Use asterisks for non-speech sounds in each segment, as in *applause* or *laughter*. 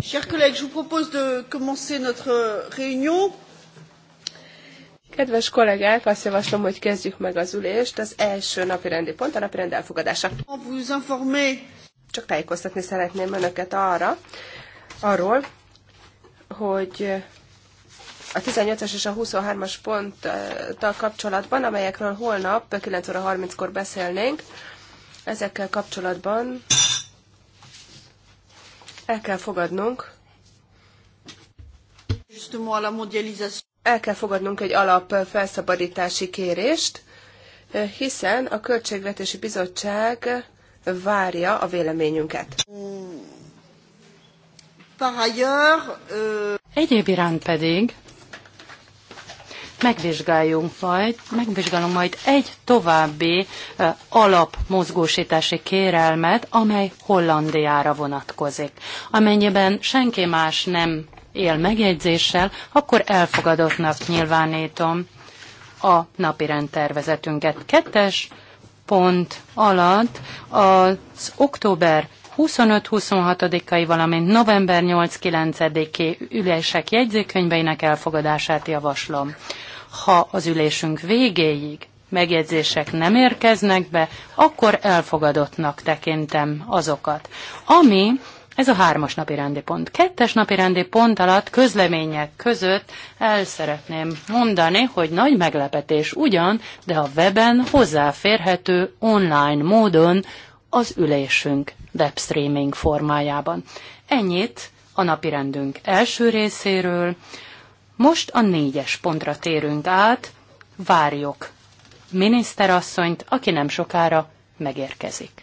Chers collègues, je vous propose de commencer notre réunion. Kedves kollégák, azt javaslom, hogy kezdjük meg az ülést. Az első napi rendi pont a napi rend elfogadása. Csak tájékoztatni szeretném önöket arra, arról, hogy a 18-as és a 23-as ponttal kapcsolatban, amelyekről holnap 9 óra 30-kor beszélnénk, ezekkel kapcsolatban el kell fogadnunk, el kell fogadnunk egy alap felszabadítási kérést, hiszen a Költségvetési Bizottság várja a véleményünket. Euh, Egyéb iránt pedig megvizsgáljunk majd, megvizsgálunk majd egy további alapmozgósítási kérelmet, amely Hollandiára vonatkozik. Amennyiben senki más nem él megjegyzéssel, akkor elfogadottnak nyilvánítom a napi rendtervezetünket Kettes pont alatt az október 25-26-ai, valamint november 8-9-i ülések jegyzőkönyveinek elfogadását javaslom. Ha az ülésünk végéig megjegyzések nem érkeznek be, akkor elfogadottnak tekintem azokat. Ami ez a hármas napi rendi pont. Kettes napi rendi pont alatt közlemények között el szeretném mondani, hogy nagy meglepetés ugyan, de a weben hozzáférhető online módon az ülésünk webstreaming formájában. Ennyit a napirendünk első részéről. Most a négyes pontra térünk át, várjuk miniszterasszonyt, aki nem sokára megérkezik.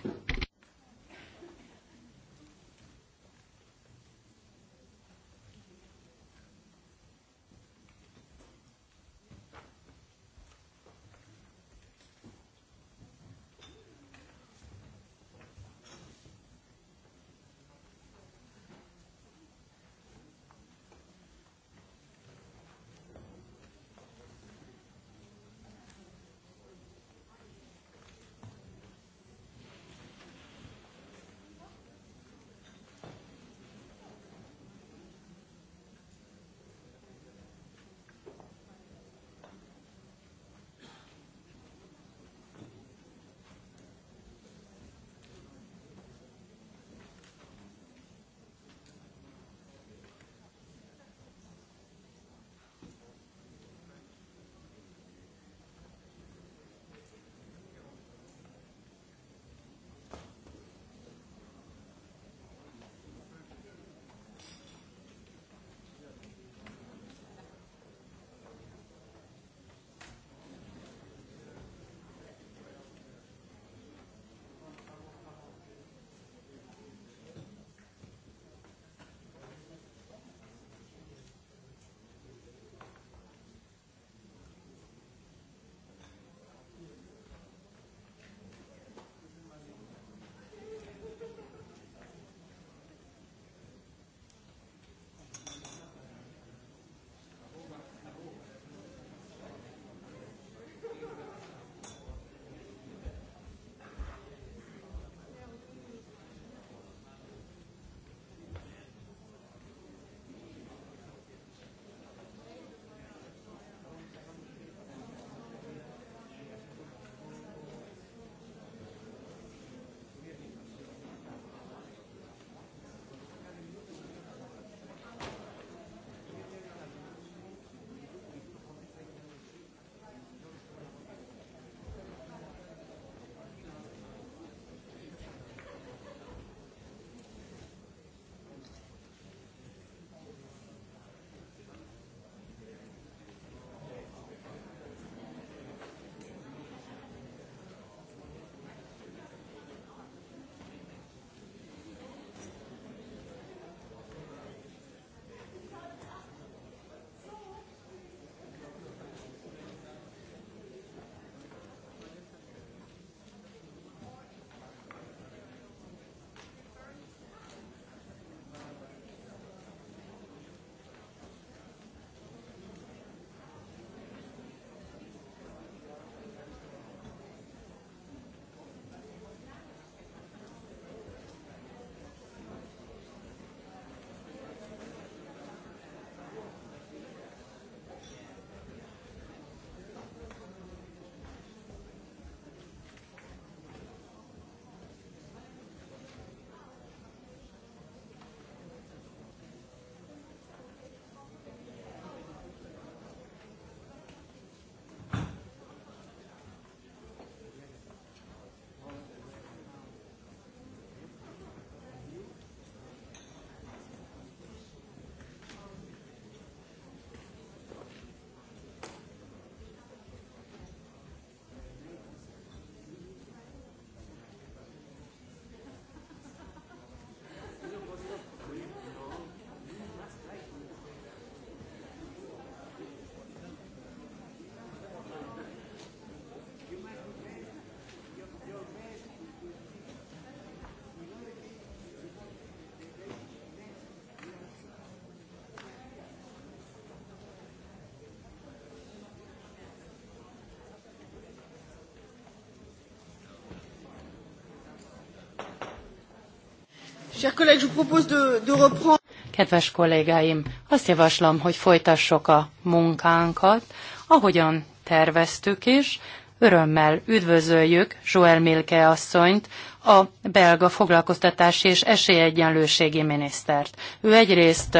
Kedves kollégáim, azt javaslom, hogy folytassuk a munkánkat, ahogyan terveztük is. Örömmel üdvözöljük Joel Milke asszonyt, a belga foglalkoztatási és esélyegyenlőségi minisztert. Ő egyrészt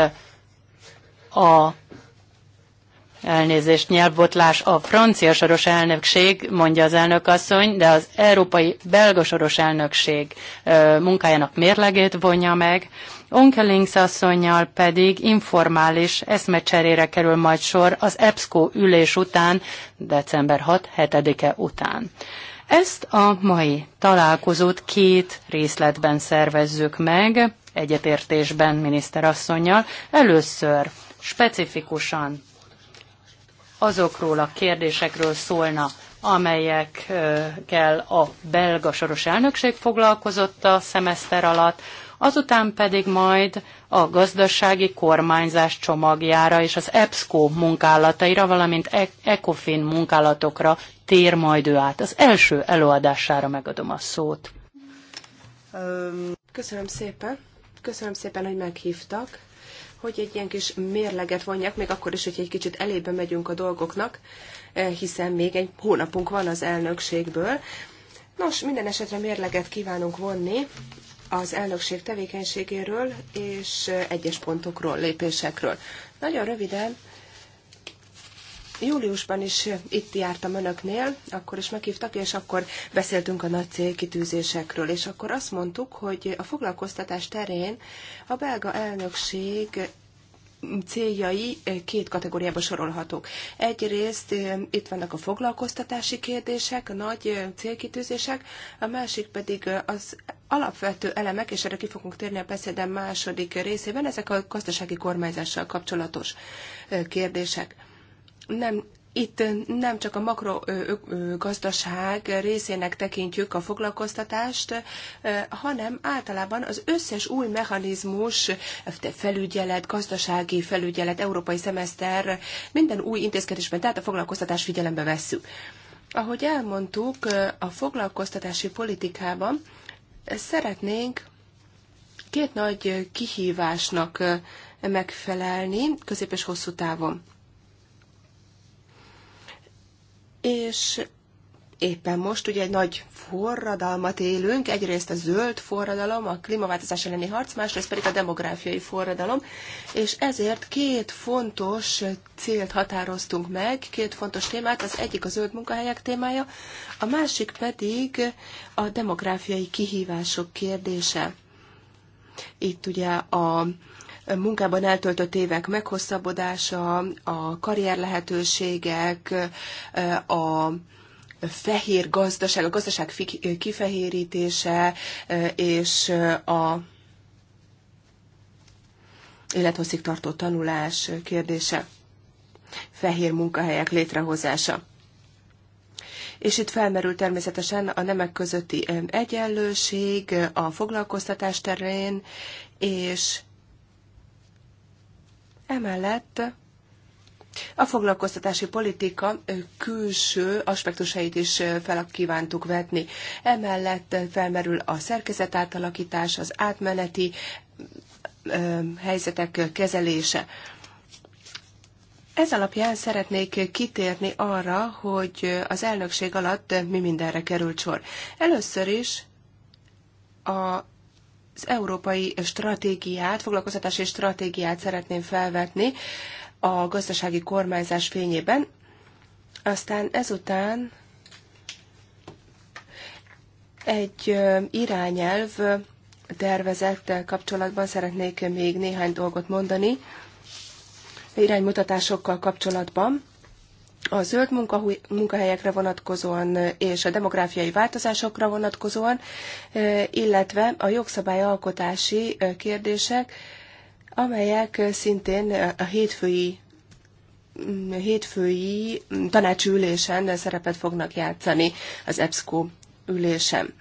a Elnézést, nyelvbotlás a francia soros elnökség, mondja az elnök asszony, de az európai belga soros elnökség munkájának mérlegét vonja meg. Onkelings asszonynal pedig informális eszmecserére kerül majd sor az EBSCO ülés után, december 6-7-e után. Ezt a mai találkozót két részletben szervezzük meg, egyetértésben miniszterasszonynal. Először specifikusan azokról a kérdésekről szólna, amelyekkel a belga soros elnökség foglalkozott a szemeszter alatt, azután pedig majd a gazdasági kormányzás csomagjára és az EBSCO munkálataira, valamint e- ECOFIN munkálatokra tér majd ő át. Az első előadására megadom a szót. Köszönöm szépen. Köszönöm szépen, hogy meghívtak hogy egy ilyen kis mérleget vonjak, még akkor is, hogy egy kicsit elébe megyünk a dolgoknak, eh, hiszen még egy hónapunk van az elnökségből. Nos, minden esetre mérleget kívánunk vonni az elnökség tevékenységéről és eh, egyes pontokról, lépésekről. Nagyon röviden júliusban is itt jártam önöknél, akkor is meghívtak, és akkor beszéltünk a nagy célkitűzésekről, és akkor azt mondtuk, hogy a foglalkoztatás terén a belga elnökség céljai két kategóriába sorolhatók. Egyrészt itt vannak a foglalkoztatási kérdések, a nagy célkitűzések, a másik pedig az alapvető elemek, és erre ki fogunk térni a beszédem második részében, ezek a gazdasági kormányzással kapcsolatos kérdések nem, itt nem csak a makrogazdaság részének tekintjük a foglalkoztatást, hanem általában az összes új mechanizmus, e, felügyelet, gazdasági felügyelet, európai szemeszter, minden új intézkedésben, tehát a foglalkoztatás figyelembe vesszük. Ahogy elmondtuk, a foglalkoztatási politikában szeretnénk két nagy kihívásnak megfelelni közép és hosszú távon. és éppen most ugye egy nagy forradalmat élünk, egyrészt a zöld forradalom, a klímaváltozás elleni harc, másrészt pedig a demográfiai forradalom, és ezért két fontos célt határoztunk meg, két fontos témát, az egyik a zöld munkahelyek témája, a másik pedig a demográfiai kihívások kérdése. Itt ugye a munkában eltöltött évek meghosszabbodása, a karrier lehetőségek, a fehér gazdaság, a gazdaság kifehérítése és a élethosszig tartó tanulás kérdése, fehér munkahelyek létrehozása. És itt felmerül természetesen a nemek közötti egyenlőség, a foglalkoztatás terén, és Emellett a foglalkoztatási politika külső aspektusait is fel kívántuk vetni. Emellett felmerül a szerkezet átalakítás, az átmeneti helyzetek kezelése. Ez alapján szeretnék kitérni arra, hogy az elnökség alatt mi mindenre került sor. Először is a az európai stratégiát, foglalkoztatási stratégiát szeretném felvetni a gazdasági kormányzás fényében. Aztán ezután egy irányelv tervezettel kapcsolatban szeretnék még néhány dolgot mondani, iránymutatásokkal kapcsolatban a zöld munkahelyekre vonatkozóan és a demográfiai változásokra vonatkozóan, illetve a jogszabályalkotási kérdések, amelyek szintén a hétfői mm, hétfői mm, ülésen szerepet fognak játszani az EBSCO ülésen.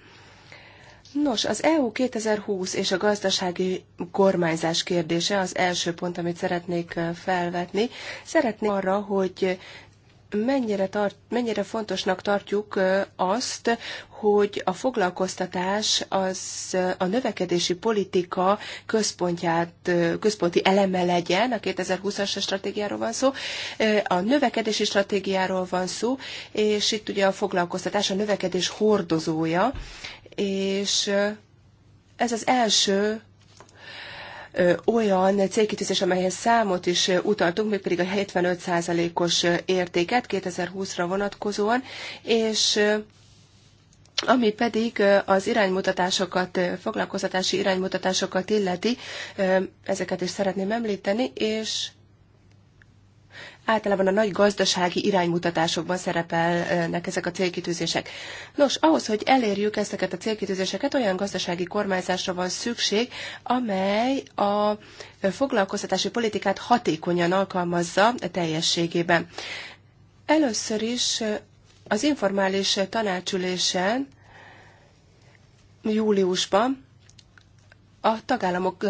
Nos, az EU 2020 és a gazdasági kormányzás kérdése az első pont, amit szeretnék felvetni. Szeretnék arra, hogy mennyire, tart, mennyire fontosnak tartjuk azt, hogy a foglalkoztatás az a növekedési politika központját, központi eleme legyen, a 2020-as stratégiáról van szó, a növekedési stratégiáról van szó, és itt ugye a foglalkoztatás a növekedés hordozója, és ez az első olyan célkitűzés, amelyhez számot is utaltunk, mégpedig a 75%-os értéket 2020-ra vonatkozóan, és ami pedig az iránymutatásokat, foglalkoztatási iránymutatásokat illeti, ezeket is szeretném említeni, és általában a nagy gazdasági iránymutatásokban szerepelnek ezek a célkitűzések. Nos, ahhoz, hogy elérjük ezeket a célkitűzéseket, olyan gazdasági kormányzásra van szükség, amely a foglalkoztatási politikát hatékonyan alkalmazza teljességében. Először is az informális tanácsülésen júliusban a tagállamok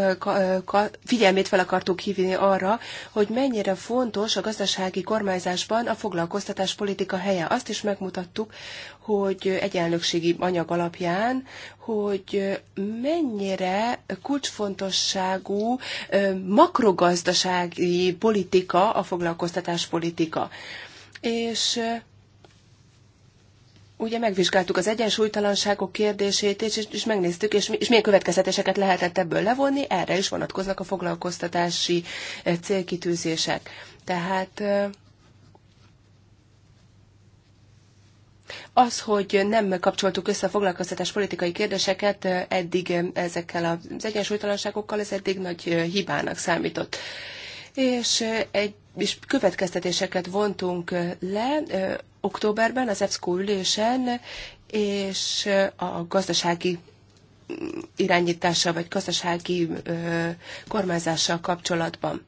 figyelmét fel akartuk hívni arra, hogy mennyire fontos a gazdasági kormányzásban a foglalkoztatáspolitika helye. Azt is megmutattuk, hogy egy elnökségi anyag alapján, hogy mennyire kulcsfontosságú makrogazdasági politika a foglalkoztatáspolitika. És ugye megvizsgáltuk az egyensúlytalanságok kérdését, és, és megnéztük, és, és milyen következtetéseket lehetett ebből levonni, erre is vonatkoznak a foglalkoztatási eh, célkitűzések. Tehát eh, Az, hogy nem kapcsoltuk össze a foglalkoztatás politikai kérdéseket eh, eddig ezekkel az egyensúlytalanságokkal, ez eddig nagy hibának számított. És egy és következtetéseket vontunk le októberben az EFSZKO ülésen, és a gazdasági irányítással vagy gazdasági ö, kormányzással kapcsolatban.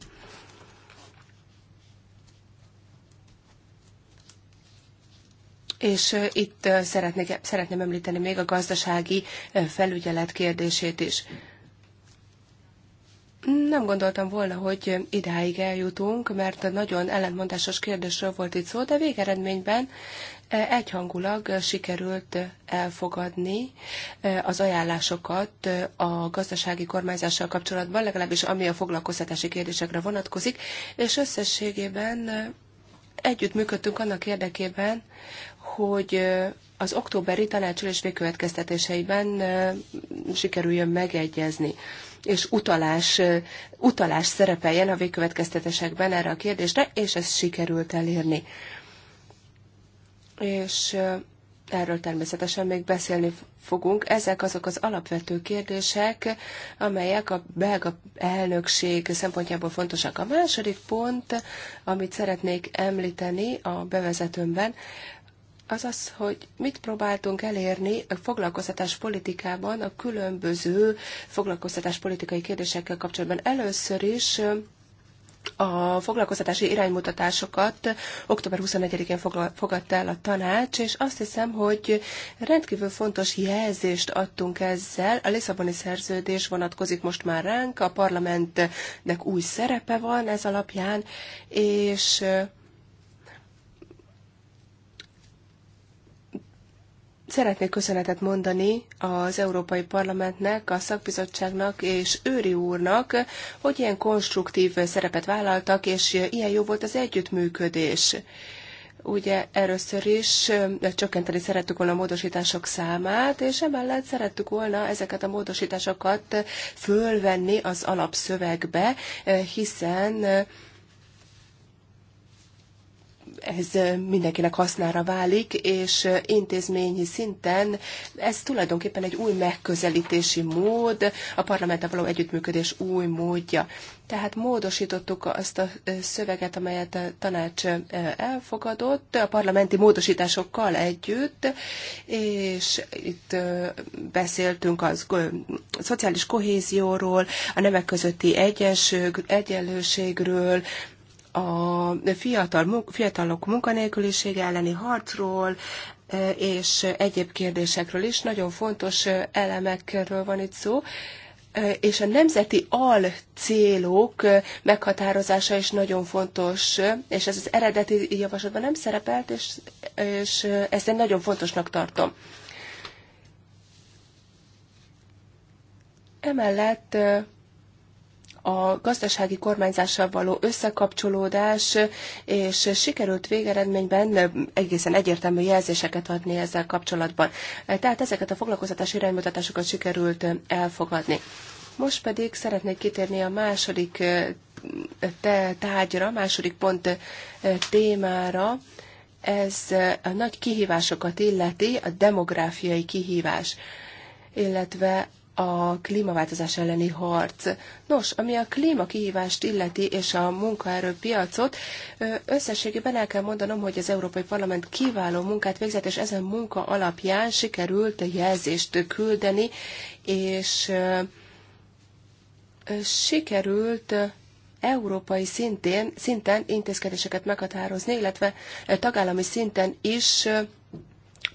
És itt szeretnék, szeretném említeni még a gazdasági felügyelet kérdését is. Nem gondoltam volna, hogy idáig eljutunk, mert nagyon ellentmondásos kérdésről volt itt szó, de végeredményben eh, egyhangulag eh, sikerült eh, elfogadni az ajánlásokat a gazdasági kormányzással kapcsolatban, legalábbis ami a foglalkoztatási kérdésekre vonatkozik, és összességében együtt működtünk annak érdekében, hogy az októberi tanácsülés végkövetkeztetéseiben sikerüljön megegyezni és utalás, utalás szerepeljen a végkövetkeztetésekben erre a kérdésre, és ezt sikerült elérni. És erről természetesen még beszélni fogunk. Ezek azok az alapvető kérdések, amelyek a belga elnökség szempontjából fontosak. A második pont, amit szeretnék említeni a bevezetőmben, az az, hogy mit próbáltunk elérni a foglalkoztatás politikában a különböző foglalkoztatás politikai kérdésekkel kapcsolatban. Először is a foglalkoztatási iránymutatásokat október 24-én fogadta el a tanács, és azt hiszem, hogy rendkívül fontos jelzést adtunk ezzel. A Lisszaboni szerződés vonatkozik most már ránk, a parlamentnek új szerepe van ez alapján, és Szeretnék köszönetet mondani az Európai Parlamentnek, a szakbizottságnak és Őri úrnak, hogy ilyen konstruktív szerepet vállaltak, és ilyen jó volt az együttműködés. Ugye először is csökkenteni szerettük volna a módosítások számát, és emellett szerettük volna ezeket a módosításokat fölvenni az alapszövegbe, hiszen ez mindenkinek hasznára válik, és intézményi szinten ez tulajdonképpen egy új megközelítési mód, a parlamenttel való együttműködés új módja. Tehát módosítottuk azt a szöveget, amelyet a tanács elfogadott, a parlamenti módosításokkal együtt, és itt beszéltünk az szociális kohézióról, a nemek közötti egyenlőségről, a fiatal, fiatalok munkanélkülisége elleni harcról, e, és egyéb kérdésekről is. Nagyon fontos e, elemekről van itt szó e, és a nemzeti alcélok meghatározása is nagyon fontos, és ez az eredeti javaslatban nem szerepelt, és, és ezt én nagyon fontosnak tartom. Emellett a gazdasági kormányzással való összekapcsolódás, és sikerült végeredményben egészen egyértelmű jelzéseket adni ezzel kapcsolatban. Tehát ezeket a foglalkoztatási iránymutatásokat sikerült elfogadni. Most pedig szeretnék kitérni a második eh, tárgyra, második pont eh, témára. Ez a nagy kihívásokat illeti, a demográfiai kihívás, illetve a klímaváltozás elleni harc. Nos, ami a klímakihívást illeti és a munkaerőpiacot, összességében el kell mondanom, hogy az Európai Parlament kiváló munkát végzett, és ezen munka alapján sikerült jelzést küldeni, és sikerült európai szintén, szinten intézkedéseket meghatározni, illetve tagállami szinten is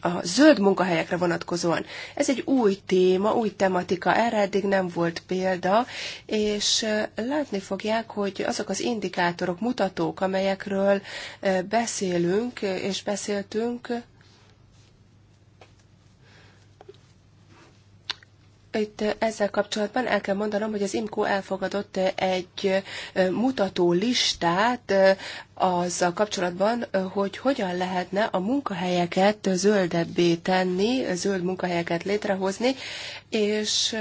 a zöld munkahelyekre vonatkozóan. Ez egy új téma, új tematika, erre eddig nem volt példa, és látni fogják, hogy azok az indikátorok, mutatók, amelyekről beszélünk és beszéltünk, itt ezzel kapcsolatban el kell mondanom, hogy az IMCO elfogadott egy mutató listát azzal kapcsolatban, hogy hogyan lehetne a munkahelyeket zöldebbé tenni, zöld munkahelyeket létrehozni, és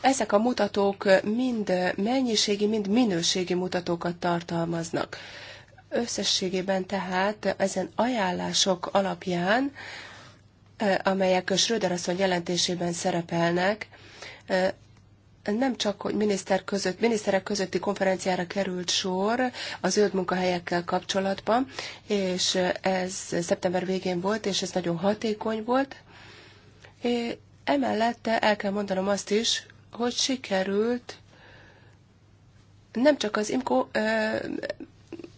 ezek a mutatók mind mennyiségi, mind minőségi mutatókat tartalmaznak. Összességében tehát ezen ajánlások alapján amelyek Schröder asszony jelentésében szerepelnek, nem csak, hogy miniszter között, miniszterek közötti konferenciára került sor a zöld munkahelyekkel kapcsolatban, és ez szeptember végén volt, és ez nagyon hatékony volt. Emellett el kell mondanom azt is, hogy sikerült nem csak az IMCO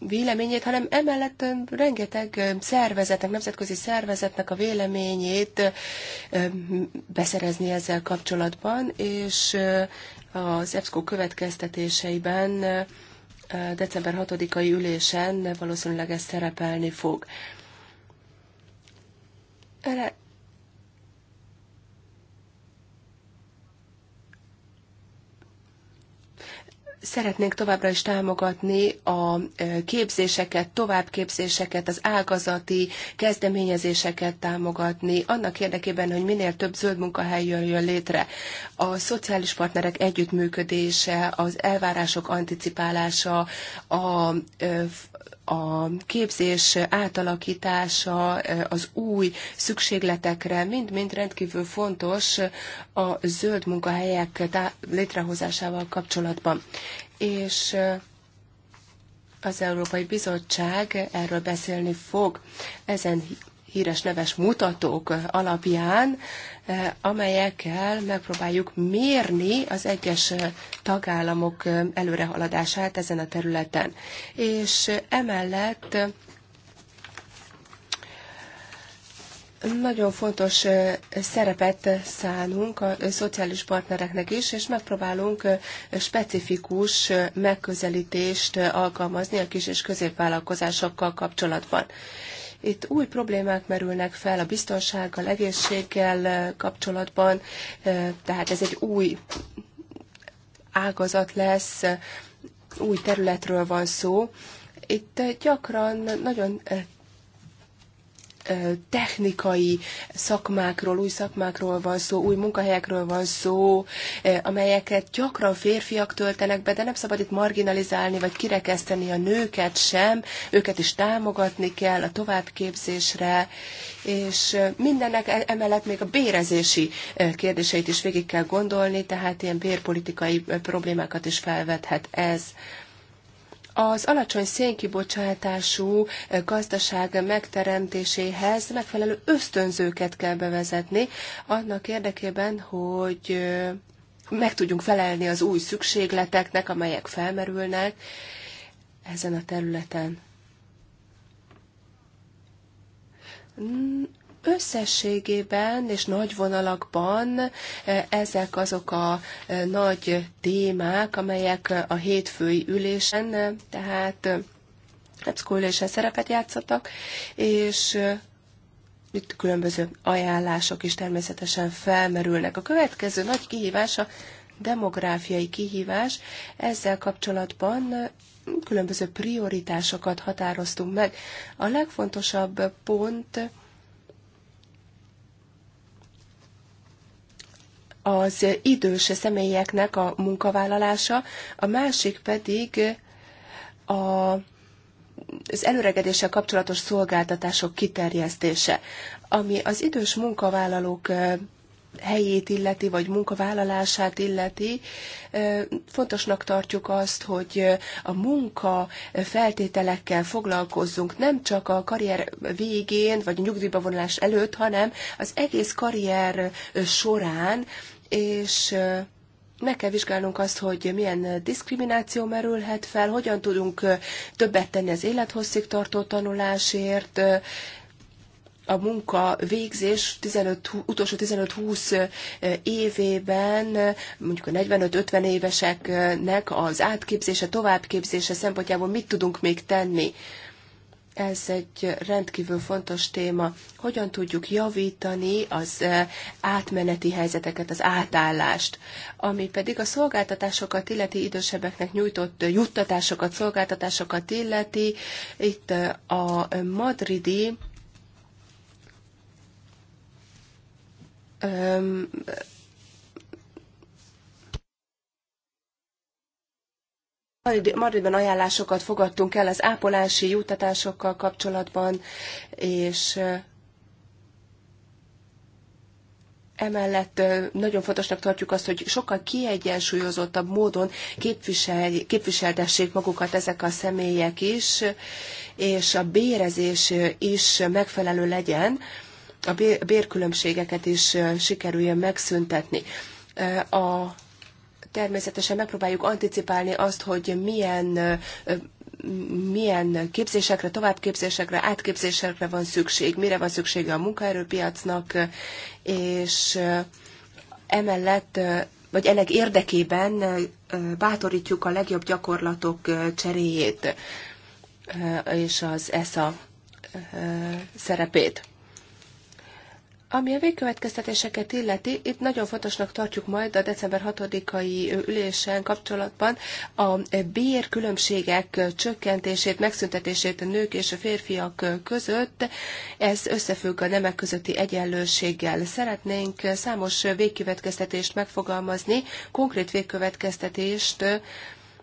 véleményét, hanem emellett rengeteg szervezetnek, nemzetközi szervezetnek a véleményét beszerezni ezzel kapcsolatban, és az EBSCO következtetéseiben december 6-ai ülésen valószínűleg ez szerepelni fog. Erre Szeretnénk továbbra is támogatni a képzéseket, továbbképzéseket, az ágazati kezdeményezéseket támogatni, annak érdekében, hogy minél több zöld munkahely jöjjön létre. A szociális partnerek együttműködése, az elvárások anticipálása, a a képzés átalakítása, e, az új szükségletekre mind-mind rendkívül fontos a zöld munkahelyek létrehozásával kapcsolatban. És e, az Európai Bizottság erről beszélni fog ezen híres neves mutatók alapján Eh, amelyekkel megpróbáljuk mérni az egyes eh, tagállamok eh, előrehaladását ezen a területen. És emellett nagyon fontos szerepet szánunk a szociális partnereknek is, és megpróbálunk specifikus megközelítést alkalmazni a kis és középvállalkozásokkal kapcsolatban. Itt új problémák merülnek fel a biztonsággal, egészséggel kapcsolatban, tehát ez egy új ágazat lesz, új területről van szó. Itt gyakran nagyon technikai szakmákról, új szakmákról van szó, új munkahelyekről van szó, amelyeket gyakran férfiak töltenek be, de nem szabad itt marginalizálni vagy kirekeszteni a nőket sem, őket is támogatni kell a továbbképzésre, és mindennek e-, emellett még a bérezési kérdéseit is végig kell gondolni, tehát ilyen bérpolitikai problémákat is felvethet ez. Az alacsony szénkibocsátású eh, gazdaság megteremtéséhez megfelelő ösztönzőket kell bevezetni, annak érdekében, hogy eh, meg tudjunk felelni az új szükségleteknek, amelyek felmerülnek ezen a területen. Összességében és nagy vonalakban e, ezek azok a e, nagy témák, amelyek a hétfői ülésen, e, tehát EBSZKO hát ülésen szerepet játszottak, és itt különböző ajánlások is természetesen felmerülnek. A következő nagy kihívás a demográfiai kihívás. Ezzel kapcsolatban különböző prioritásokat határoztunk meg. A legfontosabb pont az idős személyeknek a munkavállalása, a másik pedig a az előregedéssel kapcsolatos szolgáltatások kiterjesztése, ami az idős munkavállalók helyét illeti, vagy munkavállalását illeti. Fontosnak tartjuk azt, hogy a munka feltételekkel foglalkozzunk, nem csak a karrier végén, vagy a nyugdíjba vonulás előtt, hanem az egész karrier során és meg kell vizsgálnunk azt, hogy milyen diszkrimináció merülhet fel, hogyan tudunk többet tenni az élethosszig tartó tanulásért, a munka végzés 15, utolsó 15-20 évében, mondjuk a 45-50 éveseknek az átképzése, továbbképzése szempontjából mit tudunk még tenni ez egy rendkívül fontos téma. Hogyan tudjuk javítani az eh, átmeneti helyzeteket, az átállást, ami pedig a szolgáltatásokat illeti, idősebbeknek nyújtott juttatásokat, szolgáltatásokat illeti. Itt eh, a madridi eh, Madridban ajánlásokat fogadtunk el az ápolási juttatásokkal kapcsolatban, és emellett nagyon fontosnak tartjuk azt, hogy sokkal kiegyensúlyozottabb módon képvisel, képviseltessék magukat ezek a személyek is, és a bérezés is megfelelő legyen, a bérkülönbségeket is sikerüljön megszüntetni. A természetesen megpróbáljuk anticipálni azt, hogy milyen milyen képzésekre, továbbképzésekre, átképzésekre van szükség, mire van szüksége a munkaerőpiacnak, és emellett, vagy ennek érdekében bátorítjuk a legjobb gyakorlatok cseréjét és az ESA szerepét. Ami a végkövetkeztetéseket illeti, itt nagyon fontosnak tartjuk majd a december 6-ai ülésen kapcsolatban a bérkülönbségek csökkentését, megszüntetését a nők és a férfiak között. Ez összefügg a nemek közötti egyenlőséggel. Szeretnénk számos végkövetkeztetést megfogalmazni, konkrét végkövetkeztetést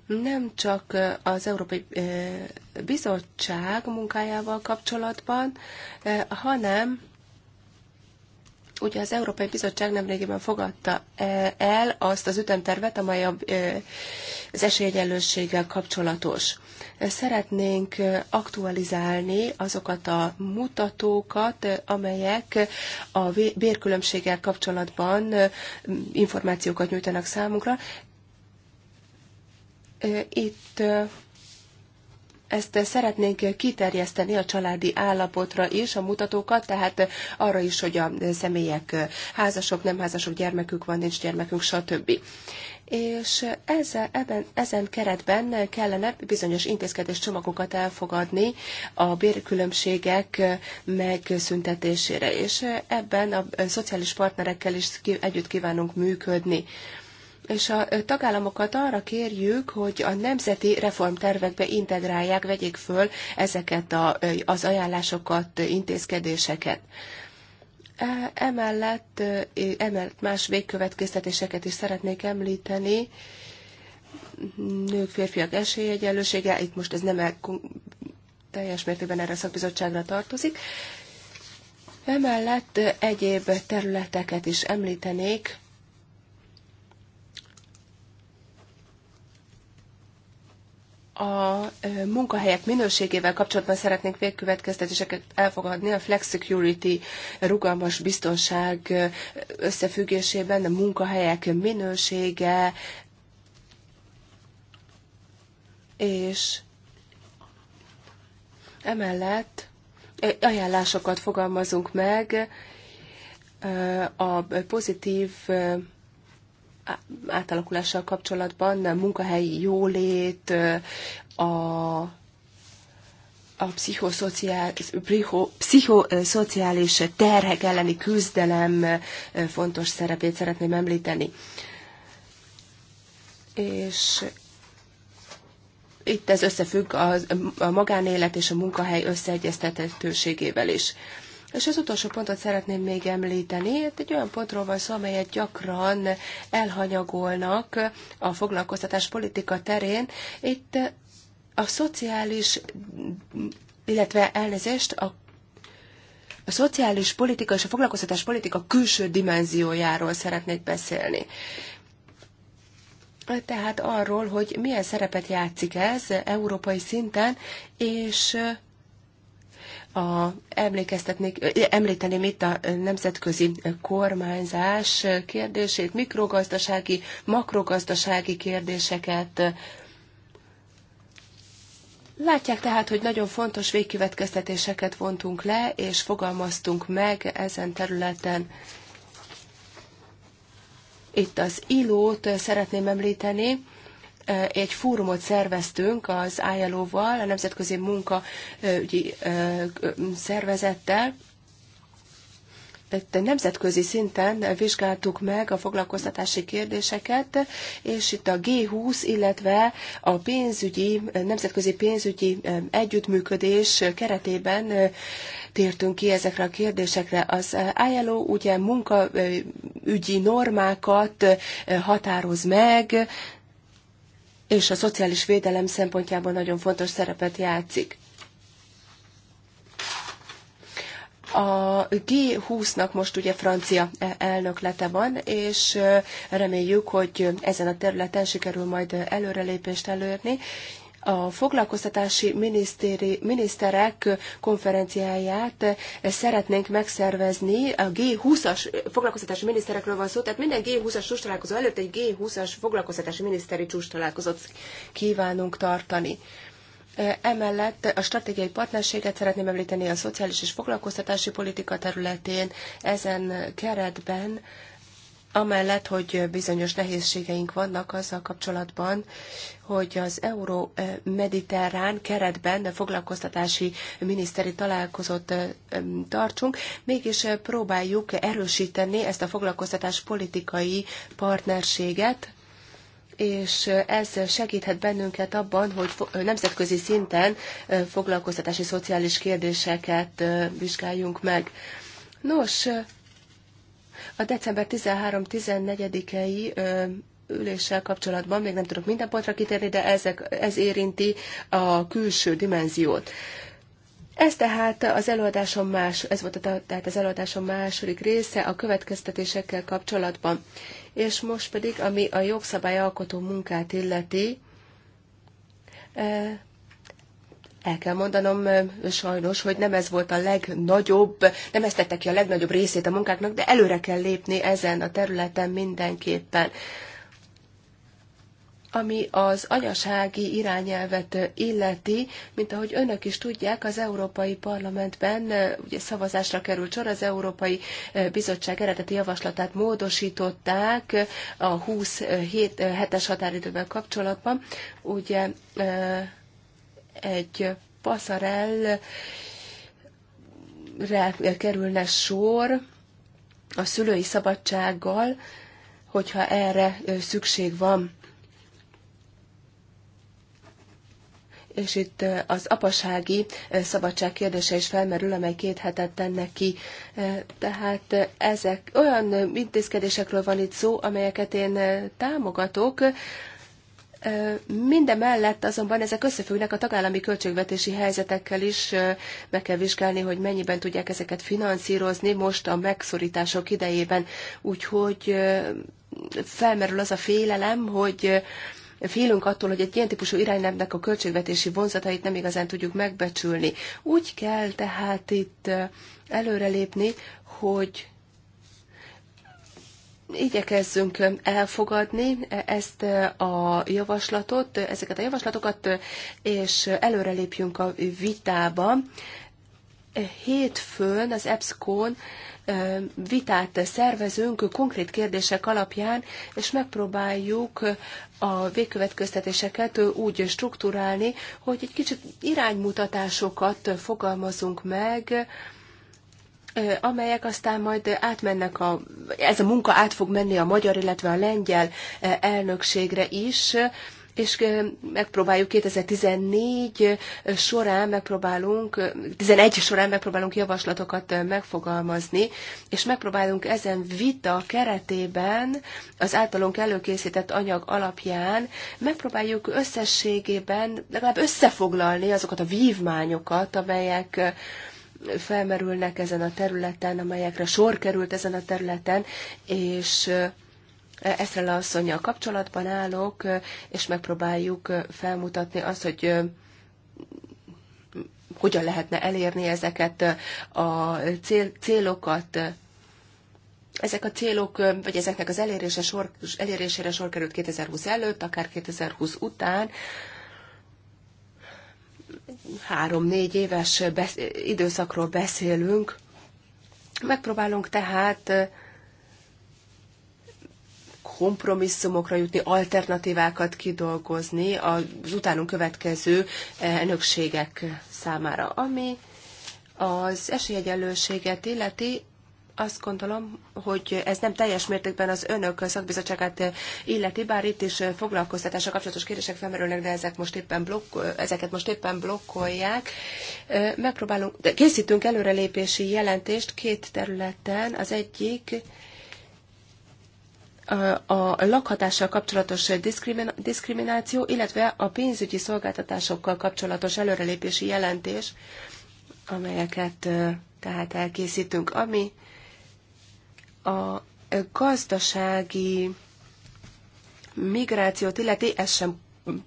nem csak az Európai Bizottság munkájával kapcsolatban, hanem Ugye az Európai Bizottság nemrégiben fogadta e, el azt az ütemtervet, amely e, az esélyegyenlősséggel kapcsolatos. Szeretnénk e, aktualizálni azokat a mutatókat, amelyek a bérkülönbséggel kapcsolatban információkat nyújtanak számunkra. Itt ezt szeretnénk kiterjeszteni a családi állapotra is, a mutatókat, tehát arra is, hogy a személyek házasok, nem házasok, gyermekük van, nincs gyermekünk, stb. És ezzel, ebben, ezen keretben kellene bizonyos intézkedés csomagokat elfogadni a bérkülönbségek megszüntetésére, és ebben a szociális partnerekkel is együtt kívánunk működni és a tagállamokat arra kérjük, hogy a nemzeti reformtervekbe integrálják, vegyék föl ezeket a, az ajánlásokat, intézkedéseket. E, emellett, emellett más végkövetkeztetéseket is szeretnék említeni. Nők, férfiak esélyegyenlősége, itt most ez nem el, teljes mértékben erre a szakbizottságra tartozik. Emellett egyéb területeket is említenék, a munkahelyek minőségével kapcsolatban szeretnék végkövetkeztetéseket elfogadni a flexicurity rugalmas biztonság összefüggésében, a munkahelyek minősége és emellett ajánlásokat fogalmazunk meg a pozitív átalakulással kapcsolatban, a munkahelyi jólét, a, a pszichoszociális, pszichoszociális terhek elleni küzdelem fontos szerepét szeretném említeni. És itt ez összefügg a, a magánélet és a munkahely összeegyeztethetőségével is. És az utolsó pontot szeretném még említeni. Itt egy olyan pontról van szó, amelyet gyakran elhanyagolnak a foglalkoztatás politika terén. Itt a szociális, illetve elnézést, a a szociális politika és a foglalkoztatás politika külső dimenziójáról szeretnék beszélni. Tehát arról, hogy milyen szerepet játszik ez európai szinten, és a, emlékeztetnék, említeném itt a nemzetközi kormányzás kérdését, mikrogazdasági, makrogazdasági kérdéseket, Látják tehát, hogy nagyon fontos végkövetkeztetéseket vontunk le, és fogalmaztunk meg ezen területen. Itt az ilót szeretném említeni, egy fórumot szerveztünk az ILO-val, a Nemzetközi Munkaügyi Szervezettel, de nemzetközi szinten vizsgáltuk meg a foglalkoztatási kérdéseket, és itt a G20, illetve a pénzügyi, nemzetközi pénzügyi együttműködés keretében tértünk ki ezekre a kérdésekre. Az ILO ugye munkaügyi normákat határoz meg, és a szociális védelem szempontjából nagyon fontos szerepet játszik. A G20-nak most ugye francia elnöklete van, és reméljük, hogy ezen a területen sikerül majd előrelépést elérni, a foglalkoztatási minisztéri, miniszterek konferenciáját eh, szeretnénk megszervezni. A G20-as eh, foglalkoztatási miniszterekről van szó, tehát minden G20-as csúcs találkozó előtt egy G20-as foglalkoztatási miniszteri csúcs találkozót kívánunk tartani. Eh, emellett a stratégiai partnerséget szeretném említeni a szociális és foglalkoztatási politika területén. Ezen keretben amellett, hogy bizonyos nehézségeink vannak azzal kapcsolatban, hogy az euró-mediterrán keretben foglalkoztatási miniszteri találkozót tartsunk, mégis próbáljuk erősíteni ezt a foglalkoztatás politikai partnerséget, és ez segíthet bennünket abban, hogy nemzetközi szinten foglalkoztatási szociális kérdéseket vizsgáljunk meg. Nos, a december 13-14-i üléssel kapcsolatban még nem tudok minden pontra kitérni, de ezek, ez érinti a külső dimenziót. Ez tehát az előadásom más, ez volt a, tehát az előadásom második része a következtetésekkel kapcsolatban. És most pedig, ami a jogszabályalkotó munkát illeti, el kell mondanom sajnos, hogy nem ez volt a legnagyobb, nem ezt tette ki a legnagyobb részét a munkáknak, de előre kell lépni ezen a területen mindenképpen. Ami az anyasági irányelvet illeti, mint ahogy önök is tudják, az Európai Parlamentben ugye szavazásra került sor, az Európai Bizottság eredeti javaslatát módosították a 27. hetes határidővel kapcsolatban. Ugye egy passarellre kerülne sor a szülői szabadsággal, hogyha erre szükség van. és itt az apasági szabadság kérdése is felmerül, amely két hetet tenne ki. Tehát ezek olyan intézkedésekről van itt szó, amelyeket én támogatok, Mindemellett azonban ezek összefüggnek a tagállami költségvetési helyzetekkel is, meg kell vizsgálni, hogy mennyiben tudják ezeket finanszírozni most a megszorítások idejében. Úgyhogy felmerül az a félelem, hogy félünk attól, hogy egy ilyen típusú irányelvnek a költségvetési vonzatait nem igazán tudjuk megbecsülni. Úgy kell tehát itt előrelépni, hogy igyekezzünk elfogadni ezt a javaslatot, ezeket a javaslatokat, és előrelépjünk a vitába. Hétfőn az ebsco vitát szervezünk konkrét kérdések alapján, és megpróbáljuk a végkövetkeztetéseket úgy struktúrálni, hogy egy kicsit iránymutatásokat fogalmazunk meg, amelyek aztán majd átmennek a, ez a munka át fog menni a magyar, illetve a lengyel elnökségre is, és megpróbáljuk 2014 során megpróbálunk, 11 során megpróbálunk javaslatokat megfogalmazni, és megpróbálunk ezen vita keretében, az általunk előkészített anyag alapján, megpróbáljuk összességében legalább összefoglalni azokat a vívmányokat, amelyek felmerülnek ezen a területen, amelyekre sor került ezen a területen, és Eszrele asszonyjal kapcsolatban állok, és megpróbáljuk felmutatni azt, hogy hogyan lehetne elérni ezeket a cél, célokat, ezek a célok, vagy ezeknek az elérése sor, elérésére sor került 2020 előtt, akár 2020 után, három-négy éves időszakról beszélünk. Megpróbálunk tehát kompromisszumokra jutni, alternatívákat kidolgozni az utánunk következő elnökségek számára, ami az esélyegyenlőséget illeti, azt gondolom, hogy ez nem teljes mértékben az önök szakbizottságát illeti, bár itt is foglalkoztatással kapcsolatos kérdések felmerülnek, de ezek most éppen blokk, ezeket most éppen blokkolják. Megpróbálunk, de készítünk előrelépési jelentést két területen. Az egyik a lakhatással kapcsolatos diszkrimináció, illetve a pénzügyi szolgáltatásokkal kapcsolatos előrelépési jelentés, amelyeket tehát elkészítünk, ami a gazdasági migrációt illeti, ez sem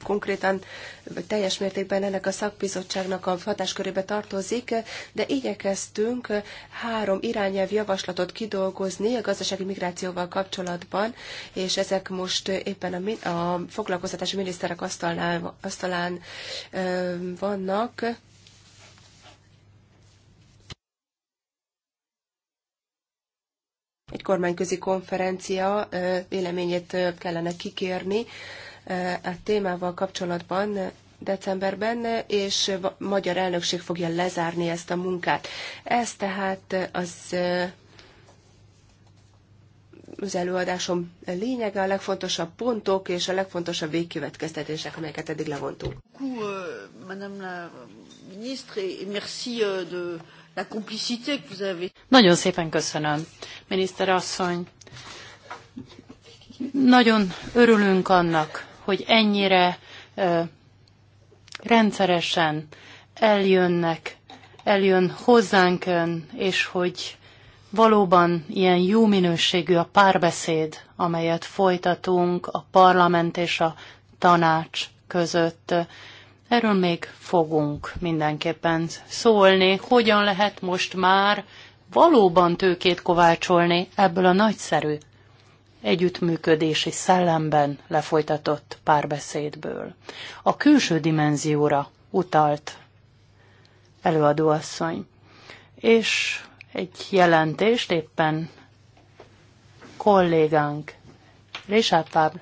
konkrétan vagy teljes mértékben ennek a szakbizottságnak a hatáskörébe tartozik, de igyekeztünk három irányelv javaslatot kidolgozni a gazdasági migrációval kapcsolatban, és ezek most éppen a, a foglalkoztatási miniszterek asztalán, asztalán vannak. egy kormányközi konferencia véleményét kellene kikérni a e témával kapcsolatban decemberben, és a magyar elnökség fogja lezárni ezt a munkát. Ez tehát az az előadásom lényege, a legfontosabb pontok és a legfontosabb végkövetkeztetések, amelyeket eddig levontunk. Köszönöm, nagyon szépen köszönöm, miniszter asszony. Nagyon örülünk annak, hogy ennyire rendszeresen eljönnek, eljön hozzánk ön, és hogy valóban ilyen jó minőségű a párbeszéd, amelyet folytatunk a parlament és a tanács között Erről még fogunk mindenképpen szólni, hogyan lehet most már valóban tőkét kovácsolni ebből a nagyszerű együttműködési szellemben lefolytatott párbeszédből. A külső dimenzióra utalt előadóasszony, és egy jelentést éppen kollégánk Richard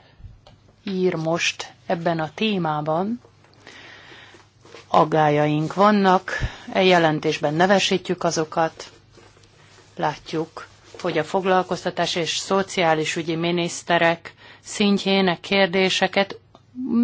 ír most ebben a témában, aggájaink vannak, e jelentésben nevesítjük azokat, látjuk, hogy a foglalkoztatás és szociális ügyi miniszterek szintjének kérdéseket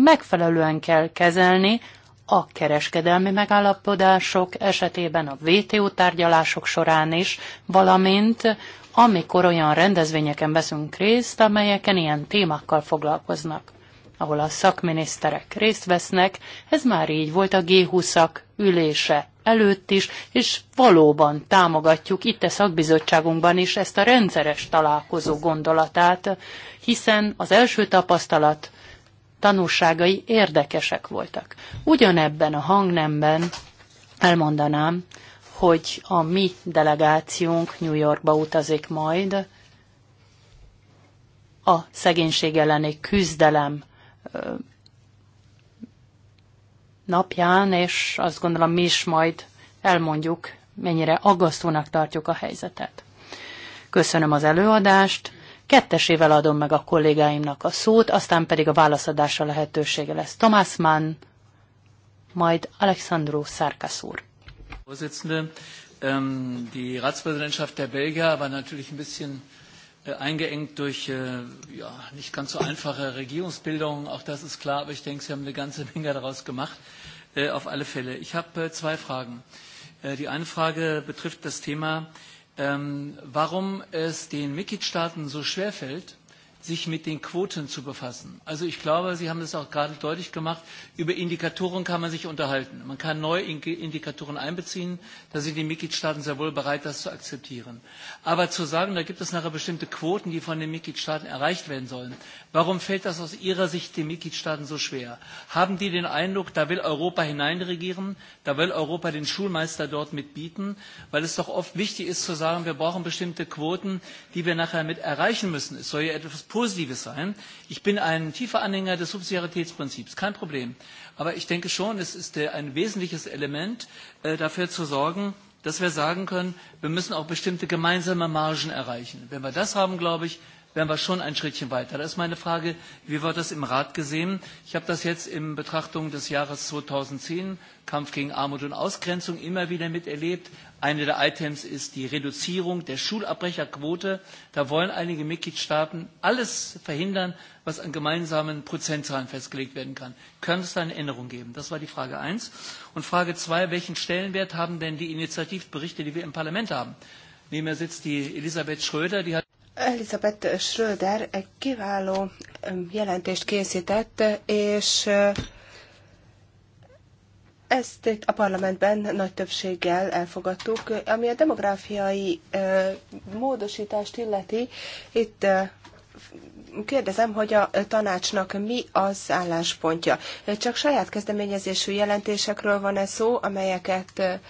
megfelelően kell kezelni a kereskedelmi megállapodások esetében a WTO tárgyalások során is, valamint amikor olyan rendezvényeken veszünk részt, amelyeken ilyen témákkal foglalkoznak ahol a szakminiszterek részt vesznek. Ez már így volt a G20-ak ülése előtt is, és valóban támogatjuk itt a szakbizottságunkban is ezt a rendszeres találkozó gondolatát, hiszen az első tapasztalat tanúságai érdekesek voltak. Ugyanebben a hangnemben elmondanám, hogy a mi delegációnk New Yorkba utazik majd a szegénység elleni küzdelem napján, és azt gondolom mi is majd elmondjuk, mennyire aggasztónak tartjuk a helyzetet. Köszönöm az előadást, kettesével adom meg a kollégáimnak a szót, aztán pedig a válaszadásra lehetősége lesz Tomás Mann, majd Alexandru Szárkasz úr. Vorsitzende, ähm, die Ratspräsidentschaft der Belgier war natürlich ein bisschen Äh, eingeengt durch äh, ja, nicht ganz so einfache Regierungsbildung. Auch das ist klar, aber ich denke, Sie haben eine ganze *laughs* Menge daraus gemacht. Äh, auf alle Fälle. Ich habe zwei Fragen. Die eine Frage betrifft das Thema, ähm, warum es den Mitgliedstaaten so schwerfällt, sich mit den Quoten zu befassen. Also ich glaube, Sie haben das auch gerade deutlich gemacht, über Indikatoren kann man sich unterhalten. Man kann neue Indikatoren einbeziehen, da sind die Mitgliedstaaten sehr wohl bereit, das zu akzeptieren. Aber zu sagen, da gibt es nachher bestimmte Quoten, die von den Mitgliedstaaten erreicht werden sollen, warum fällt das aus Ihrer Sicht den Mitgliedstaaten so schwer? Haben die den Eindruck, da will Europa hineinregieren, da will Europa den Schulmeister dort mitbieten, weil es doch oft wichtig ist zu sagen, wir brauchen bestimmte Quoten, die wir nachher mit erreichen müssen. Es soll ja etwas Positives sein. Ich bin ein tiefer Anhänger des Subsidiaritätsprinzips, kein Problem. Aber ich denke schon, es ist ein wesentliches Element, äh, dafür zu sorgen, dass wir sagen können, wir müssen auch bestimmte gemeinsame Margen erreichen. Wenn wir das haben, glaube ich, wären wir schon ein Schrittchen weiter. Da ist meine Frage, wie wird das im Rat gesehen? Ich habe das jetzt in Betrachtung des Jahres 2010, Kampf gegen Armut und Ausgrenzung, immer wieder miterlebt. Eine der Items ist die Reduzierung der Schulabbrecherquote. Da wollen einige Mitgliedstaaten alles verhindern, was an gemeinsamen Prozentzahlen festgelegt werden kann. Können es da eine Änderung geben? Das war die Frage 1. Und Frage 2, welchen Stellenwert haben denn die Initiativberichte, die wir im Parlament haben? Neben mir sitzt die Elisabeth Schröder, die hat Elizabeth Schröder egy kiváló jelentést készített, és ezt itt a parlamentben nagy többséggel elfogadtuk. Ami a demográfiai módosítást illeti, itt kérdezem, hogy a tanácsnak mi az álláspontja. Csak saját kezdeményezésű jelentésekről van-e szó, amelyeket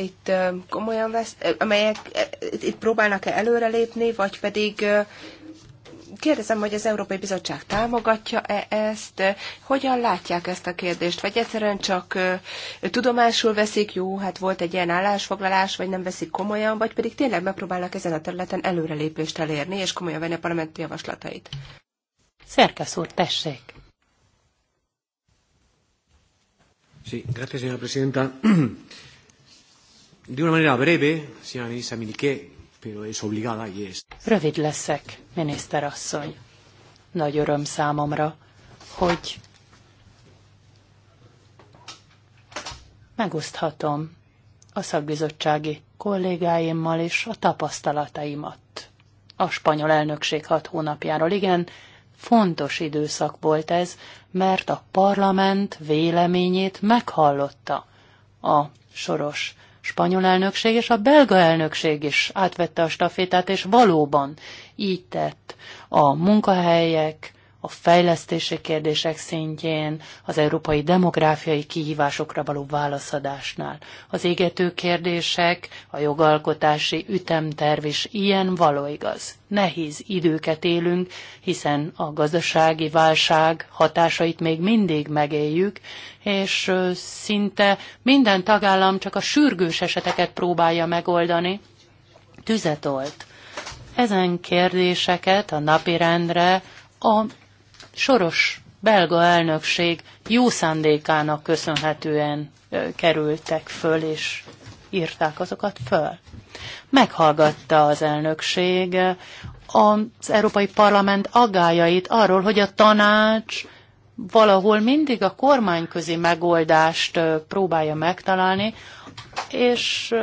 itt komolyan vesz, amelyek itt próbálnak-e előrelépni, vagy pedig kérdezem, hogy az Európai Bizottság támogatja-e ezt, hogyan látják ezt a kérdést, vagy egyszerűen csak tudomásul veszik, jó, hát volt egy ilyen állásfoglalás, vagy nem veszik komolyan, vagy pedig tényleg megpróbálnak ezen a területen előrelépést elérni, és komolyan venni a parlamenti javaslatait. Szerkesz úr, tessék! Sí, gracias, señora presidenta. De una manera breve, señora ministra Miniqué, pero es obligada y es. Rövid leszek, asszony. Nagy öröm számomra, hogy megoszthatom a szakbizottsági kollégáimmal és a tapasztalataimat. A spanyol elnökség hat hónapjáról igen, fontos időszak volt ez, mert a parlament véleményét meghallotta a soros spanyol elnökség és a belga elnökség is átvette a stafétát, és valóban így tett a munkahelyek, a fejlesztési kérdések szintjén, az európai demográfiai kihívásokra való válaszadásnál. Az égető kérdések, a jogalkotási ütemterv is ilyen való igaz. Nehéz időket élünk, hiszen a gazdasági válság hatásait még mindig megéljük, és szinte minden tagállam csak a sürgős eseteket próbálja megoldani. Tüzet olt. Ezen kérdéseket a rendre a soros belga elnökség jó szándékának köszönhetően kerültek föl, és írták azokat föl. Meghallgatta az elnökség az Európai Parlament agájait arról, hogy a tanács valahol mindig a kormányközi megoldást próbálja megtalálni, és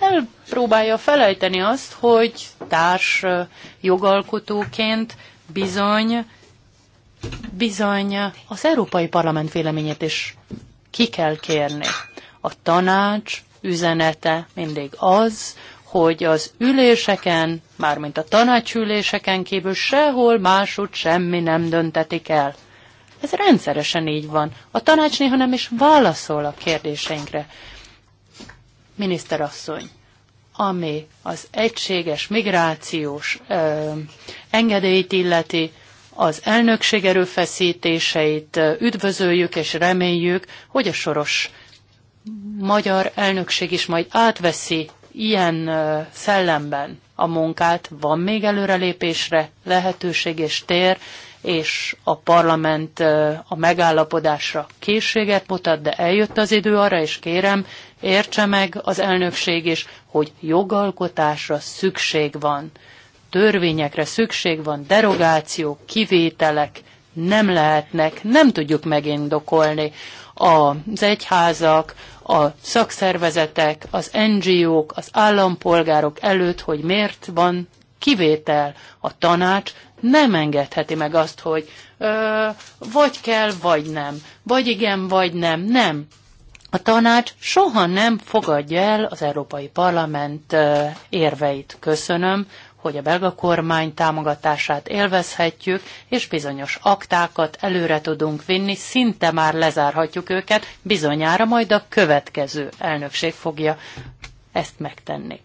elpróbálja felejteni azt, hogy társ jogalkotóként bizony Bizony, az Európai Parlament véleményét is ki kell kérni. A tanács üzenete mindig az, hogy az üléseken, mármint a tanácsüléseken kívül sehol máshogy semmi nem döntetik el. Ez rendszeresen így van. A tanács néha nem is válaszol a kérdéseinkre. Miniszterasszony, ami az egységes migrációs ö, engedélyt illeti, az elnökség erőfeszítéseit üdvözöljük és reméljük, hogy a soros magyar elnökség is majd átveszi ilyen szellemben a munkát. Van még előrelépésre lehetőség és tér, és a parlament a megállapodásra készséget mutat, de eljött az idő arra, és kérem, értse meg az elnökség is, hogy jogalkotásra szükség van törvényekre szükség van, derogációk, kivételek nem lehetnek, nem tudjuk megindokolni az egyházak, a szakszervezetek, az NGO-k, az állampolgárok előtt, hogy miért van kivétel. A tanács nem engedheti meg azt, hogy ö, vagy kell, vagy nem, vagy igen, vagy nem. Nem. A tanács soha nem fogadja el az Európai Parlament érveit. Köszönöm hogy a belga kormány támogatását élvezhetjük, és bizonyos aktákat előre tudunk vinni, szinte már lezárhatjuk őket, bizonyára majd a következő elnökség fogja ezt megtenni.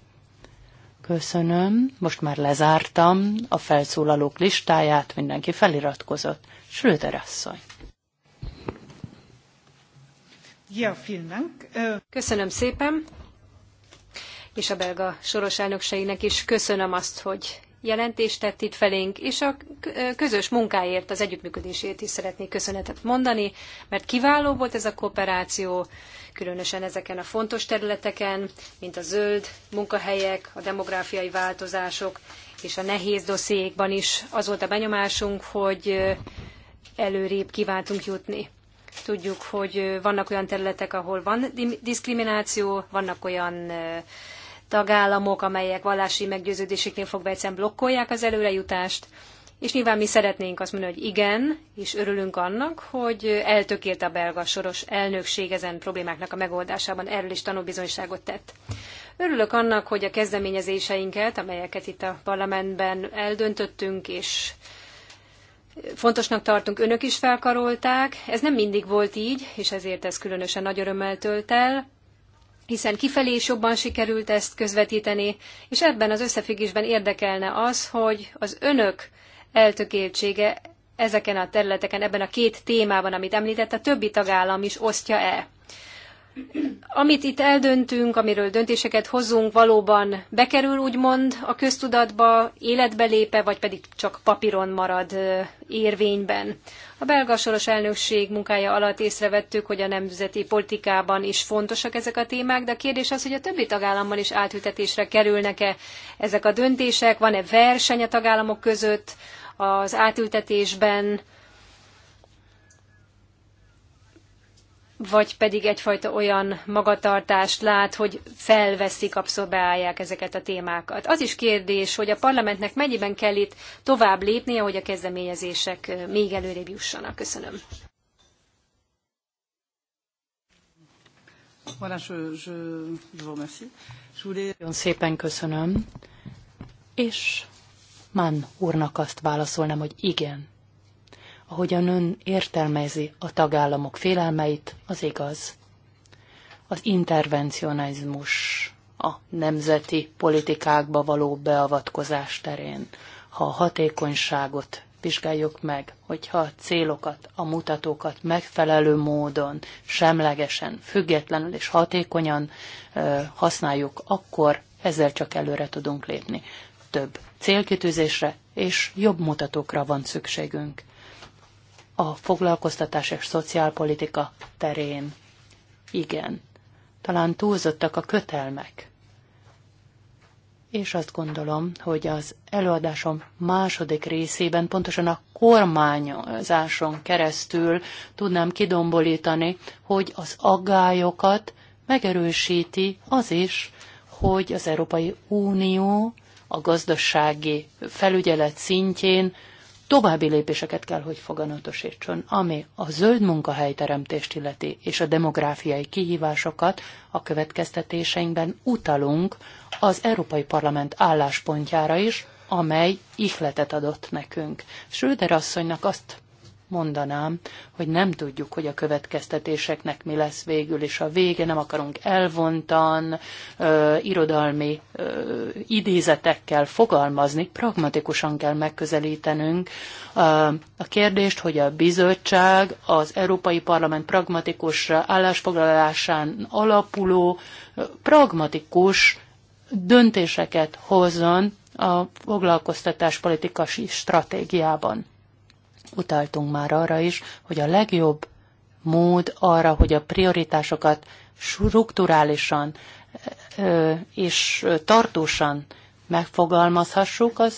Köszönöm, most már lezártam a felszólalók listáját, mindenki feliratkozott. Schröder asszony. Ja, vielen Dank. Köszönöm szépen és a belga soros elnökségnek is köszönöm azt, hogy jelentést tett itt felénk, és a közös munkáért, az együttműködésért is szeretnék köszönetet mondani, mert kiváló volt ez a kooperáció, különösen ezeken a fontos területeken, mint a zöld munkahelyek, a demográfiai változások, és a nehéz dossziékban is az volt a benyomásunk, hogy előrébb kívántunk jutni. Tudjuk, hogy vannak olyan területek, ahol van diszkrimináció, vannak olyan tagállamok, amelyek vallási meggyőződéséknél fogva egyszerűen blokkolják az előrejutást, és nyilván mi szeretnénk azt mondani, hogy igen, és örülünk annak, hogy eltökélt a belga soros elnökség ezen problémáknak a megoldásában, erről is tanúbizonyságot tett. Örülök annak, hogy a kezdeményezéseinket, amelyeket itt a parlamentben eldöntöttünk, és fontosnak tartunk, önök is felkarolták. Ez nem mindig volt így, és ezért ez különösen nagy örömmel tölt el hiszen kifelé is jobban sikerült ezt közvetíteni, és ebben az összefüggésben érdekelne az, hogy az önök eltökéltsége ezeken a területeken, ebben a két témában, amit említett, a többi tagállam is osztja-e amit itt eldöntünk, amiről döntéseket hozunk, valóban bekerül úgymond a köztudatba, életbe lépe, vagy pedig csak papíron marad érvényben. A belga soros elnökség munkája alatt észrevettük, hogy a nemzeti politikában is fontosak ezek a témák, de a kérdés az, hogy a többi tagállamban is átültetésre kerülnek-e ezek a döntések, van-e verseny a tagállamok között az átültetésben, vagy pedig egyfajta olyan magatartást lát, hogy felveszik, abszorbálják ezeket a témákat. Az is kérdés, hogy a parlamentnek mennyiben kell itt tovább lépnie, hogy a kezdeményezések még előrébb jussanak. Köszönöm. Voilà, je, je, je vous remercie. Je voulais... Nagyon szépen köszönöm. És Mann úrnak azt válaszolnám, hogy igen, ahogyan ön értelmezi a tagállamok félelmeit, az igaz. Az intervencionizmus a nemzeti politikákba való beavatkozás terén, ha a hatékonyságot vizsgáljuk meg, hogyha a célokat, a mutatókat megfelelő módon, semlegesen, függetlenül és hatékonyan ö, használjuk, akkor ezzel csak előre tudunk lépni. Több célkitűzésre és jobb mutatókra van szükségünk a foglalkoztatás és szociálpolitika terén. Igen, talán túlzottak a kötelmek. És azt gondolom, hogy az előadásom második részében pontosan a kormányozáson keresztül tudnám kidombolítani, hogy az aggályokat megerősíti az is, hogy az Európai Unió a gazdasági felügyelet szintjén további lépéseket kell, hogy foganatosítson, ami a zöld munkahelyteremtést illeti, és a demográfiai kihívásokat a következtetéseinkben utalunk az Európai Parlament álláspontjára is, amely ihletet adott nekünk. Schröder asszonynak azt mondanám, hogy nem tudjuk, hogy a következtetéseknek mi lesz végül, és a vége nem akarunk elvontan, ö, irodalmi ö, idézetekkel fogalmazni, pragmatikusan kell megközelítenünk a, a kérdést, hogy a bizottság az Európai Parlament pragmatikus állásfoglalásán alapuló, pragmatikus döntéseket hozzon a foglalkoztatáspolitikai stratégiában. Utaltunk már arra is, hogy a legjobb mód arra, hogy a prioritásokat strukturálisan és tartósan megfogalmazhassuk, az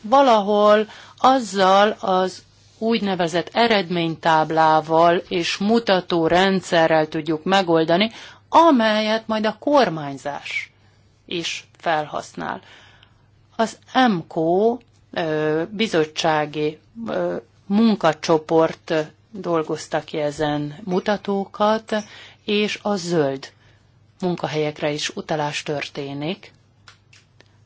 valahol azzal az úgynevezett eredménytáblával és mutató rendszerrel tudjuk megoldani, amelyet majd a kormányzás is felhasznál. Az MKO bizottsági munkacsoport dolgozta ki ezen mutatókat, és a zöld munkahelyekre is utalás történik,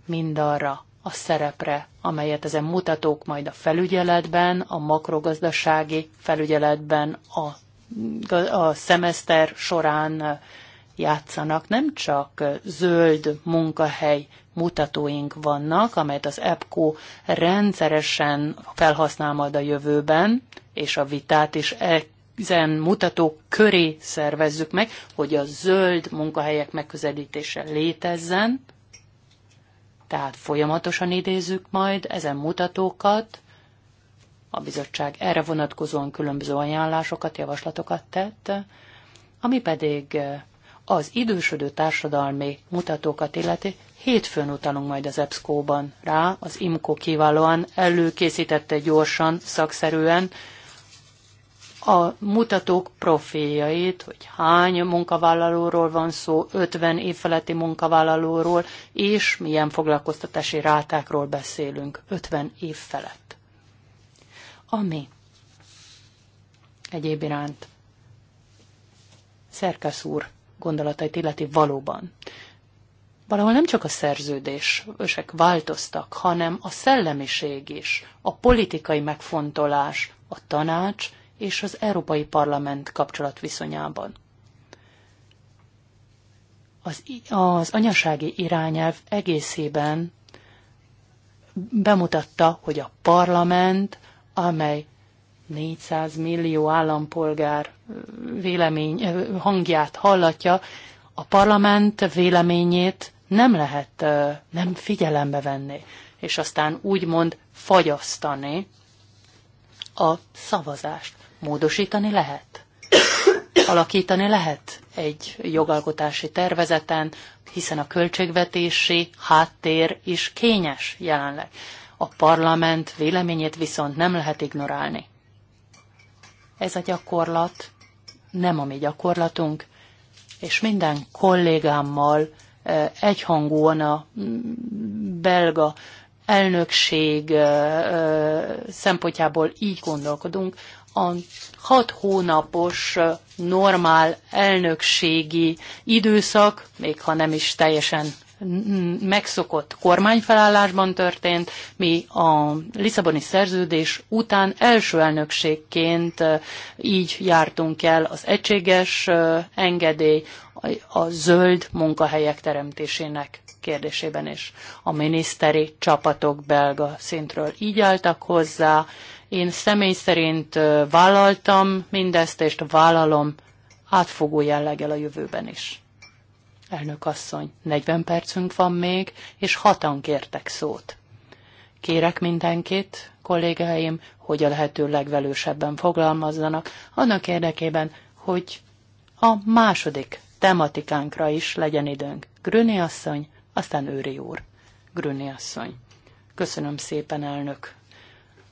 mind arra a szerepre, amelyet ezen mutatók majd a felügyeletben, a makrogazdasági felügyeletben, a, a szemeszter során játszanak. Nem csak zöld munkahely mutatóink vannak, amelyet az EPCO rendszeresen felhasznál majd a jövőben, és a vitát is ezen mutatók köré szervezzük meg, hogy a zöld munkahelyek megközelítése létezzen, tehát folyamatosan idézzük majd ezen mutatókat, a bizottság erre vonatkozóan különböző ajánlásokat, javaslatokat tett, ami pedig az idősödő társadalmi mutatókat illeti, hétfőn utalunk majd az EBSCO-ban rá, az IMCO kiválóan előkészítette gyorsan, szakszerűen a mutatók profiljait, hogy hány munkavállalóról van szó, 50 év feletti munkavállalóról, és milyen foglalkoztatási rátákról beszélünk 50 év felett. Ami egyéb iránt Szerkesz úr gondolatait illeti valóban. Valahol nem csak a szerződések változtak, hanem a szellemiség is, a politikai megfontolás, a tanács és az Európai Parlament kapcsolat viszonyában. Az, az anyasági irányelv egészében bemutatta, hogy a parlament, amely 400 millió állampolgár vélemény, hangját hallatja, a parlament véleményét nem lehet nem figyelembe venni, és aztán úgymond fagyasztani a szavazást. Módosítani lehet. Alakítani lehet egy jogalkotási tervezeten, hiszen a költségvetési háttér is kényes jelenleg. A parlament véleményét viszont nem lehet ignorálni. Ez a gyakorlat nem a mi gyakorlatunk, és minden kollégámmal e, egyhangúan a belga elnökség e, e, szempontjából így gondolkodunk, a hat hónapos normál elnökségi időszak, még ha nem is teljesen megszokott kormányfelállásban történt. Mi a Lisszaboni szerződés után első elnökségként így jártunk el az egységes engedély a zöld munkahelyek teremtésének kérdésében is. A miniszteri csapatok belga szintről így álltak hozzá. Én személy szerint vállaltam mindezt, és vállalom átfogó jelleggel a jövőben is. Elnök asszony, 40 percünk van még, és hatan kértek szót. Kérek mindenkit, kollégáim, hogy a lehető legvelősebben fogalmazzanak, annak érdekében, hogy a második tematikánkra is legyen időnk. Grüni asszony, aztán Őri úr. Grüni asszony. Köszönöm szépen, elnök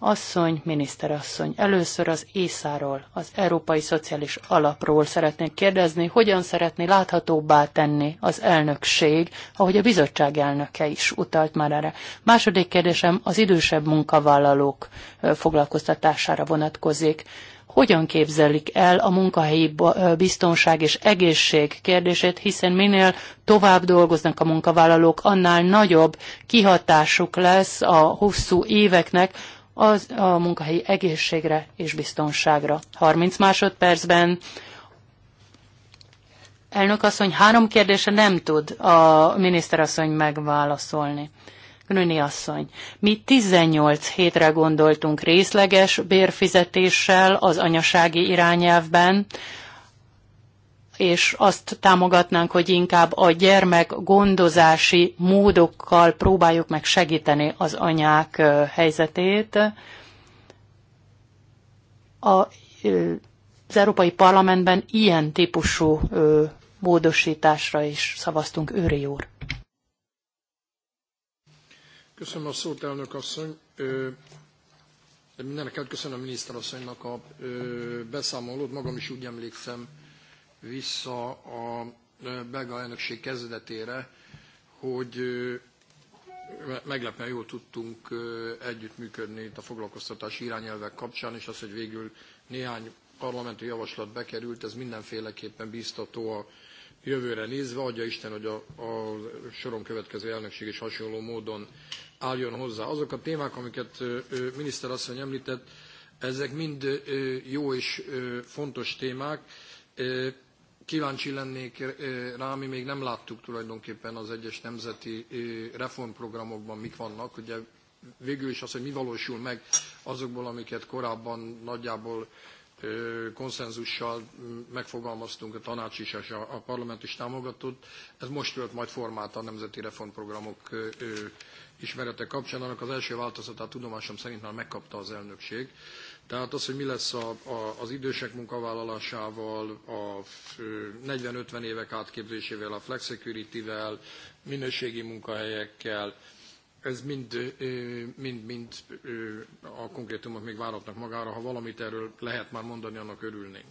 Asszony, miniszterasszony, először az észáról, az Európai Szociális Alapról szeretnék kérdezni, hogyan szeretné láthatóbbá tenni az elnökség, ahogy a bizottság elnöke is utalt már erre. Második kérdésem az idősebb munkavállalók foglalkoztatására vonatkozik hogyan képzelik el a munkahelyi biztonság és egészség kérdését, hiszen minél tovább dolgoznak a munkavállalók, annál nagyobb kihatásuk lesz a hosszú éveknek az a munkahelyi egészségre és biztonságra. 30 másodpercben elnök asszony három kérdése nem tud a miniszterasszony megválaszolni. Grüni asszony, mi 18 hétre gondoltunk részleges bérfizetéssel az anyasági irányelvben, és azt támogatnánk, hogy inkább a gyermek gondozási módokkal próbáljuk meg segíteni az anyák helyzetét. A, az Európai Parlamentben ilyen típusú módosításra is szavaztunk, Őri úr. Köszönöm a szót, elnök asszony. Mindeneket köszönöm a miniszterasszonynak a beszámolót. Magam is úgy emlékszem, vissza a belga elnökség kezdetére, hogy meglepően jól tudtunk együttműködni itt a foglalkoztatási irányelvek kapcsán, és az, hogy végül néhány parlamenti javaslat bekerült, ez mindenféleképpen biztató a jövőre nézve. Adja Isten, hogy a, a soron következő elnökség is hasonló módon álljon hozzá. Azok a témák, amiket miniszter asszony említett, ezek mind jó és fontos témák kíváncsi lennék eh, rá, mi még nem láttuk tulajdonképpen az egyes nemzeti eh, reformprogramokban mik vannak. Ugye végül is az, hogy mi valósul meg azokból, amiket korábban nagyjából eh, konszenzussal mm, megfogalmaztunk, a tanács is és a parlament is támogatott. Ez most tölt majd formát a nemzeti reformprogramok ismerete kapcsán. Annak az első változatát tudomásom szerint már megkapta az elnökség. Tehát az, hogy mi lesz a, a, az idősek munkavállalásával, a 40-50 évek átképzésével, a flexicurity-vel, minőségi munkahelyekkel, ez mind, mind, mind a konkrétumok még váratnak magára, ha valamit erről lehet már mondani, annak örülnénk.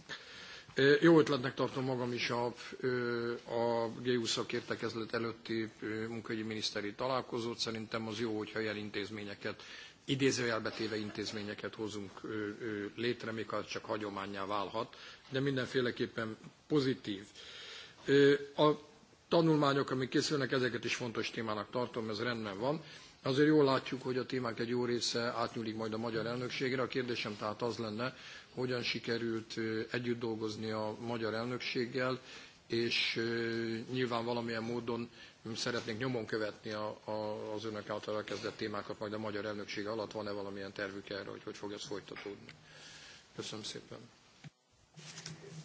Jó ötletnek tartom magam is a, a GU szakértekezlet előtti munkaügyi miniszteri találkozót. Szerintem az jó, hogyha ilyen intézményeket idézőjelbetéve intézményeket hozunk létre, még ha csak hagyományá válhat, de mindenféleképpen pozitív. A tanulmányok, amik készülnek, ezeket is fontos témának tartom, ez rendben van. Azért jól látjuk, hogy a témák egy jó része átnyúlik majd a magyar elnökségre. A kérdésem tehát az lenne, hogyan sikerült együtt dolgozni a magyar elnökséggel, és nyilván valamilyen módon Szeretnénk nyomon követni a, a, az önök által elkezdett témákat, majd a magyar elnökség alatt van-e valamilyen tervük erre, hogy hogy fog ez folytatódni. Köszönöm szépen.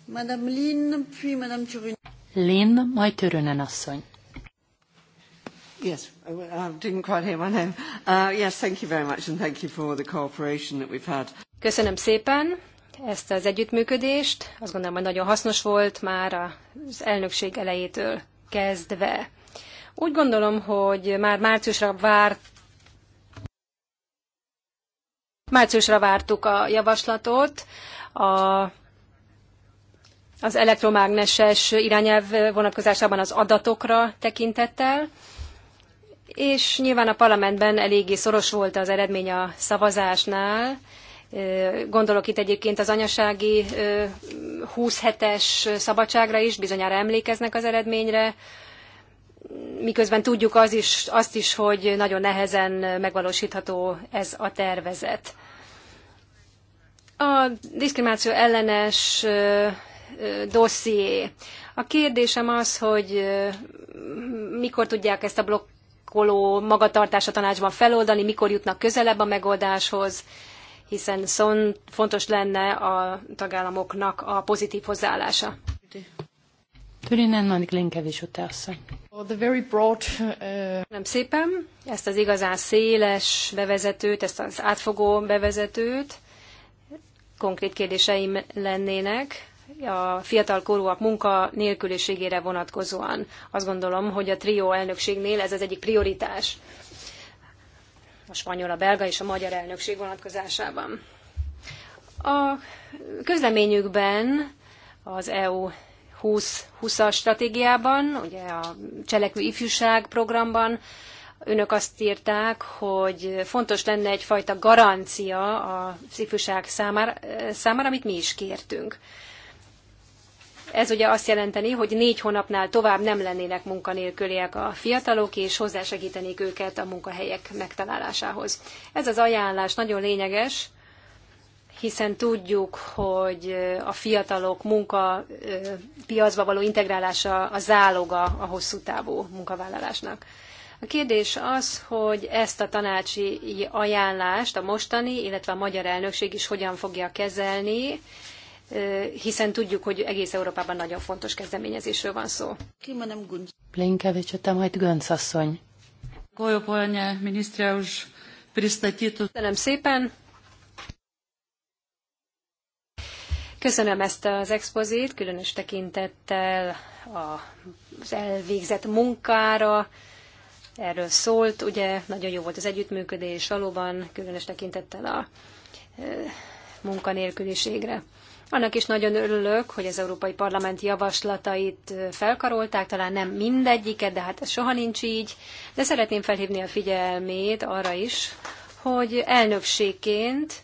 Madame Lynn, puis Madame Turin. Lynn, majd Törönen asszony. Yes, I didn't quite hear my name. Uh, yes, thank you very much, and thank you for the cooperation that we've had. Köszönöm szépen ezt az együttműködést. Azt gondolom, hogy nagyon hasznos volt már az elnökség elejétől kezdve. Úgy gondolom, hogy már márciusra várt Márciusra vártuk a javaslatot, a, az elektromágneses irányelv vonatkozásában az adatokra tekintettel, és nyilván a parlamentben eléggé szoros volt az eredmény a szavazásnál, Gondolok itt egyébként az anyasági 20 hetes szabadságra is, bizonyára emlékeznek az eredményre miközben tudjuk az is, azt is, hogy nagyon nehezen megvalósítható ez a tervezet. A diszkrimináció ellenes dosszié. A kérdésem az, hogy mikor tudják ezt a blokkoló a tanácsban feloldani, mikor jutnak közelebb a megoldáshoz, hiszen szon fontos lenne a tagállamoknak a pozitív hozzáállása. Türinen Manik Linkevics utászony. Uh, Nem szépen, ezt az igazán széles bevezetőt, ezt az átfogó bevezetőt, konkrét kérdéseim lennének a fiatal korúak munka nélküliségére vonatkozóan. Azt gondolom, hogy a trió elnökségnél ez az egyik prioritás a spanyol, a belga és a magyar elnökség vonatkozásában. A közleményükben az EU 2020-as stratégiában, ugye a Cselekvő Ifjúság programban önök azt írták, hogy fontos lenne egyfajta garancia az ifjúság számára, számára amit mi is kértünk. Ez ugye azt jelenteni, hogy négy hónapnál tovább nem lennének munkanélküliek a fiatalok, és hozzásegítenék őket a munkahelyek megtalálásához. Ez az ajánlás nagyon lényeges, hiszen tudjuk, hogy a fiatalok munkapiacba való integrálása a záloga a hosszú távú munkavállalásnak. A kérdés az, hogy ezt a tanácsi ajánlást a mostani, illetve a magyar elnökség is hogyan fogja kezelni, hiszen tudjuk, hogy egész Európában nagyon fontos kezdeményezésről van szó. Plinkevics, te majd Gönc asszony. Köszönöm szépen. Köszönöm ezt az expozét, különös tekintettel az elvégzett munkára. Erről szólt, ugye nagyon jó volt az együttműködés, valóban különös tekintettel a munkanélküliségre. Annak is nagyon örülök, hogy az Európai Parlament javaslatait felkarolták, talán nem mindegyiket, de hát ez soha nincs így. De szeretném felhívni a figyelmét arra is, hogy elnökségként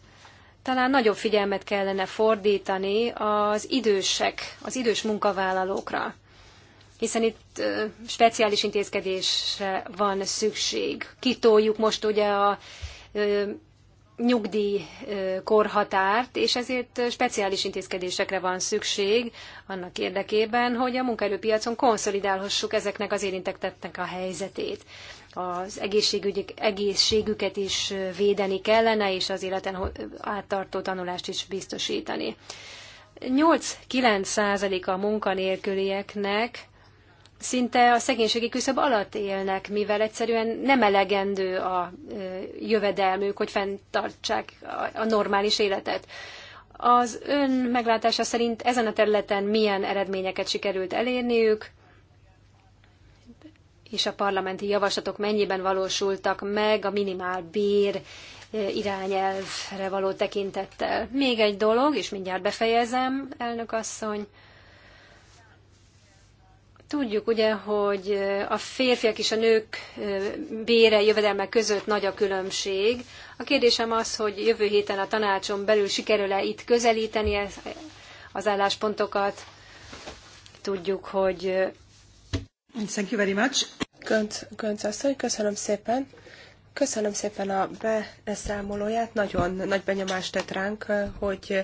talán nagyobb figyelmet kellene fordítani az idősek, az idős munkavállalókra, hiszen itt speciális intézkedésre van szükség. Kitoljuk most ugye a nyugdíjkorhatárt, és ezért speciális intézkedésekre van szükség annak érdekében, hogy a munkaerőpiacon konszolidálhassuk ezeknek az érintetteknek a helyzetét az egészségüket is védeni kellene, és az életen áttartó tanulást is biztosítani. 8-9 százaléka a munkanélkülieknek szinte a szegénységi küszöb alatt élnek, mivel egyszerűen nem elegendő a jövedelmük, hogy fenntartsák a normális életet. Az ön meglátása szerint ezen a területen milyen eredményeket sikerült elérniük, és a parlamenti javaslatok mennyiben valósultak meg a minimál bér eh, irányelvre való tekintettel. Még egy dolog, és mindjárt befejezem, elnök asszony. Tudjuk ugye, hogy eh, a férfiak és a nők eh, bére, jövedelme között nagy a különbség. A kérdésem az, hogy jövő héten a tanácson belül sikerül-e itt közelíteni az álláspontokat. Tudjuk, hogy Thank you very much. Gönc, Gönc asszony, köszönöm szépen. Köszönöm szépen a beszámolóját, nagyon nagy benyomást tett ránk, hogy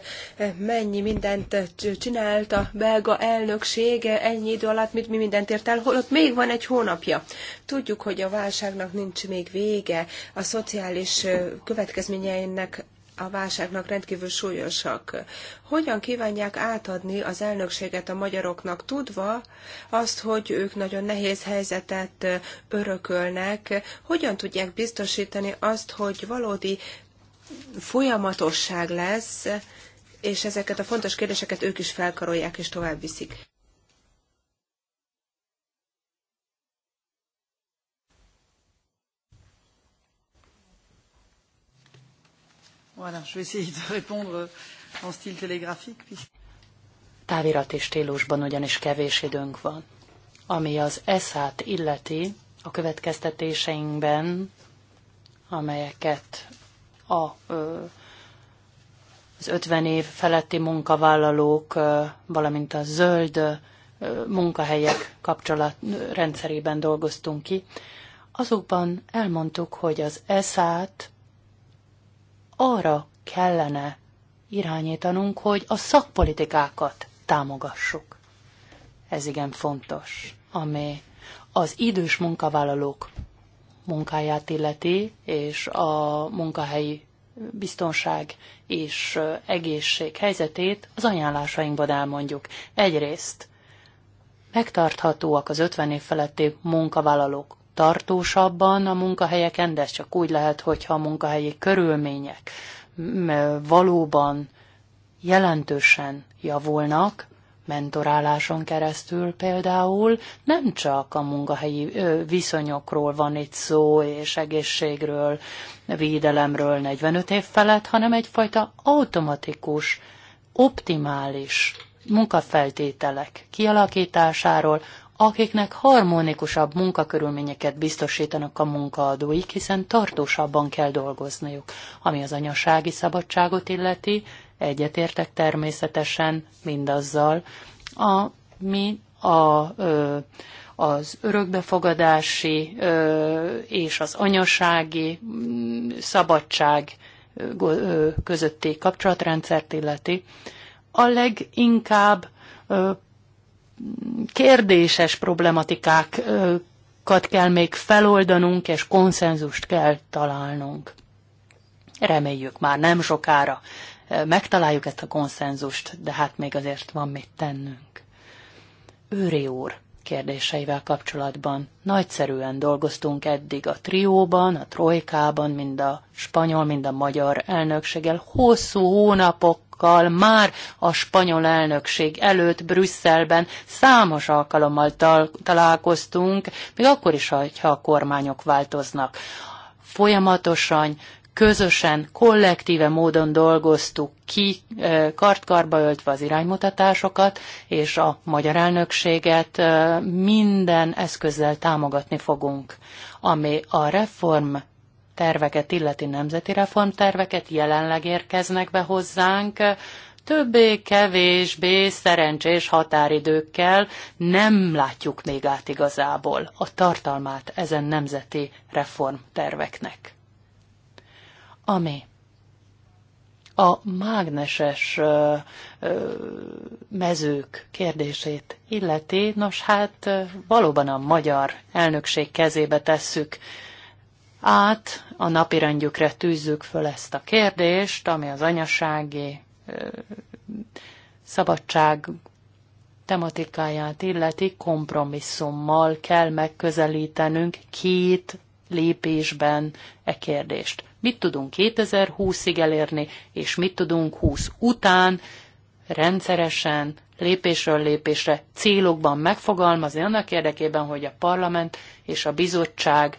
mennyi mindent csinált a belga elnökség ennyi idő alatt, mit mi mindent ért el, holott még van egy hónapja. Tudjuk, hogy a válságnak nincs még vége, a szociális következményeinek a válságnak rendkívül súlyosak. Hogyan kívánják átadni az elnökséget a magyaroknak, tudva azt, hogy ők nagyon nehéz helyzetet örökölnek? Hogyan tudják biztosítani azt, hogy valódi folyamatosság lesz, és ezeket a fontos kérdéseket ők is felkarolják és tovább viszik? Voilà, je vais essayer de répondre en style télégraphique. Távirati stílusban ugyanis kevés időnk van. Ami az eszát illeti, a következtetéseinkben, amelyeket a, az 50 év feletti munkavállalók, valamint a zöld munkahelyek kapcsolat rendszerében dolgoztunk ki, azokban elmondtuk, hogy az eszát arra kellene irányítanunk, hogy a szakpolitikákat támogassuk. Ez igen fontos, ami az idős munkavállalók munkáját illeti, és a munkahelyi biztonság és egészség helyzetét az ajánlásainkban elmondjuk. Egyrészt megtarthatóak az 50 év feletti munkavállalók tartósabban a munkahelyeken, de ez csak úgy lehet, hogyha a munkahelyi körülmények valóban jelentősen javulnak, mentoráláson keresztül például nem csak a munkahelyi viszonyokról van itt szó, és egészségről, védelemről 45 év felett, hanem egyfajta automatikus, optimális munkafeltételek kialakításáról, akiknek harmonikusabb munkakörülményeket biztosítanak a munkaadóik, hiszen tartósabban kell dolgozniuk. Ami az anyasági szabadságot illeti, egyetértek természetesen mindazzal, ami a, ö, az örökbefogadási ö, és az anyasági mm, szabadság ö, közötti kapcsolatrendszert illeti. A leginkább kérdéses problematikákat kell még feloldanunk, és konszenzust kell találnunk. Reméljük már nem sokára megtaláljuk ezt a konszenzust, de hát még azért van mit tennünk. Őri úr kérdéseivel kapcsolatban nagyszerűen dolgoztunk eddig a trióban, a trojkában, mind a spanyol, mind a magyar elnökséggel. Hosszú hónapok kollégákkal már a spanyol elnökség előtt Brüsszelben számos alkalommal tal- találkoztunk, még akkor is, ha a kormányok változnak. Folyamatosan közösen, kollektíve módon dolgoztuk ki, kartkarba öltve az iránymutatásokat, és a magyar elnökséget minden eszközzel támogatni fogunk, ami a reform terveket illeti nemzeti reformterveket jelenleg érkeznek be hozzánk, többé-kevésbé szerencsés határidőkkel nem látjuk még át igazából a tartalmát ezen nemzeti reformterveknek. Ami a mágneses ö, ö, mezők kérdését illeti, nos hát valóban a magyar elnökség kezébe tesszük át, a napirendjükre tűzzük föl ezt a kérdést, ami az anyasági ö, szabadság tematikáját illeti, kompromisszummal kell megközelítenünk két lépésben e kérdést. Mit tudunk 2020-ig elérni, és mit tudunk 20 után, rendszeresen, lépésről lépésre célokban megfogalmazni annak érdekében, hogy a parlament és a bizottság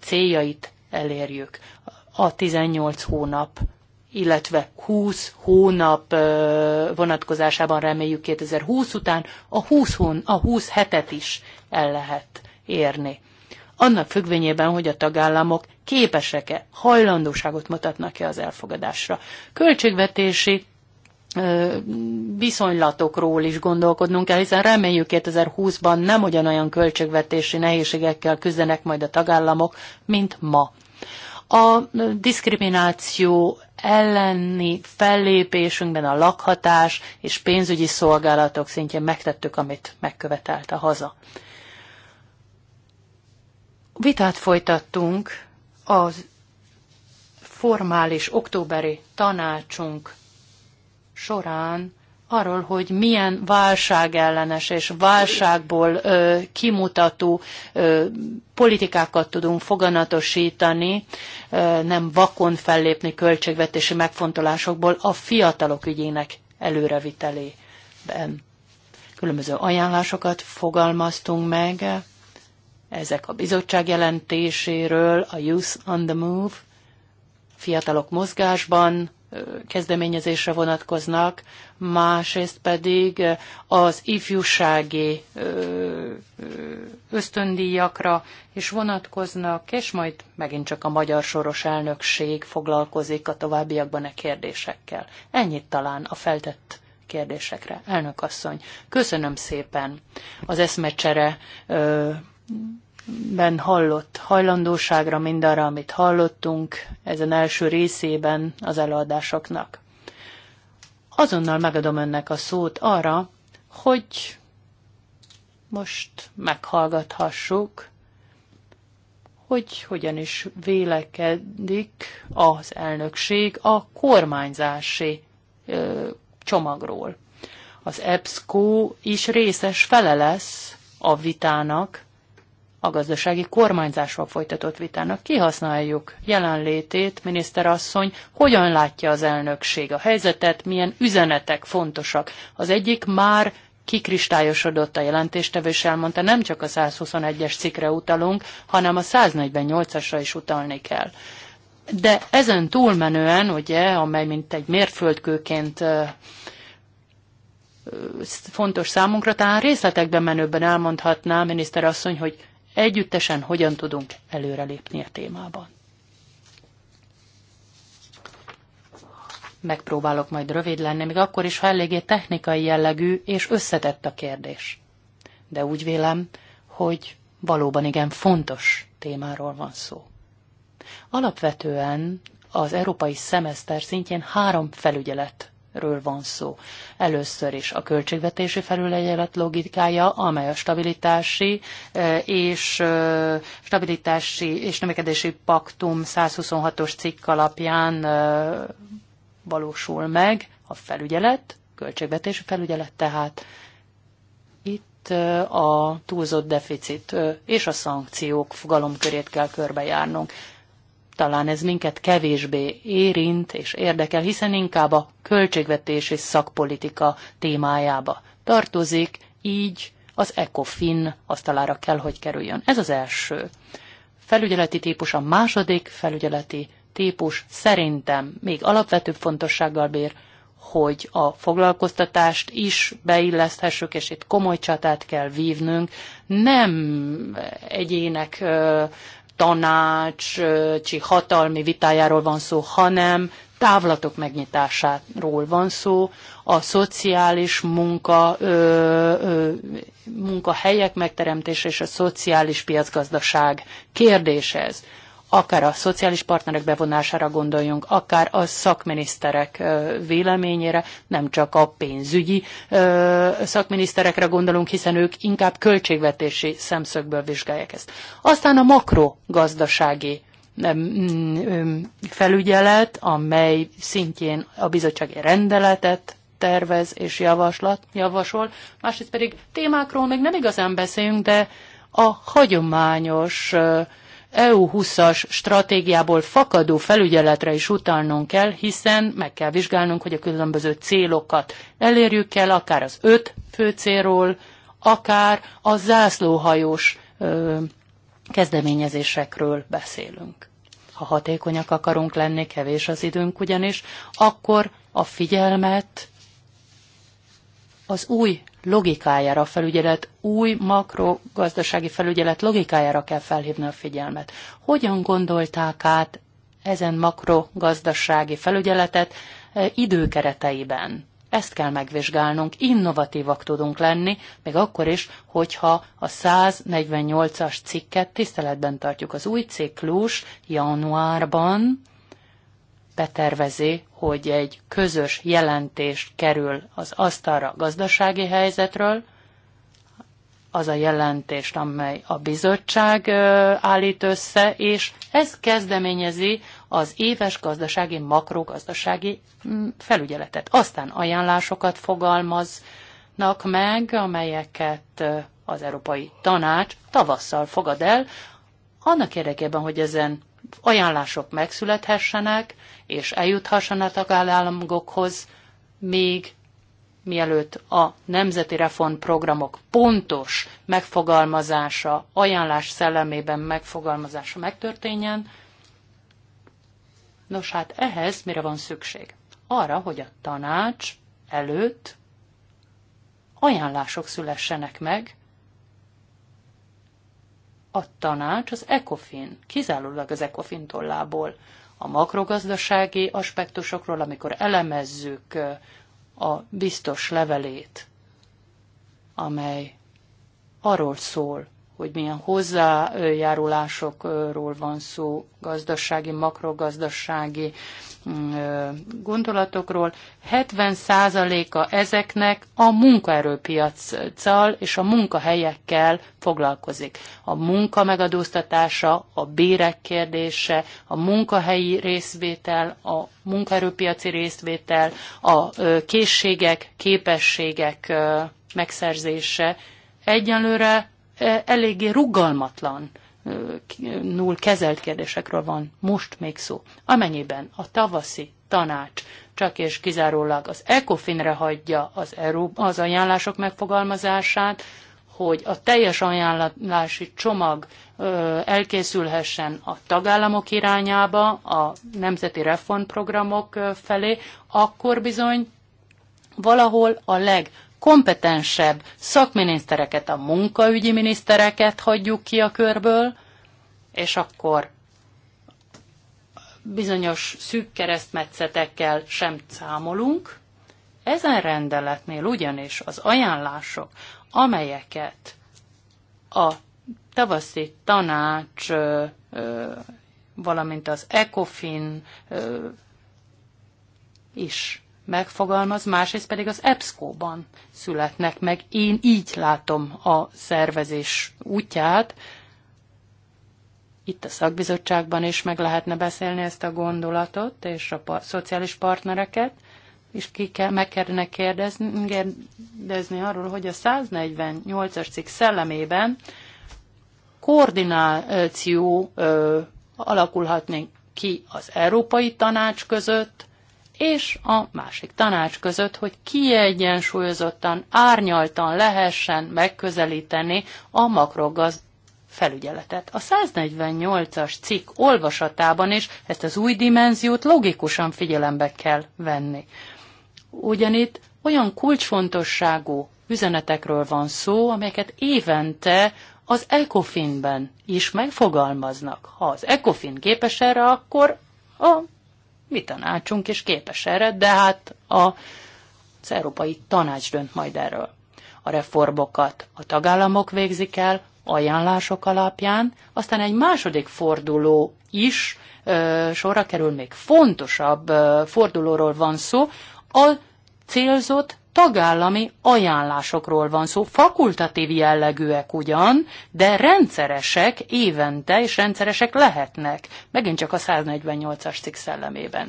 céljait elérjük. A 18 hónap illetve 20 hónap vonatkozásában reméljük 2020 után a 20, hón, a 20 hetet is el lehet érni. Annak függvényében, hogy a tagállamok képesek-e, hajlandóságot mutatnak-e az elfogadásra. Költségvetési viszonylatokról is gondolkodnunk kell, hiszen reméljük 2020-ban nem ugyanolyan költségvetési nehézségekkel küzdenek majd a tagállamok, mint ma. A diszkrimináció elleni fellépésünkben a lakhatás és pénzügyi szolgálatok szintjén megtettük, amit megkövetelt a haza. Vitát folytattunk az formális októberi tanácsunk során arról, hogy milyen válságellenes és válságból ö, kimutató ö, politikákat tudunk foganatosítani, ö, nem vakon fellépni költségvetési megfontolásokból a fiatalok ügyének előrevitelében. Különböző ajánlásokat fogalmaztunk meg, ezek a bizottság jelentéséről, a Youth on the Move, fiatalok mozgásban, kezdeményezésre vonatkoznak, másrészt pedig az ifjúsági ösztöndíjakra is vonatkoznak, és majd megint csak a magyar soros elnökség foglalkozik a továbbiakban a e kérdésekkel. Ennyit talán a feltett kérdésekre. Elnök asszony, köszönöm szépen az eszmecsere ben hallott hajlandóságra mindarra, amit hallottunk ezen első részében az előadásoknak. Azonnal megadom önnek a szót arra, hogy most meghallgathassuk, hogy hogyan is vélekedik az elnökség a kormányzási ö, csomagról. Az EBSCO is részes fele lesz a vitának, a gazdasági kormányzásról folytatott vitának kihasználjuk jelenlétét, miniszterasszony, hogyan látja az elnökség a helyzetet, milyen üzenetek fontosak. Az egyik már kikristályosodott a jelentéstevő, és elmondta, nem csak a 121-es cikre utalunk, hanem a 148-asra is utalni kell. De ezen túlmenően, ugye, amely mint egy mérföldkőként fontos számunkra, talán részletekben menőben elmondhatná miniszter asszony, hogy együttesen hogyan tudunk előrelépni a témában. Megpróbálok majd rövid lenni, még akkor is, ha eléggé technikai jellegű és összetett a kérdés. De úgy vélem, hogy valóban igen fontos témáról van szó. Alapvetően az európai szemeszter szintjén három felügyelet ről van szó. Először is a költségvetési felügyelet logikája, amely a stabilitási e, és e, stabilitási és növekedési paktum 126-os cikk alapján e, valósul meg a felügyelet, költségvetési felügyelet tehát. Itt a túlzott deficit és a szankciók fogalomkörét kell körbejárnunk talán ez minket kevésbé érint és érdekel, hiszen inkább a költségvetés és szakpolitika témájába tartozik, így az ECOFIN asztalára kell, hogy kerüljön. Ez az első felügyeleti típus, a második felügyeleti típus szerintem még alapvetőbb fontossággal bír, hogy a foglalkoztatást is beilleszthessük, és itt komoly csatát kell vívnünk. Nem egyének tanács či hatalmi vitájáról van szó, hanem távlatok megnyitásáról van szó, a szociális munka, ö, ö, munkahelyek megteremtése és a szociális piacgazdaság kérdése ez akár a szociális partnerek bevonására gondoljunk, akár a szakminiszterek véleményére, nem csak a pénzügyi szakminiszterekre gondolunk, hiszen ők inkább költségvetési szemszögből vizsgálják ezt. Aztán a makrogazdasági mm, mm, felügyelet, amely szintjén a bizottsági rendeletet tervez és javaslat, javasol. Másrészt pedig témákról még nem igazán beszélünk, de a hagyományos EU 20-as stratégiából fakadó felügyeletre is utalnunk kell, hiszen meg kell vizsgálnunk, hogy a különböző célokat elérjük el, akár az öt fő célról, akár a zászlóhajós ö, kezdeményezésekről beszélünk. Ha hatékonyak akarunk lenni, kevés az időnk ugyanis, akkor a figyelmet az új logikájára, a felügyelet új makrogazdasági felügyelet logikájára kell felhívni a figyelmet. Hogyan gondolták át ezen makrogazdasági felügyeletet e, időkereteiben? Ezt kell megvizsgálnunk, innovatívak tudunk lenni, még akkor is, hogyha a 148-as cikket tiszteletben tartjuk. Az új ciklus januárban betervezi, hogy egy közös jelentést kerül az asztalra gazdasági helyzetről, az a jelentést, amely a bizottság állít össze, és ez kezdeményezi az éves gazdasági, makrogazdasági mm, felügyeletet. Aztán ajánlásokat fogalmaznak meg, amelyeket az Európai Tanács tavasszal fogad el, annak érdekében, hogy ezen ajánlások megszülethessenek, és eljuthassanak a tagállamokhoz, még mielőtt a nemzeti reformprogramok pontos megfogalmazása, ajánlás szellemében megfogalmazása megtörténjen. Nos hát ehhez mire van szükség? Arra, hogy a tanács előtt ajánlások szülessenek meg, a tanács az ECOFIN, kizárólag az ECOFIN tollából. A makrogazdasági aspektusokról, amikor elemezzük eh, a biztos levelét, amely arról szól, hogy milyen hozzájárulásokról van szó, gazdasági, makrogazdasági mm, gondolatokról. 70%-a ezeknek a munkaerőpiaccal és a munkahelyekkel foglalkozik. A munka megadóztatása, a bérek kérdése, a munkahelyi részvétel, a munkaerőpiaci részvétel, a készségek, képességek megszerzése, egyenlőre eléggé rugalmatlan null kezelt kérdésekről van most még szó. Amennyiben a tavaszi tanács csak és kizárólag az ECOFIN-re hagyja az, Euró- az ajánlások megfogalmazását, hogy a teljes ajánlási csomag elkészülhessen a tagállamok irányába, a nemzeti reformprogramok felé, akkor bizony valahol a leg kompetensebb szakminisztereket, a munkaügyi minisztereket hagyjuk ki a körből, és akkor bizonyos szűk keresztmetszetekkel sem számolunk. Ezen rendeletnél ugyanis az ajánlások, amelyeket a tavaszi tanács, valamint az ECOFIN is megfogalmaz, másrészt pedig az EBSCO-ban születnek meg. Én így látom a szervezés útját. Itt a szakbizottságban is meg lehetne beszélni ezt a gondolatot, és a par- szociális partnereket, és ki kell, meg kellene kérdezni, kérdezni arról, hogy a 148-as cikk szellemében koordináció ö, alakulhatni ki az Európai Tanács között, és a másik tanács között, hogy kiegyensúlyozottan, árnyaltan lehessen megközelíteni a makrogaz felügyeletet. A 148-as cikk olvasatában is ezt az új dimenziót logikusan figyelembe kell venni. Ugyanitt olyan kulcsfontosságú üzenetekről van szó, amelyeket évente az ECOFIN-ben is megfogalmaznak. Ha az ECOFIN képes erre, akkor a mi tanácsunk is képes erre, de hát a, az Európai Tanács dönt majd erről. A reformokat a tagállamok végzik el, ajánlások alapján, aztán egy második forduló is ö, sorra kerül, még fontosabb ö, fordulóról van szó, a célzott tagállami ajánlásokról van szó. Fakultatív jellegűek ugyan, de rendszeresek évente és rendszeresek lehetnek. Megint csak a 148-as cikk szellemében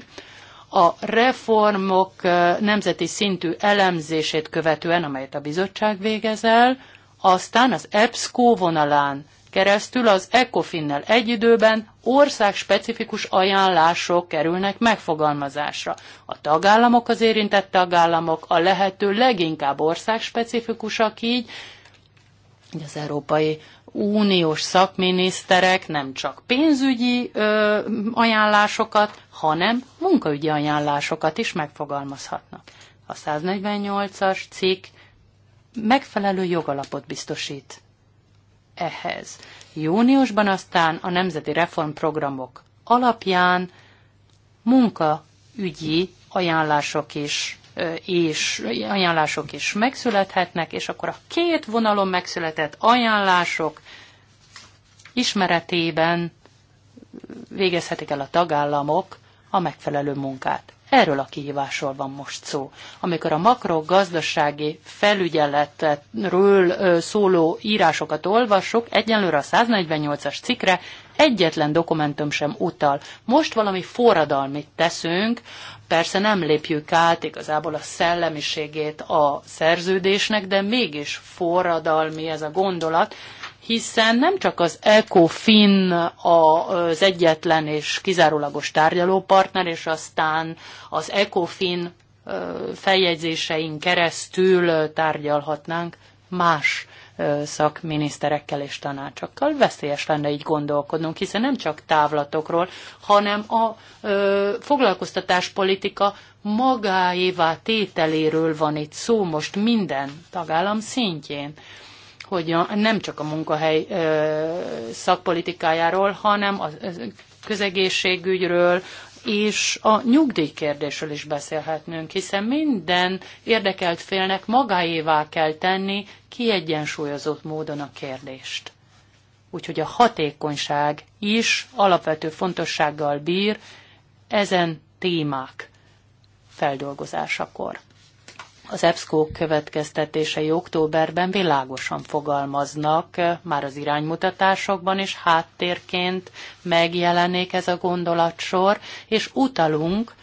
a reformok nemzeti szintű elemzését követően, amelyet a bizottság végez el, aztán az EBSCO vonalán keresztül az ECOFIN-nel egy időben országspecifikus ajánlások kerülnek megfogalmazásra. A tagállamok, az érintett tagállamok a lehető leginkább országspecifikusak így, hogy az Európai Uniós szakminiszterek nem csak pénzügyi ö, ajánlásokat, hanem munkaügyi ajánlásokat is megfogalmazhatnak. A 148-as cikk megfelelő jogalapot biztosít ehhez. Júniusban aztán a nemzeti reformprogramok alapján munkaügyi ajánlások is és ajánlások is megszülethetnek, és akkor a két vonalon megszületett ajánlások ismeretében végezhetik el a tagállamok a megfelelő munkát. Erről a kihívásról van most szó. Amikor a makrogazdasági felügyeletről szóló írásokat olvasok, egyenlőre a 148-as cikre egyetlen dokumentum sem utal. Most valami forradalmit teszünk, persze nem lépjük át igazából a szellemiségét a szerződésnek, de mégis forradalmi ez a gondolat, hiszen nem csak az ECOFIN az egyetlen és kizárólagos tárgyalópartner, és aztán az ECOFIN feljegyzésein keresztül tárgyalhatnánk más szakminiszterekkel és tanácsokkal. Veszélyes lenne így gondolkodnunk, hiszen nem csak távlatokról, hanem a ö, foglalkoztatáspolitika magáévá tételéről van itt szó most minden tagállam szintjén hogy a, nem csak a munkahely ö, szakpolitikájáról, hanem a közegészségügyről, és a nyugdíjkérdésről is beszélhetnünk, hiszen minden érdekelt félnek magáévá kell tenni kiegyensúlyozott módon a kérdést. Úgyhogy a hatékonyság is alapvető fontossággal bír ezen témák feldolgozásakor az EBSCO következtetései októberben világosan fogalmaznak eh, már az iránymutatásokban, is háttérként megjelenik ez a gondolatsor, és utalunk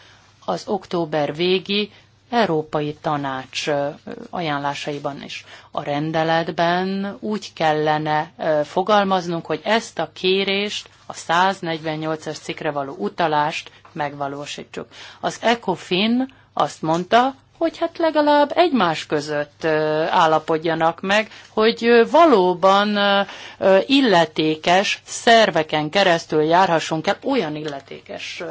az október végi Európai Tanács eh, ajánlásaiban is. A rendeletben úgy kellene eh, fogalmaznunk, hogy ezt a kérést, a 148-as cikre való utalást megvalósítsuk. Az ECOFIN azt mondta, hogy hát legalább egymás között állapodjanak meg, hogy valóban illetékes szerveken keresztül járhassunk el, olyan illetékes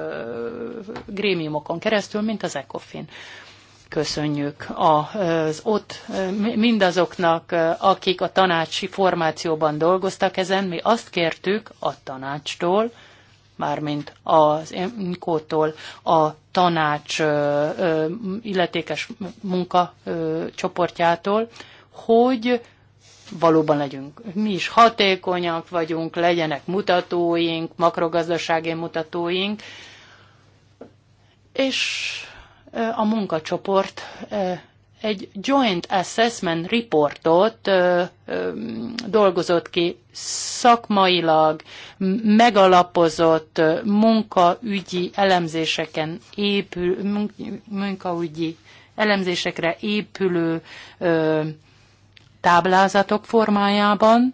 grémiumokon keresztül, mint az ECOFIN. Köszönjük az ott mindazoknak, akik a tanácsi formációban dolgoztak ezen. Mi azt kértük a tanácstól, mármint az Inkótól a tanács illetékes munkacsoportjától, hogy valóban legyünk. Mi is hatékonyak vagyunk, legyenek mutatóink, makrogazdasági mutatóink, és a munkacsoport egy Joint Assessment Reportot ö, ö, dolgozott ki szakmailag megalapozott munkaügyi elemzéseken épül, munkaügyi elemzésekre épülő ö, táblázatok formájában.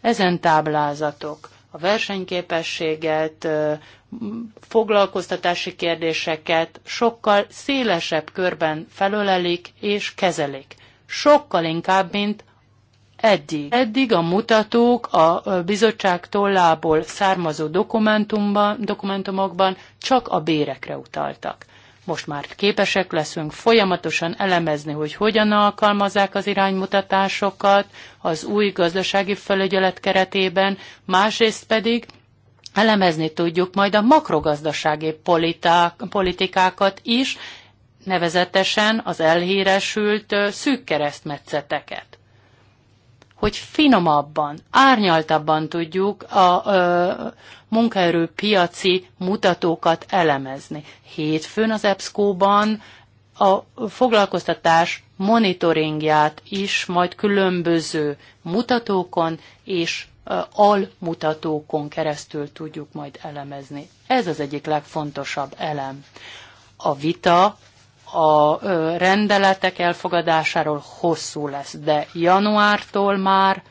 Ezen táblázatok a versenyképességet, foglalkoztatási kérdéseket sokkal szélesebb körben felölelik és kezelik. Sokkal inkább, mint eddig. Eddig a mutatók a bizottság tollából származó dokumentumban, dokumentumokban csak a bérekre utaltak. Most már képesek leszünk folyamatosan elemezni, hogy hogyan alkalmazzák az iránymutatásokat az új gazdasági felügyelet keretében, másrészt pedig elemezni tudjuk majd a makrogazdasági politikákat is, nevezetesen az elhíresült szűk keresztmetszeteket hogy finomabban, árnyaltabban tudjuk a ö, munkaerőpiaci mutatókat elemezni. Hétfőn az EBSCO-ban a foglalkoztatás monitoringját is majd különböző mutatókon és almutatókon keresztül tudjuk majd elemezni. Ez az egyik legfontosabb elem. A vita a rendeletek elfogadásáról hosszú lesz, de januártól már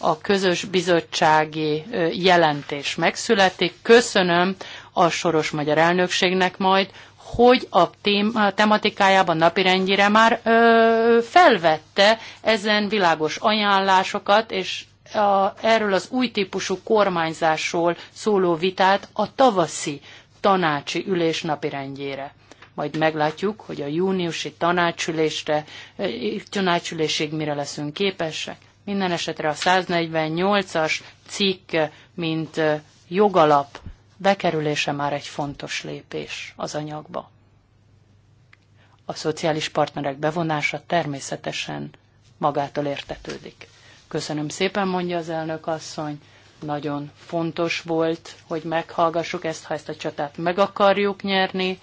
a közös bizottsági jelentés megszületik. Köszönöm a soros magyar elnökségnek majd, hogy a tém- tematikájában napirendjére már ö, felvette ezen világos ajánlásokat, és a, erről az új típusú kormányzásról szóló vitát a tavaszi tanácsi ülés napirendjére. Majd meglátjuk, hogy a júniusi tanácsülésre, tanácsülésig mire leszünk képesek. Minden esetre a 148-as cikk, mint jogalap bekerülése már egy fontos lépés az anyagba. A szociális partnerek bevonása természetesen magától értetődik. Köszönöm szépen, mondja az elnök asszony. Nagyon fontos volt, hogy meghallgassuk ezt, ha ezt a csatát meg akarjuk nyerni,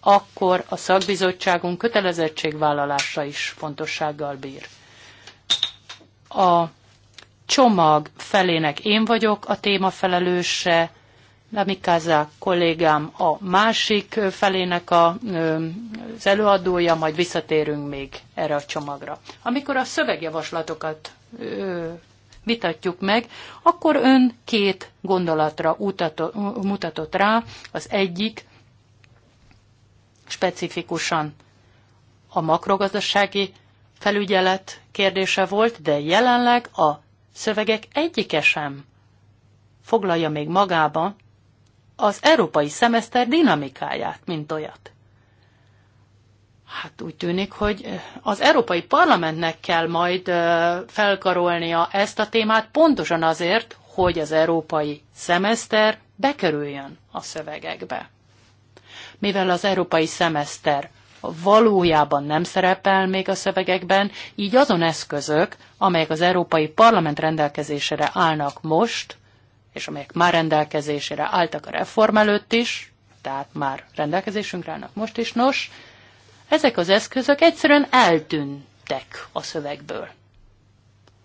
akkor a szakbizottságunk kötelezettségvállalása is fontossággal bír. A csomag felének én vagyok a téma felelőse, Lamikaza kollégám a másik felének a, az előadója, majd visszatérünk még erre a csomagra. Amikor a szövegjavaslatokat vitatjuk meg, akkor ön két gondolatra utató, mutatott rá. Az egyik specifikusan a makrogazdasági felügyelet kérdése volt, de jelenleg a szövegek egyike sem foglalja még magába az európai szemeszter dinamikáját, mint olyat. Hát úgy tűnik, hogy az Európai Parlamentnek kell majd felkarolnia ezt a témát pontosan azért, hogy az európai szemeszter bekerüljön a szövegekbe. Mivel az európai szemeszter valójában nem szerepel még a szövegekben, így azon eszközök, amelyek az Európai Parlament rendelkezésére állnak most, és amelyek már rendelkezésére álltak a reform előtt is, tehát már rendelkezésünkre állnak most is, nos, ezek az eszközök egyszerűen eltűntek a szövegből.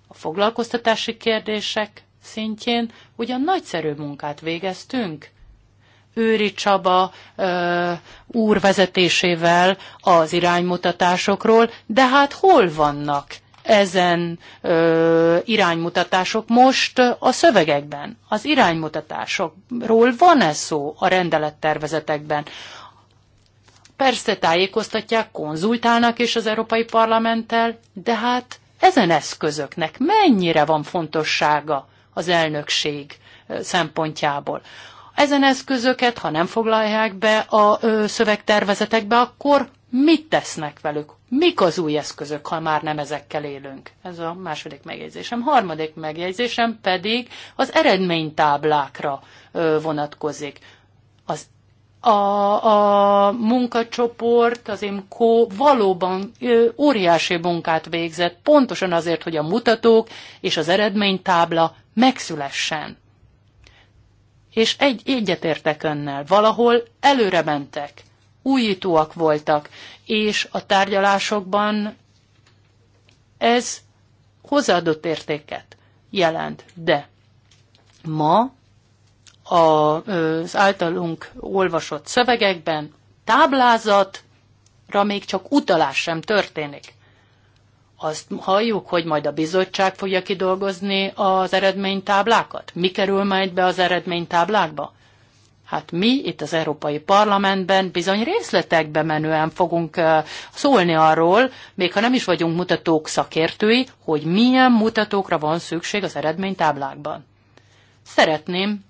A foglalkoztatási kérdések szintjén ugyan nagyszerű munkát végeztünk, Őri Csaba ö, úr vezetésével az iránymutatásokról, de hát hol vannak ezen ö, iránymutatások most a szövegekben, az iránymutatásokról van-e szó a rendelettervezetekben? Persze tájékoztatják, konzultálnak is az Európai Parlamenttel, de hát ezen eszközöknek mennyire van fontossága az elnökség szempontjából? Ezen eszközöket, ha nem foglalják be a szövegtervezetekbe, akkor mit tesznek velük? Mik az új eszközök, ha már nem ezekkel élünk? Ez a második megjegyzésem. Harmadik megjegyzésem pedig az eredménytáblákra vonatkozik. Az a, a munkacsoport, az IMCO valóban ö, óriási munkát végzett, pontosan azért, hogy a mutatók és az eredménytábla megszülessen. És egy egyetértek önnel, valahol előre mentek, újítóak voltak, és a tárgyalásokban ez hozzáadott értéket jelent. De ma az általunk olvasott szövegekben táblázatra még csak utalás sem történik. Azt halljuk, hogy majd a bizottság fogja kidolgozni az eredménytáblákat. Mi kerül majd be az eredménytáblákba? Hát mi itt az Európai Parlamentben bizony részletekbe menően fogunk szólni arról, még ha nem is vagyunk mutatók szakértői, hogy milyen mutatókra van szükség az eredménytáblákban. Szeretném,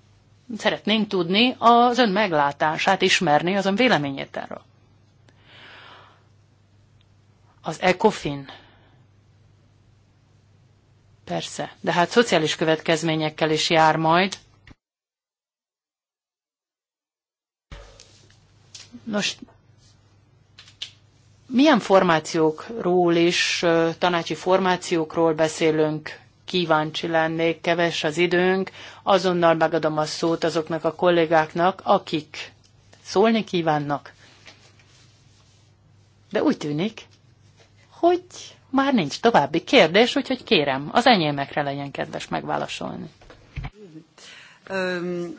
szeretnénk tudni az ön meglátását, ismerni az ön véleményét erről. Az ECOFIN Persze, de hát szociális következményekkel is jár majd, Nos, milyen formációkról is, tanácsi formációkról beszélünk? Kíváncsi lennék, keves az időnk, azonnal megadom a szót azoknak a kollégáknak, akik szólni kívánnak. De úgy tűnik, hogy már nincs további kérdés, úgyhogy kérem, az enyémekre legyen kedves megválaszolni. Um,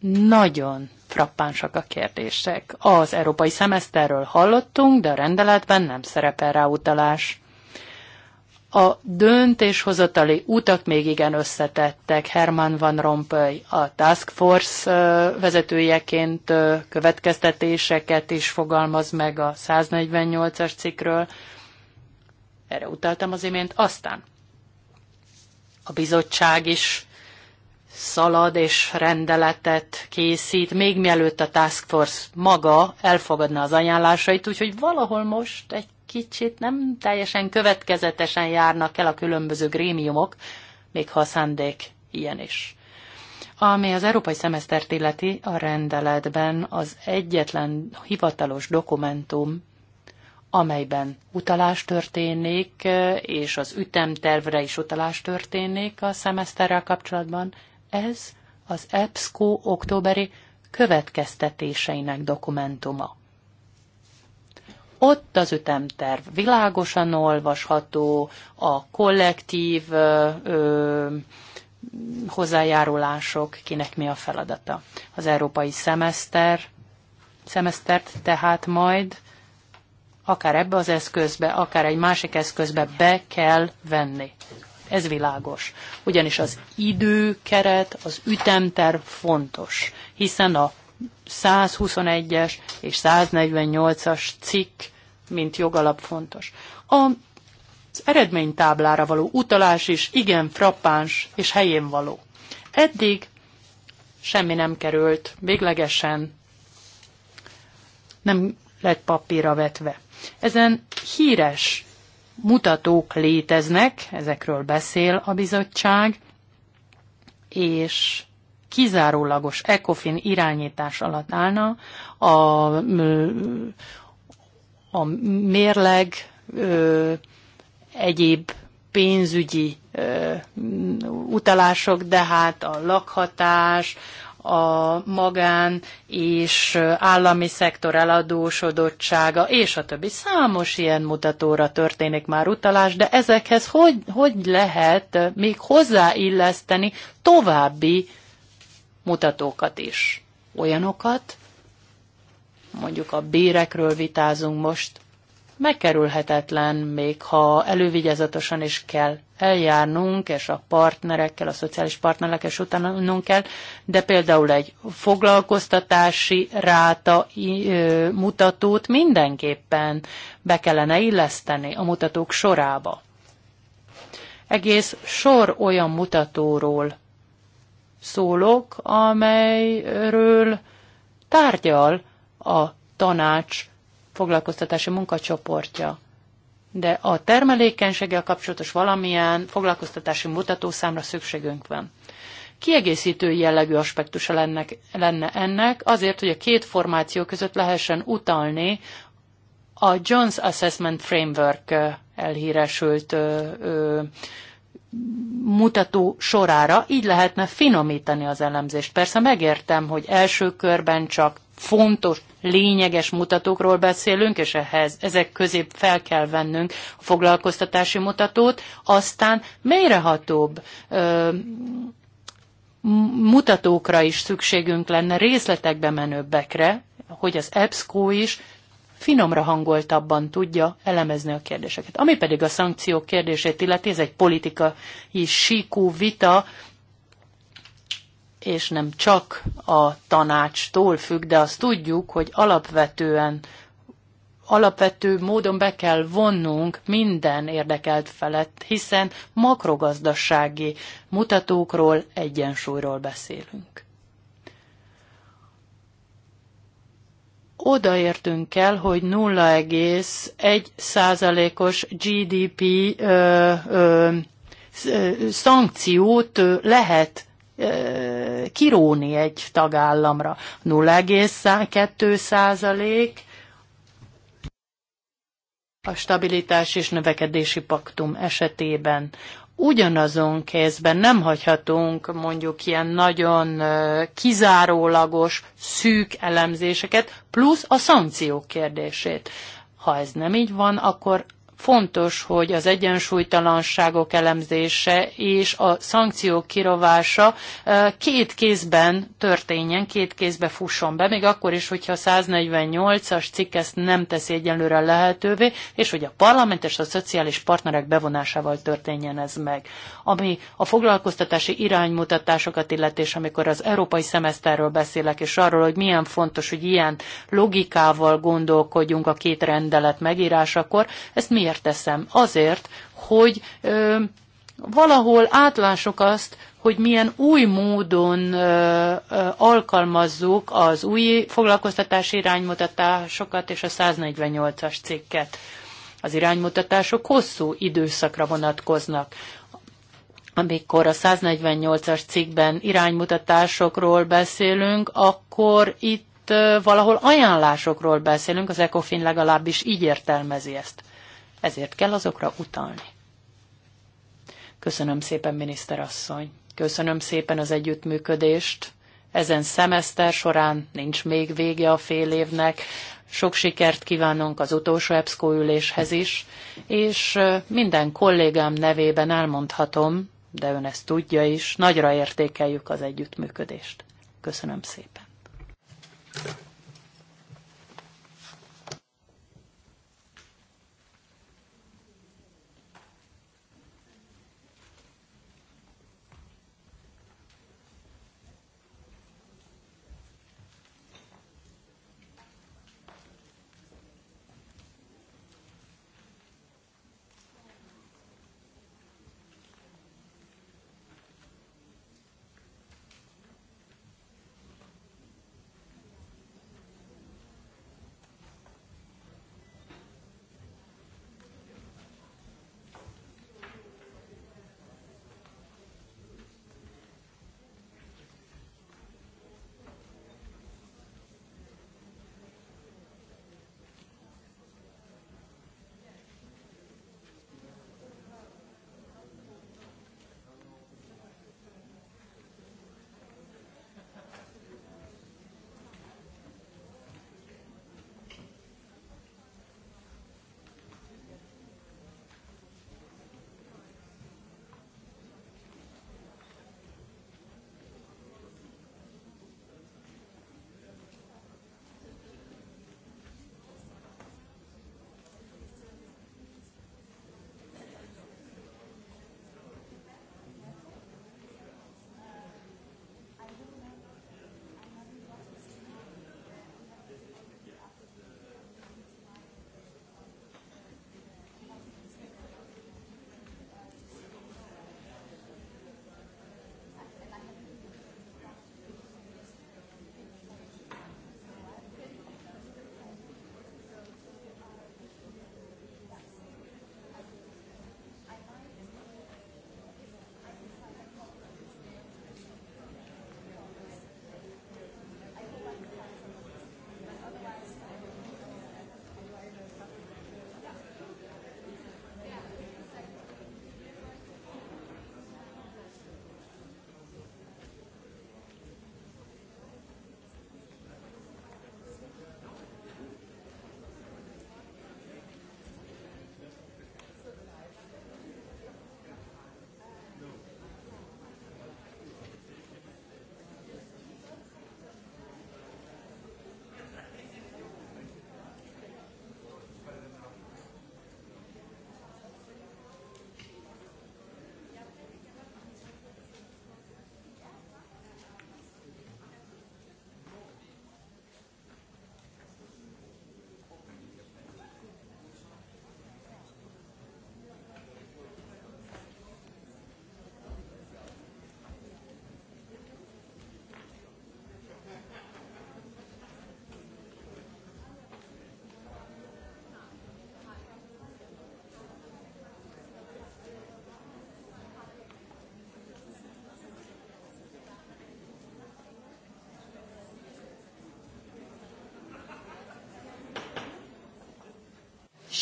nagyon frappánsak a kérdések. Az európai szemeszterről hallottunk, de a rendeletben nem szerepel rá utalás. A döntéshozatali utak még igen összetettek. Herman Van Rompuy a Task Force vezetőjeként következtetéseket is fogalmaz meg a 148-as cikkről. Erre utaltam az imént. Aztán a bizottság is szalad és rendeletet készít, még mielőtt a Task Force maga elfogadna az ajánlásait, úgyhogy valahol most egy kicsit nem teljesen következetesen járnak el a különböző grémiumok, még ha a szándék ilyen is. Ami az európai szemesztert illeti, a rendeletben az egyetlen hivatalos dokumentum, amelyben utalás történik, és az ütemtervre is utalás történik a szemeszterrel kapcsolatban, ez az EBSCO októberi következtetéseinek dokumentuma. Ott az ütemterv világosan olvasható, a kollektív ö, ö, hozzájárulások, kinek mi a feladata. Az európai szemeszter, szemesztert tehát majd akár ebbe az eszközbe, akár egy másik eszközbe be kell venni ez világos. Ugyanis az időkeret, az ütemterv fontos, hiszen a 121-es és 148-as cikk, mint jogalap fontos. A az eredménytáblára való utalás is igen frappáns és helyén való. Eddig semmi nem került, véglegesen nem lett papírra vetve. Ezen híres mutatók léteznek, ezekről beszél a bizottság, és kizárólagos ECOFIN irányítás alatt állna a, a mérleg ö, egyéb pénzügyi ö, utalások, de hát a lakhatás, a magán és állami szektor eladósodottsága, és a többi. Számos ilyen mutatóra történik már utalás, de ezekhez hogy, hogy lehet még hozzáilleszteni további mutatókat is? Olyanokat, mondjuk a bérekről vitázunk most, megkerülhetetlen, még ha elővigyázatosan is kell eljárnunk, és a partnerekkel, a szociális partnerekkel is utánunk kell, de például egy foglalkoztatási ráta mutatót mindenképpen be kellene illeszteni a mutatók sorába. Egész sor olyan mutatóról szólok, amelyről tárgyal a tanács foglalkoztatási munkacsoportja, de a termelékenységgel kapcsolatos valamilyen foglalkoztatási mutatószámra szükségünk van. Kiegészítő jellegű aspektusa lenne, lenne ennek, azért, hogy a két formáció között lehessen utalni a Jones Assessment Framework elhíresült ö, ö, mutató sorára, így lehetne finomítani az elemzést. Persze megértem, hogy első körben csak fontos, lényeges mutatókról beszélünk, és ehhez ezek közé fel kell vennünk a foglalkoztatási mutatót, aztán mélyrehatóbb ö, mutatókra is szükségünk lenne, részletekbe menőbbekre, hogy az EBSCO is finomra hangoltabban tudja elemezni a kérdéseket. Ami pedig a szankciók kérdését illeti, ez egy politikai síkú vita, és nem csak a tanácstól függ, de azt tudjuk, hogy alapvetően alapvető módon be kell vonnunk minden érdekelt felett, hiszen makrogazdasági mutatókról, egyensúlyról beszélünk. Odaértünk el, hogy 0,1 százalékos GDP ö, ö, szankciót lehet kiróni egy tagállamra. 0,2 százalék a stabilitás és növekedési paktum esetében ugyanazon kézben nem hagyhatunk mondjuk ilyen nagyon kizárólagos, szűk elemzéseket, plusz a szankciók kérdését. Ha ez nem így van, akkor Fontos, hogy az egyensúlytalanságok elemzése és a szankciók kirovása két kézben történjen, két kézbe fusson be, még akkor is, hogyha a 148-as cikk ezt nem teszi egyenlőre lehetővé, és hogy a parlament és a szociális partnerek bevonásával történjen ez meg. Ami a foglalkoztatási iránymutatásokat illeti, és amikor az európai szemeszterről beszélek, és arról, hogy milyen fontos, hogy ilyen logikával gondolkodjunk a két rendelet megírásakor, ezt mi miért teszem? Azért, hogy ö, valahol átlássuk azt, hogy milyen új módon ö, ö, alkalmazzuk az új foglalkoztatási iránymutatásokat és a 148-as cikket. Az iránymutatások hosszú időszakra vonatkoznak amikor a 148-as cikkben iránymutatásokról beszélünk, akkor itt valahol ajánlásokról beszélünk, az ECOFIN legalábbis így értelmezi ezt. Ezért kell azokra utalni. Köszönöm szépen, miniszterasszony. Köszönöm szépen az együttműködést. Ezen szemeszter során nincs még vége a fél évnek. Sok sikert kívánunk az utolsó EBSCO üléshez is, és minden kollégám nevében elmondhatom, de ön ezt tudja is, nagyra értékeljük az együttműködést. Köszönöm szépen.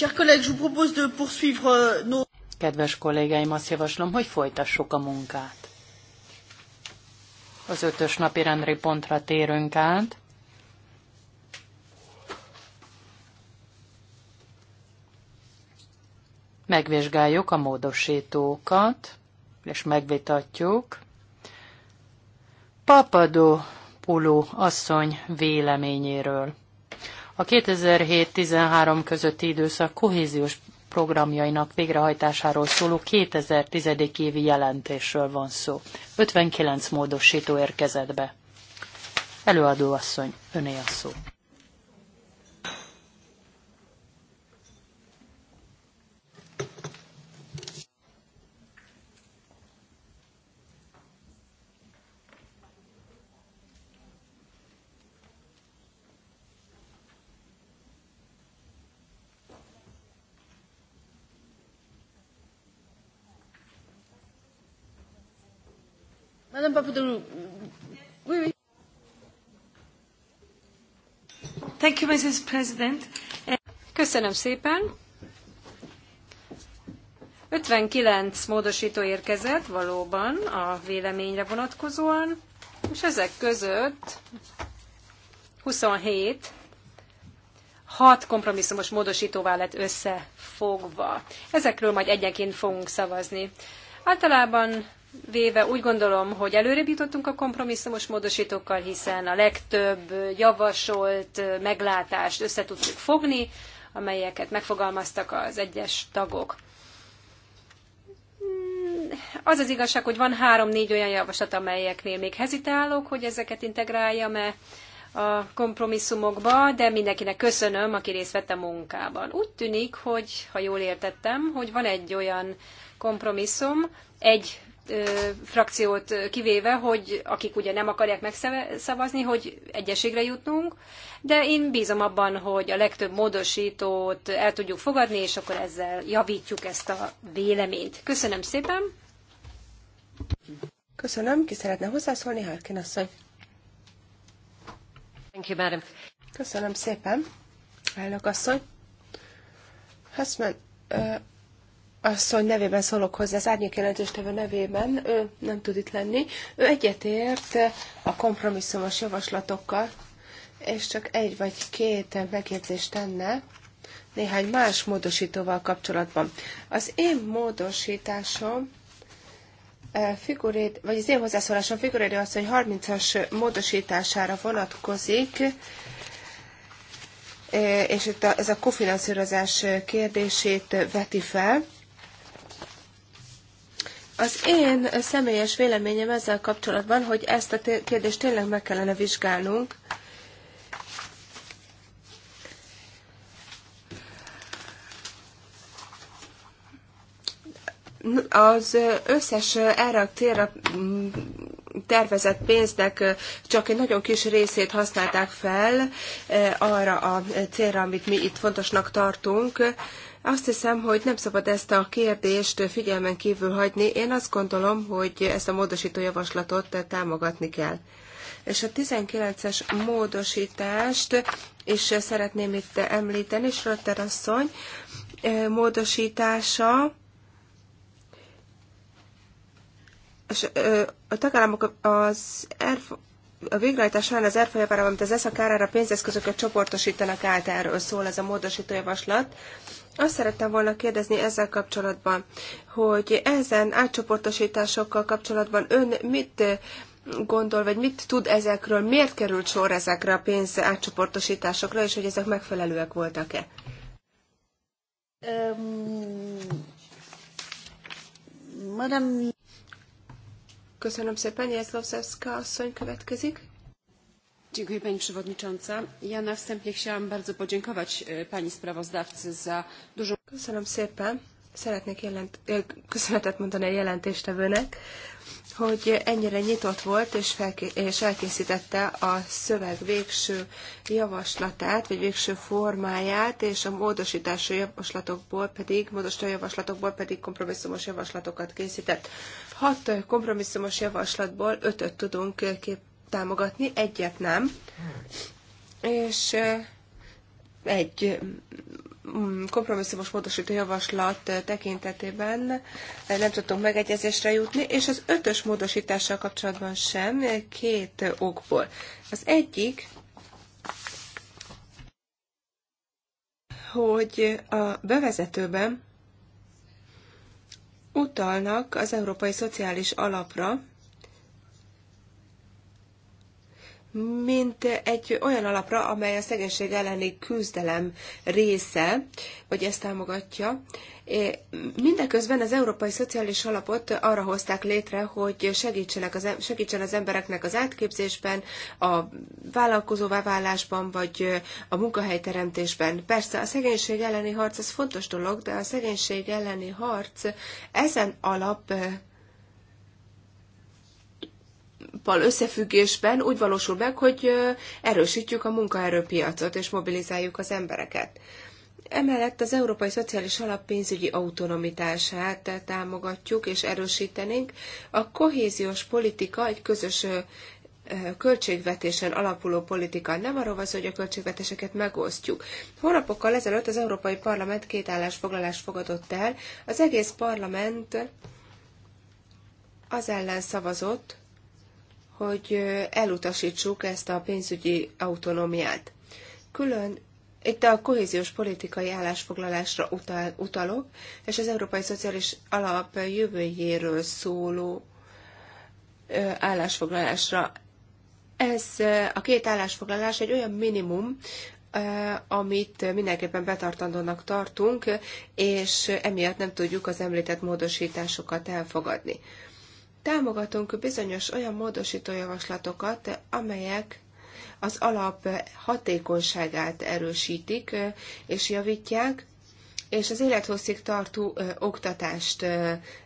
Euh, Kedves kollégáim, azt javaslom, hogy folytassuk a munkát. Az ötös napi rendri pontra térünk át. Megvizsgáljuk a módosítókat, és megvitatjuk. Papadó Pulu asszony véleményéről. A 2007-13 közötti időszak kohéziós programjainak végrehajtásáról szóló 2010. évi jelentésről van szó. 59 módosító érkezett be. Előadó asszony, öné a szó. Thank you, Mrs. President. Köszönöm szépen. 59 módosító érkezett valóban a véleményre vonatkozóan, és ezek között 27 hat kompromisszumos módosítóvá lett összefogva. Ezekről majd egyenként fogunk szavazni. Általában véve úgy gondolom, hogy előrébb jutottunk a kompromisszumos módosítókkal, hiszen a legtöbb javasolt meglátást össze tudtuk fogni, amelyeket megfogalmaztak az egyes tagok. Mm, az az igazság, hogy van három-négy olyan javaslat, amelyeknél még hezitálok, hogy ezeket integráljam-e a kompromisszumokba, de mindenkinek köszönöm, aki részt vett a munkában. Úgy tűnik, hogy, ha jól értettem, hogy van egy olyan kompromisszum, egy frakciót kivéve, hogy akik ugye nem akarják megszavazni, hogy egyeségre jutnunk, de én bízom abban, hogy a legtöbb módosítót el tudjuk fogadni, és akkor ezzel javítjuk ezt a véleményt. Köszönöm szépen! Köszönöm, ki szeretne hozzászólni, Harkin asszony. Thank you, madam. Köszönöm szépen, elnök asszony. Haszmen, asszony nevében szólok hozzá, az árnyék jelentéstevő nevében, ő nem tud itt lenni. Ő egyetért a kompromisszumos javaslatokkal, és csak egy vagy két megjegyzést tenne néhány más módosítóval kapcsolatban. Az én módosításom eh, figurét, vagy az én hozzászólásom figurédő az, hogy 30-as módosítására vonatkozik, eh, és itt a, ez a kofinanszírozás kérdését veti fel. Az én személyes véleményem ezzel kapcsolatban, hogy ezt a kérdést tényleg meg kellene vizsgálnunk, az összes erre a térre mm, tervezett pénznek csak egy nagyon kis részét használták fel eh, arra a célra, amit mi itt fontosnak tartunk. Azt hiszem, hogy nem szabad ezt a kérdést figyelmen kívül hagyni. Én azt gondolom, hogy ezt a módosító javaslatot támogatni kell. És a 19-es módosítást is szeretném itt említeni, Schröter asszony e, módosítása, e, a tagállamok az erf a végrehajtás során az erfolyamában, amit az ESZA kárára pénzeszközöket csoportosítanak át, erről szól ez a módosító javaslat. Azt szerettem volna kérdezni ezzel kapcsolatban, hogy ezen átcsoportosításokkal kapcsolatban ön mit eh, gondol, vagy mit tud ezekről, miért került sor ezekre a pénz átcsoportosításokra, és hogy ezek megfelelőek voltak-e? Um, madame... Köszönöm szépen, Jezlovszewska asszony következik. Dziękuję Pani Przewodnicząca. Ja na wstępie chciałam bardzo podziękować e, Pani sprawozdawcy za dużą... Köszönöm szépen. Szeretnék jelent, e, köszönetet mondani a jelentéstevőnek, hogy ennyire nyitott volt és, felké, és elkészítette a szöveg végső javaslatát, vagy végső formáját, és a módosítási javaslatokból pedig, módosító javaslatokból pedig kompromisszumos javaslatokat készített. Hat kompromisszumos javaslatból ötöt tudunk kép, támogatni, egyet nem. És egy mm, mm, kompromisszumos módosító javaslat tekintetében nem tudtunk megegyezésre jutni, és az ötös módosítással kapcsolatban sem, két okból. Az egyik, hogy a bevezetőben utalnak az Európai Szociális Alapra, mint egy olyan alapra, amely a szegénység elleni küzdelem része, vagy ezt támogatja. Mindeközben az Európai Szociális Alapot arra hozták létre, hogy segítsenek az, segítsen az embereknek az átképzésben, a vállalkozóvá válásban, vagy a munkahelyteremtésben. Persze a szegénység elleni harc az fontos dolog, de a szegénység elleni harc ezen alap pal összefüggésben úgy valósul meg, hogy erősítjük a munkaerőpiacot és mobilizáljuk az embereket. Emellett az Európai Szociális Alap pénzügyi autonomitását támogatjuk és erősítenénk. A kohéziós politika egy közös költségvetésen alapuló politika. Nem arról van szó, hogy a költségvetéseket megosztjuk. Hónapokkal ezelőtt az Európai Parlament két állásfoglalást fogadott el. Az egész parlament az ellen szavazott, hogy elutasítsuk ezt a pénzügyi autonómiát. Külön itt a kohéziós politikai állásfoglalásra utal, utalok, és az Európai Szociális Alap jövőjéről szóló ö, állásfoglalásra. Ez a két állásfoglalás egy olyan minimum, amit mindenképpen betartandónak tartunk, és emiatt nem tudjuk az említett módosításokat elfogadni támogatunk bizonyos olyan módosítójavaslatokat, amelyek az alap hatékonyságát erősítik és javítják, és az élethosszig tartó oktatást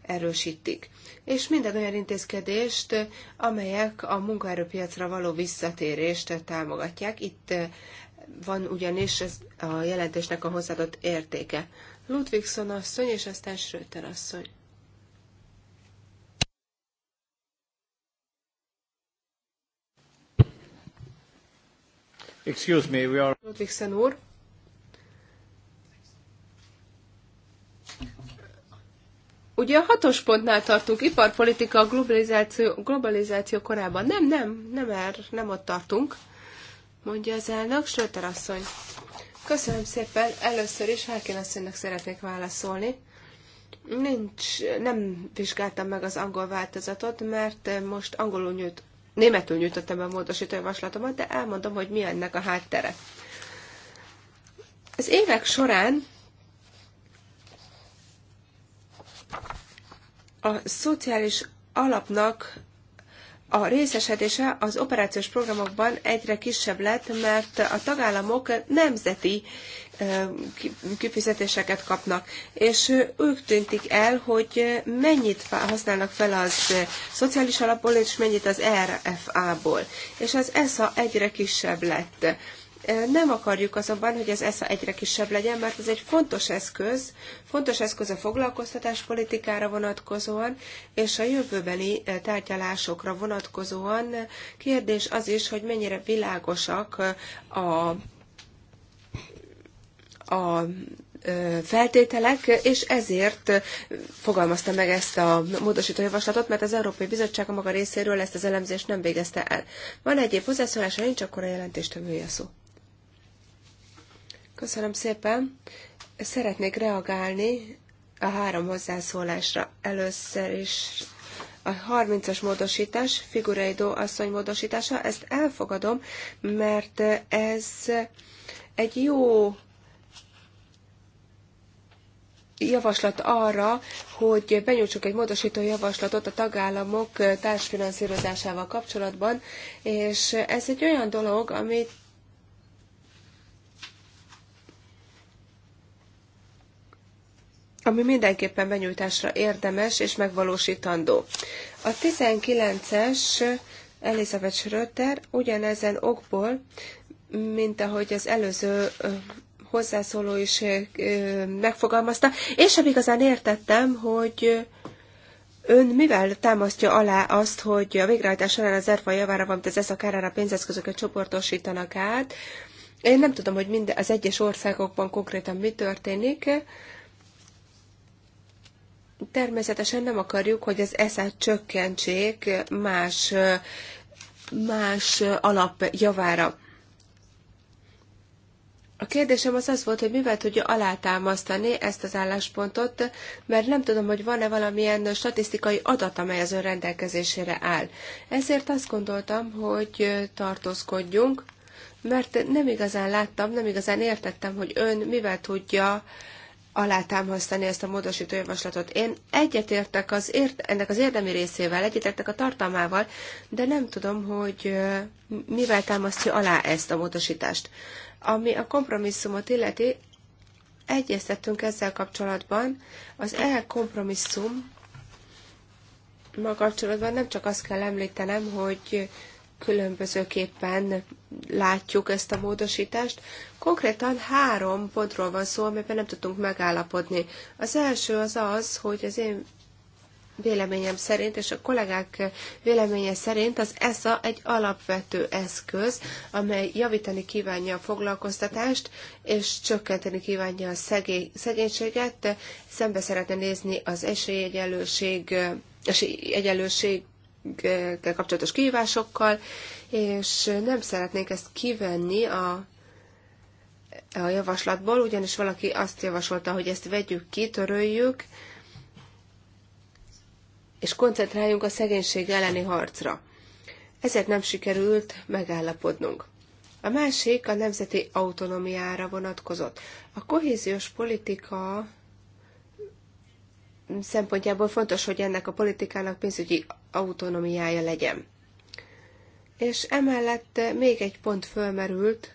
erősítik. És minden olyan intézkedést, amelyek a munkaerőpiacra való visszatérést támogatják. Itt van ugyanis ez a jelentésnek a hozzáadott értéke. Ludvigson asszony, és aztán Schröter asszony. Excuse me, we are... Ludvigsen úr. Ugye a hatos pontnál tartunk, iparpolitika, a globalizáció, globalizáció korában. Nem, nem, nem, er, nem ott tartunk, mondja az elnök, Schröter asszony. Köszönöm szépen, először is Hákén asszonynak szeretnék válaszolni. Nincs, nem vizsgáltam meg az angol változatot, mert most angolul nyújt, németül nyújtottam be a módosító javaslatomat, de elmondom, hogy mi ennek a háttere. Az évek során a szociális alapnak a részesedése az operációs programokban egyre kisebb lett, mert a tagállamok nemzeti kifizetéseket kapnak, és ők tűntik el, hogy mennyit használnak fel az szociális alapból, és mennyit az RFA-ból. És az ESA egyre kisebb lett. Nem akarjuk azonban, hogy az ESZA egyre kisebb legyen, mert ez egy fontos eszköz, fontos eszköz a foglalkoztatás politikára vonatkozóan, és a jövőbeli tárgyalásokra vonatkozóan kérdés az is, hogy mennyire világosak a a feltételek, és ezért fogalmazta meg ezt a módosító javaslatot, mert az Európai Bizottság a maga részéről ezt az elemzést nem végezte el. Van egyéb hozzászólása, nincs akkor a jelentéstevője szó. Köszönöm szépen. Szeretnék reagálni a három hozzászólásra. Először is a 30-as módosítás, figureidó asszony módosítása, ezt elfogadom, mert ez egy jó javaslat arra, hogy benyújtsuk egy módosító javaslatot a tagállamok társfinanszírozásával kapcsolatban, és ez egy olyan dolog, amit ami mindenképpen benyújtásra érdemes és megvalósítandó. A 19-es Elizabeth Schröter ugyanezen okból, mint ahogy az előző hozzászóló is megfogalmazta. Én sem igazán értettem, hogy Ön mivel támasztja alá azt, hogy a végrehajtás során az ERFA javára, valamint az a kárára pénzeszközöket csoportosítanak át? Én nem tudom, hogy minden az egyes országokban konkrétan mi történik. Természetesen nem akarjuk, hogy az esza csökkentsék más, más alap javára. A kérdésem az az volt, hogy mivel tudja alátámasztani ezt az álláspontot, mert nem tudom, hogy van-e valamilyen statisztikai adat, amely az ön rendelkezésére áll. Ezért azt gondoltam, hogy tartózkodjunk, mert nem igazán láttam, nem igazán értettem, hogy ön mivel tudja uh, alátámasztani ezt a módosító javaslatot. Én egyetértek az ért, ennek az érdemi részével, egyetértek a tartalmával, de nem tudom, hogy mivel támasztja alá ezt a módosítást. Ami a kompromisszumot illeti, egyeztettünk ezzel kapcsolatban, az e-kompromisszum ma kapcsolatban nem csak azt kell említenem, hogy különbözőképpen látjuk ezt a módosítást. Konkrétan három pontról van szó, amiben nem tudtunk megállapodni. Az első az az, hogy az én véleményem szerint és a kollégák véleménye szerint az ESA egy alapvető eszköz, amely javítani kívánja a foglalkoztatást és csökkenteni kívánja a szegény, szegénységet. Szembe szeretne nézni az esélyegyenlőség esélyegyenlőség kapcsolatos kihívásokkal, és nem szeretnék ezt kivenni a a javaslatból, ugyanis valaki azt javasolta, hogy ezt vegyük ki, töröljük, és koncentráljunk a szegénység elleni harcra. Ezért nem sikerült megállapodnunk. A másik a nemzeti autonomiára vonatkozott. A kohéziós politika szempontjából fontos, hogy ennek a politikának pénzügyi autonomiája legyen. És emellett még egy pont fölmerült,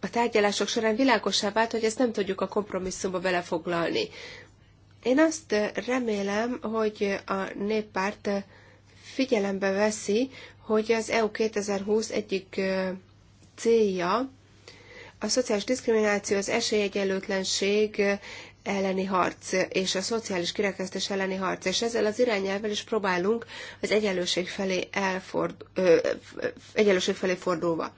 a tárgyalások során világosá vált, hogy ezt nem tudjuk a kompromisszumba belefoglalni. Én azt remélem, hogy a néppárt figyelembe veszi, hogy az EU 2020 egyik célja a szociális diszkrimináció, az esélyegyenlőtlenség elleni harc és a szociális kirekesztés elleni harc, és ezzel az irányelvel is próbálunk az egyenlőség felé, elford, ö, egyenlőség felé fordulva,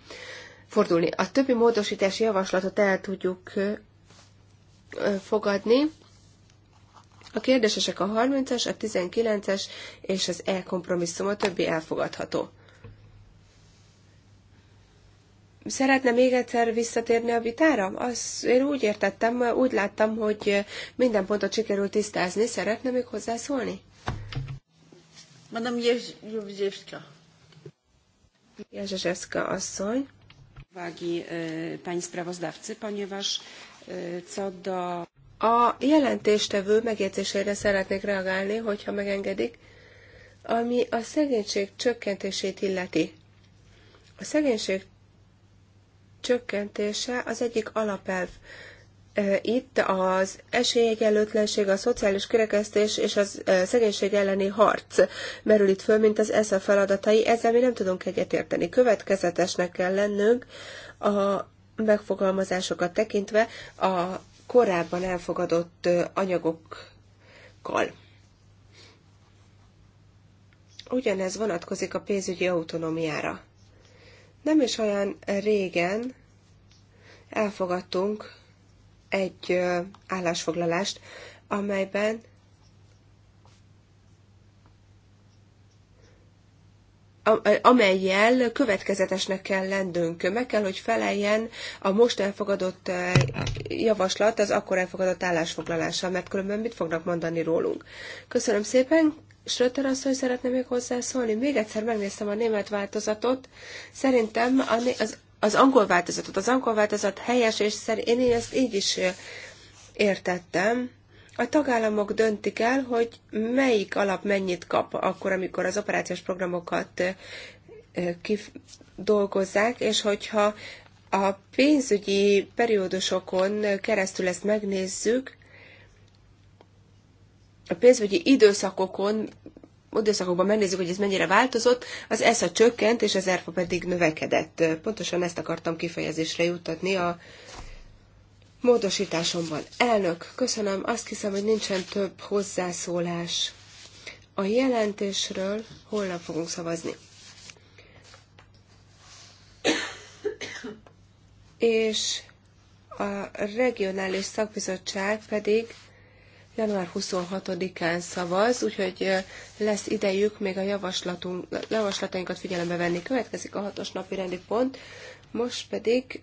fordulni. A többi módosítási javaslatot el tudjuk fogadni. A kérdésesek a 30-as, a 19-es és az e-kompromisszum, a többi elfogadható. Szeretne még egyszer visszatérni a vitára? Az, én úgy értettem, úgy láttam, hogy minden pontot sikerült tisztázni. Szeretne még hozzászólni? Madame Jezsevska. Jezsevska asszony. Uwagi e, pani sprawozdawcy, ponieważ e, co do... A jelentéstevő megjegyzésére szeretnék reagálni, hogyha megengedik, ami a szegénység csökkentését illeti. A szegénység csökkentése az egyik alapelv. Itt az esélyegyenlőtlenség, a szociális kirekesztés és a szegénység elleni harc merül itt föl, mint az ESZA feladatai. Ezzel mi nem tudunk egyetérteni. Következetesnek kell lennünk a megfogalmazásokat tekintve a korábban elfogadott anyagokkal. Ugyanez vonatkozik a pénzügyi autonómiára. Nem is olyan régen elfogadtunk egy állásfoglalást, amelyben amelyel következetesnek kell lennünk. Meg kell, hogy feleljen a most elfogadott javaslat az akkor elfogadott állásfoglalással, mert különben mit fognak mondani rólunk. Köszönöm szépen, Schröter asszony szeretne még hozzászólni. Még egyszer megnéztem a német változatot. Szerintem az, az angol változatot, az angol változat helyes, és szerint én ezt így is értettem. A tagállamok döntik el, hogy melyik alap mennyit kap akkor, amikor az operációs programokat dolgozzák, és hogyha a pénzügyi periódusokon keresztül ezt megnézzük, a pénzügyi időszakokon, időszakokban megnézzük, hogy ez mennyire változott, az ESZA csökkent, és az ERFA pedig növekedett. Pontosan ezt akartam kifejezésre juttatni a módosításomban. Elnök, köszönöm, azt hiszem, hogy nincsen több hozzászólás. A jelentésről holnap fogunk szavazni. és a regionális szakbizottság pedig január 26-án szavaz, úgyhogy lesz idejük még a javaslatunk, javaslatainkat figyelembe venni. Következik a hatos napi rendi pont, most pedig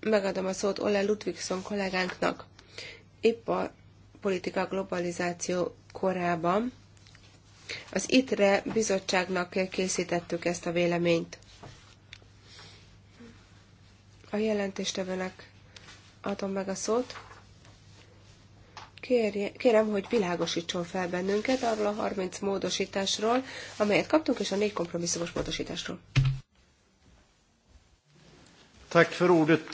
megadom a szót Ole Ludvigson kollégánknak. Épp a politika globalizáció korában az ITRE bizottságnak készítettük ezt a véleményt. A jelentéstevőnek adom meg a szót kérje, kérem, hogy világosítson fel bennünket arról a 30 módosításról, amelyet kaptunk, és a négy kompromisszumos módosításról. Tack för ordet,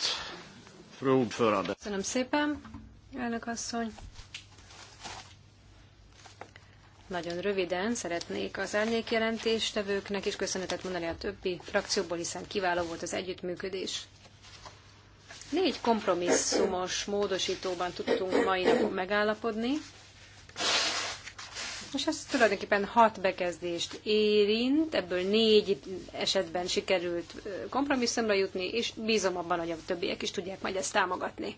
fru ordförande. Köszönöm szépen, elnök asszony. Nagyon röviden szeretnék az árnyék jelentéstevőknek is köszönetet mondani a többi frakcióból, hiszen kiváló volt az együttműködés. Négy kompromisszumos módosítóban tudtunk mai napon megállapodni, és ez tulajdonképpen hat bekezdést érint, ebből négy esetben sikerült kompromisszumra jutni, és bízom abban, hogy a többiek is tudják majd ezt támogatni.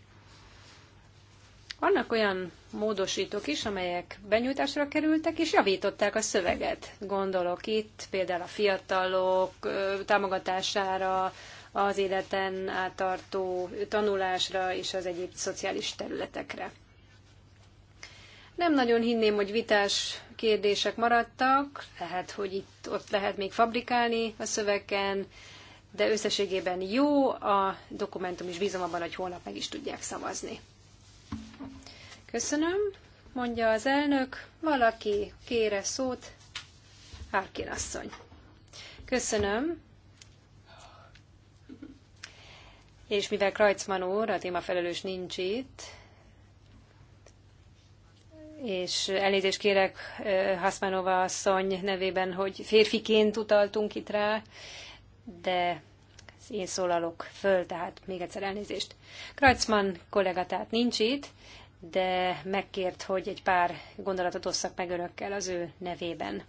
Vannak olyan módosítók is, amelyek benyújtásra kerültek, és javították a szöveget. Gondolok itt például a fiatalok támogatására, az életen átartó tanulásra és az egyéb szociális területekre. Nem nagyon hinném, hogy vitás kérdések maradtak, lehet, hogy itt ott lehet még fabrikálni a szöveken, de összességében jó, a dokumentum is bízom abban, hogy holnap meg is tudják szavazni. Köszönöm, mondja az elnök, valaki kére szót, Harkin asszony. Köszönöm, És mivel Krajcman úr, a témafelelős nincs itt, és elnézést kérek Haszmanova asszony nevében, hogy férfiként utaltunk itt rá, de én szólalok föl, tehát még egyszer elnézést. Krajcman kollega tehát nincs itt, de megkért, hogy egy pár gondolatot osszak meg önökkel az ő nevében.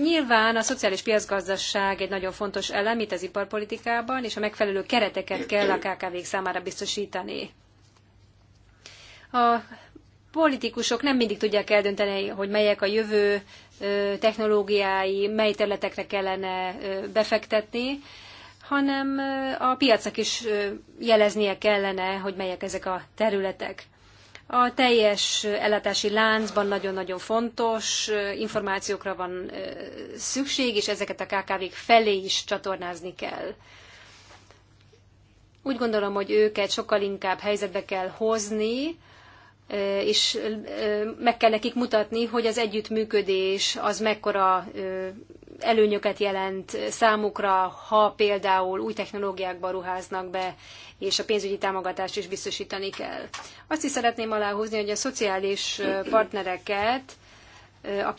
Nyilván a szociális piacgazdaság egy nagyon fontos elem itt az iparpolitikában, és a megfelelő kereteket kell a KKV-k számára biztosítani. A politikusok nem mindig tudják eldönteni, hogy melyek a jövő technológiái, mely területekre kellene befektetni, hanem a piacnak is jeleznie kellene, hogy melyek ezek a területek. A teljes ellátási láncban nagyon-nagyon fontos információkra van szükség, és ezeket a KKV-k felé is csatornázni kell. Úgy gondolom, hogy őket sokkal inkább helyzetbe kell hozni, és meg kell nekik mutatni, hogy az együttműködés az mekkora előnyöket jelent számukra, ha például új technológiákba ruháznak be, és a pénzügyi támogatást is biztosítani kell. Azt is szeretném aláhúzni, hogy a szociális partnereket, a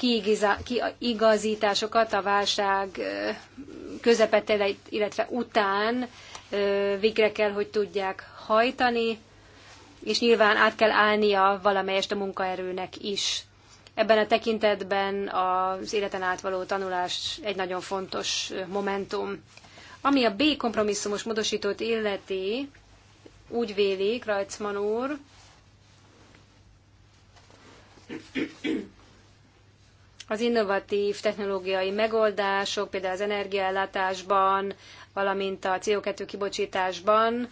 kiigazításokat a válság közepette, illetve után végre kell, hogy tudják hajtani, és nyilván át kell állnia valamelyest a munkaerőnek is Ebben a tekintetben az életen átvaló tanulás egy nagyon fontos momentum. Ami a B kompromisszumos módosítót illeti, úgy vélik Rajcman úr, az innovatív technológiai megoldások, például az energiaellátásban, valamint a CO2 kibocsításban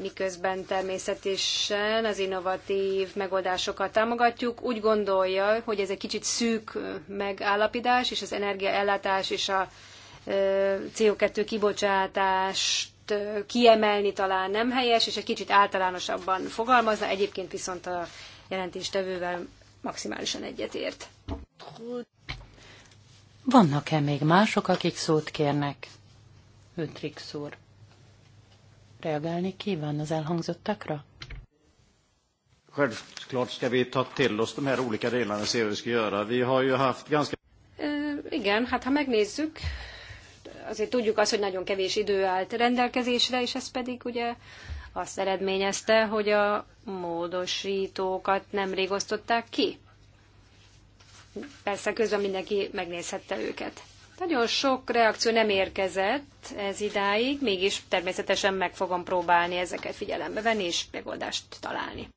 miközben természetesen az innovatív megoldásokat támogatjuk, úgy gondolja, hogy ez egy kicsit szűk megállapítás, és az energiaellátás és a CO2 kibocsátást kiemelni talán nem helyes, és egy kicsit általánosabban fogalmazna, egyébként viszont a jelentéstevővel maximálisan egyetért. Vannak-e még mások, akik szót kérnek? Ötrix úr reagálni kíván az elhangzottakra? Självklart ska vi ta till oss de här olika delarna se hur vi ska göra. Vi har ju haft ganska... igen, hát ha megnézzük, azért tudjuk azt, hogy nagyon kevés idő állt rendelkezésre, és ez pedig ugye azt eredményezte, hogy a módosítókat nem osztották ki. Persze közben mindenki megnézhette őket. Nagyon sok reakció nem érkezett ez idáig, mégis természetesen meg fogom próbálni ezeket figyelembe venni és megoldást találni.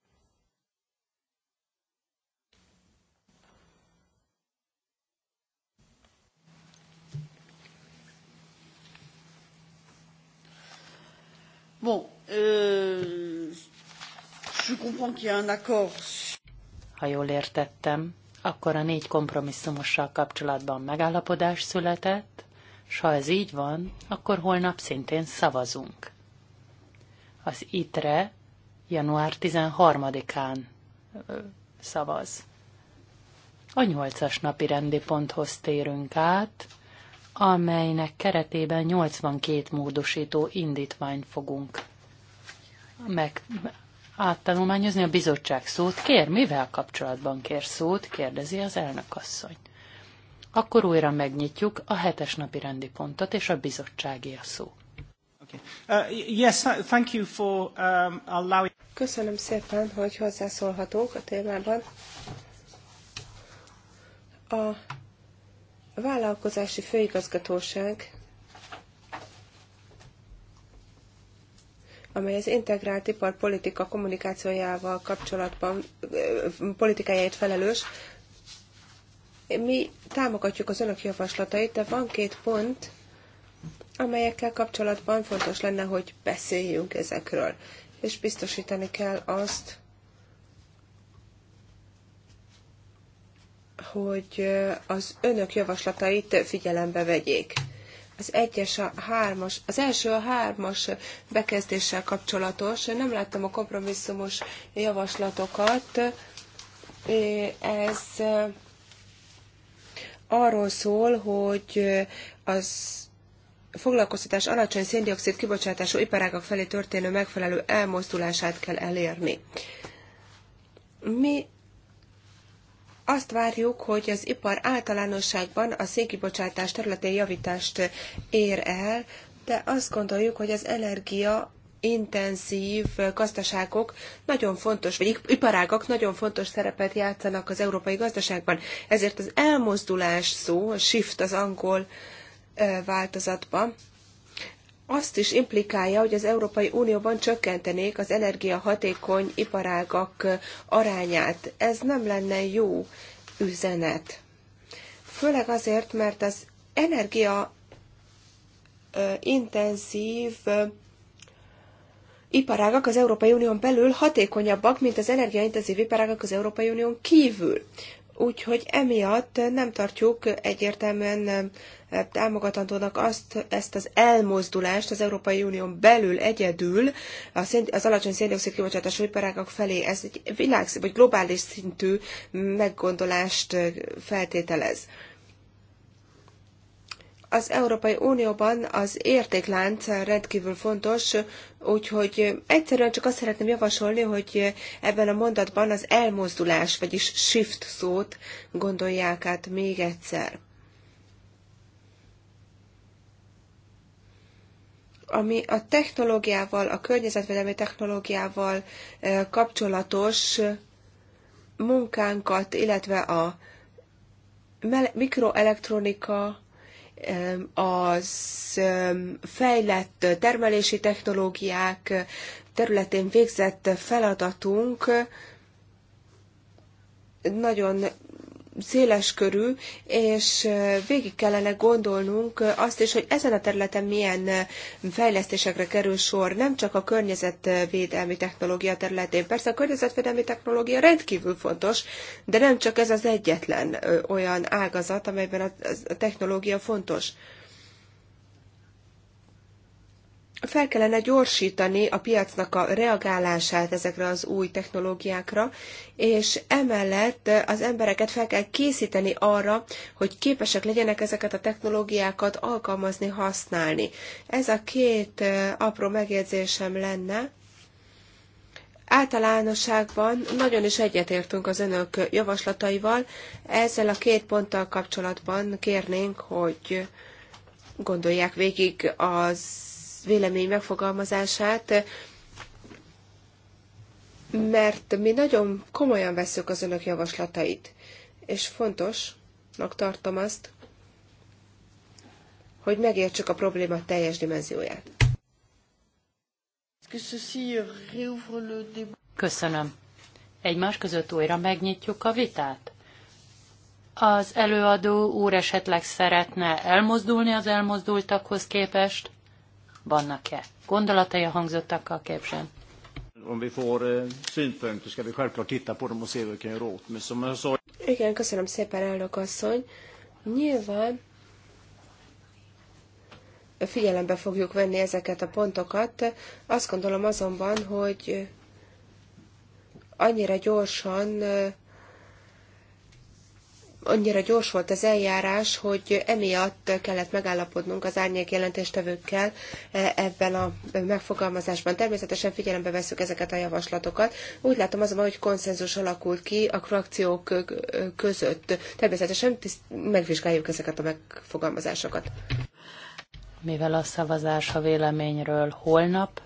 Bon, euh, je comprends qu'il y a un accord. Ha jól értettem, akkor a négy kompromisszumossal kapcsolatban megállapodás született, s ha ez így van, akkor holnap szintén szavazunk. Az ITRE január 13-án szavaz. A nyolcas napi rendi ponthoz térünk át, amelynek keretében 82 módosító indítványt fogunk meg áttanulmányozni a bizottság szót. Kér, mivel kapcsolatban kér szót? kérdezi az elnökasszony. Akkor újra megnyitjuk a hetes napi rendi pontot, és a bizottsági a szó. Uh, um, Köszönöm szépen, hogy hozzászólhatunk a témában. A vállalkozási főigazgatóság amely az integrált iparpolitika kommunikációjával kapcsolatban politikájáért felelős. Mi támogatjuk az önök javaslatait, de van két pont, amelyekkel kapcsolatban fontos lenne, hogy beszéljünk ezekről, és biztosítani kell azt, hogy az önök javaslatait figyelembe vegyék. Az egyes, a hármas, az első a hármas bekezdéssel kapcsolatos. Nem láttam a kompromisszumos javaslatokat. Ez arról szól, hogy az foglalkoztatás alacsony széndiokszid kibocsátású iparágak felé történő megfelelő elmozdulását kell elérni. Mi azt várjuk, hogy az ipar általánosságban a szénkibocsátás területén javítást ér el, de azt gondoljuk, hogy az energia intenzív gazdaságok nagyon fontos, vagy iparágak nagyon fontos szerepet játszanak az európai gazdaságban. Ezért az elmozdulás szó, a shift az angol változatban, azt is implikálja, hogy az Európai Unióban csökkentenék az energiahatékony iparágak arányát. Ez nem lenne jó üzenet. Főleg azért, mert az energia intenzív iparágak az Európai Unión belül hatékonyabbak, mint az energiaintenzív iparágak az Európai Unión kívül. Úgyhogy emiatt nem tartjuk egyértelműen eh, támogatandónak azt, ezt az elmozdulást az Európai Unión belül egyedül az alacsony széndiokszid kibocsátású iparágak felé. Ez egy világ, vagy globális szintű meggondolást eh, feltételez az Európai Unióban az értéklánc rendkívül fontos, úgyhogy egyszerűen csak azt szeretném javasolni, hogy ebben a mondatban az elmozdulás, vagyis shift szót gondolják át még egyszer. Ami a technológiával, a környezetvédelmi technológiával e, kapcsolatos munkánkat, illetve a mikroelektronika, az fejlett termelési technológiák területén végzett feladatunk nagyon körű, és végig kellene gondolnunk azt is, hogy ezen a területen milyen fejlesztésekre kerül sor, nem csak a környezetvédelmi technológia területén. Persze a környezetvédelmi technológia rendkívül fontos, de nem csak ez az egyetlen olyan ágazat, amelyben a technológia fontos fel kellene gyorsítani a piacnak a reagálását ezekre az új technológiákra, és emellett az embereket fel kell készíteni arra, hogy képesek legyenek ezeket a technológiákat alkalmazni, használni. Ez a két apró megjegyzésem lenne. Általánosságban nagyon is egyetértünk az önök javaslataival. Ezzel a két ponttal kapcsolatban kérnénk, hogy gondolják végig az vélemény megfogalmazását, mert mi nagyon komolyan veszük az önök javaslatait, és fontosnak tartom azt, hogy megértsük a probléma teljes dimenzióját. Köszönöm. Egymás között újra megnyitjuk a vitát. Az előadó úr esetleg szeretne elmozdulni az elmozdultakhoz képest? Vannak-e gondolatai a hangzottakkal képzsen? Om vi får eh, synpunkter ska vi självklart titta på dem och se vad vi kan göra åt. Men som jag sa... Igen, köszönöm szépen, elnök asszony. Nyilván figyelembe fogjuk venni ezeket a pontokat. Azt gondolom azonban, hogy annyira gyorsan eh, annyira gyors volt az eljárás, hogy emiatt kellett megállapodnunk az árnyék jelentéstevőkkel eh, ebben a megfogalmazásban. Természetesen figyelembe veszük ezeket a javaslatokat. Úgy látom azonban, hogy konszenzus alakult ki a frakciók között. Természetesen megvizsgáljuk ezeket a megfogalmazásokat. Mivel a szavazás a véleményről holnap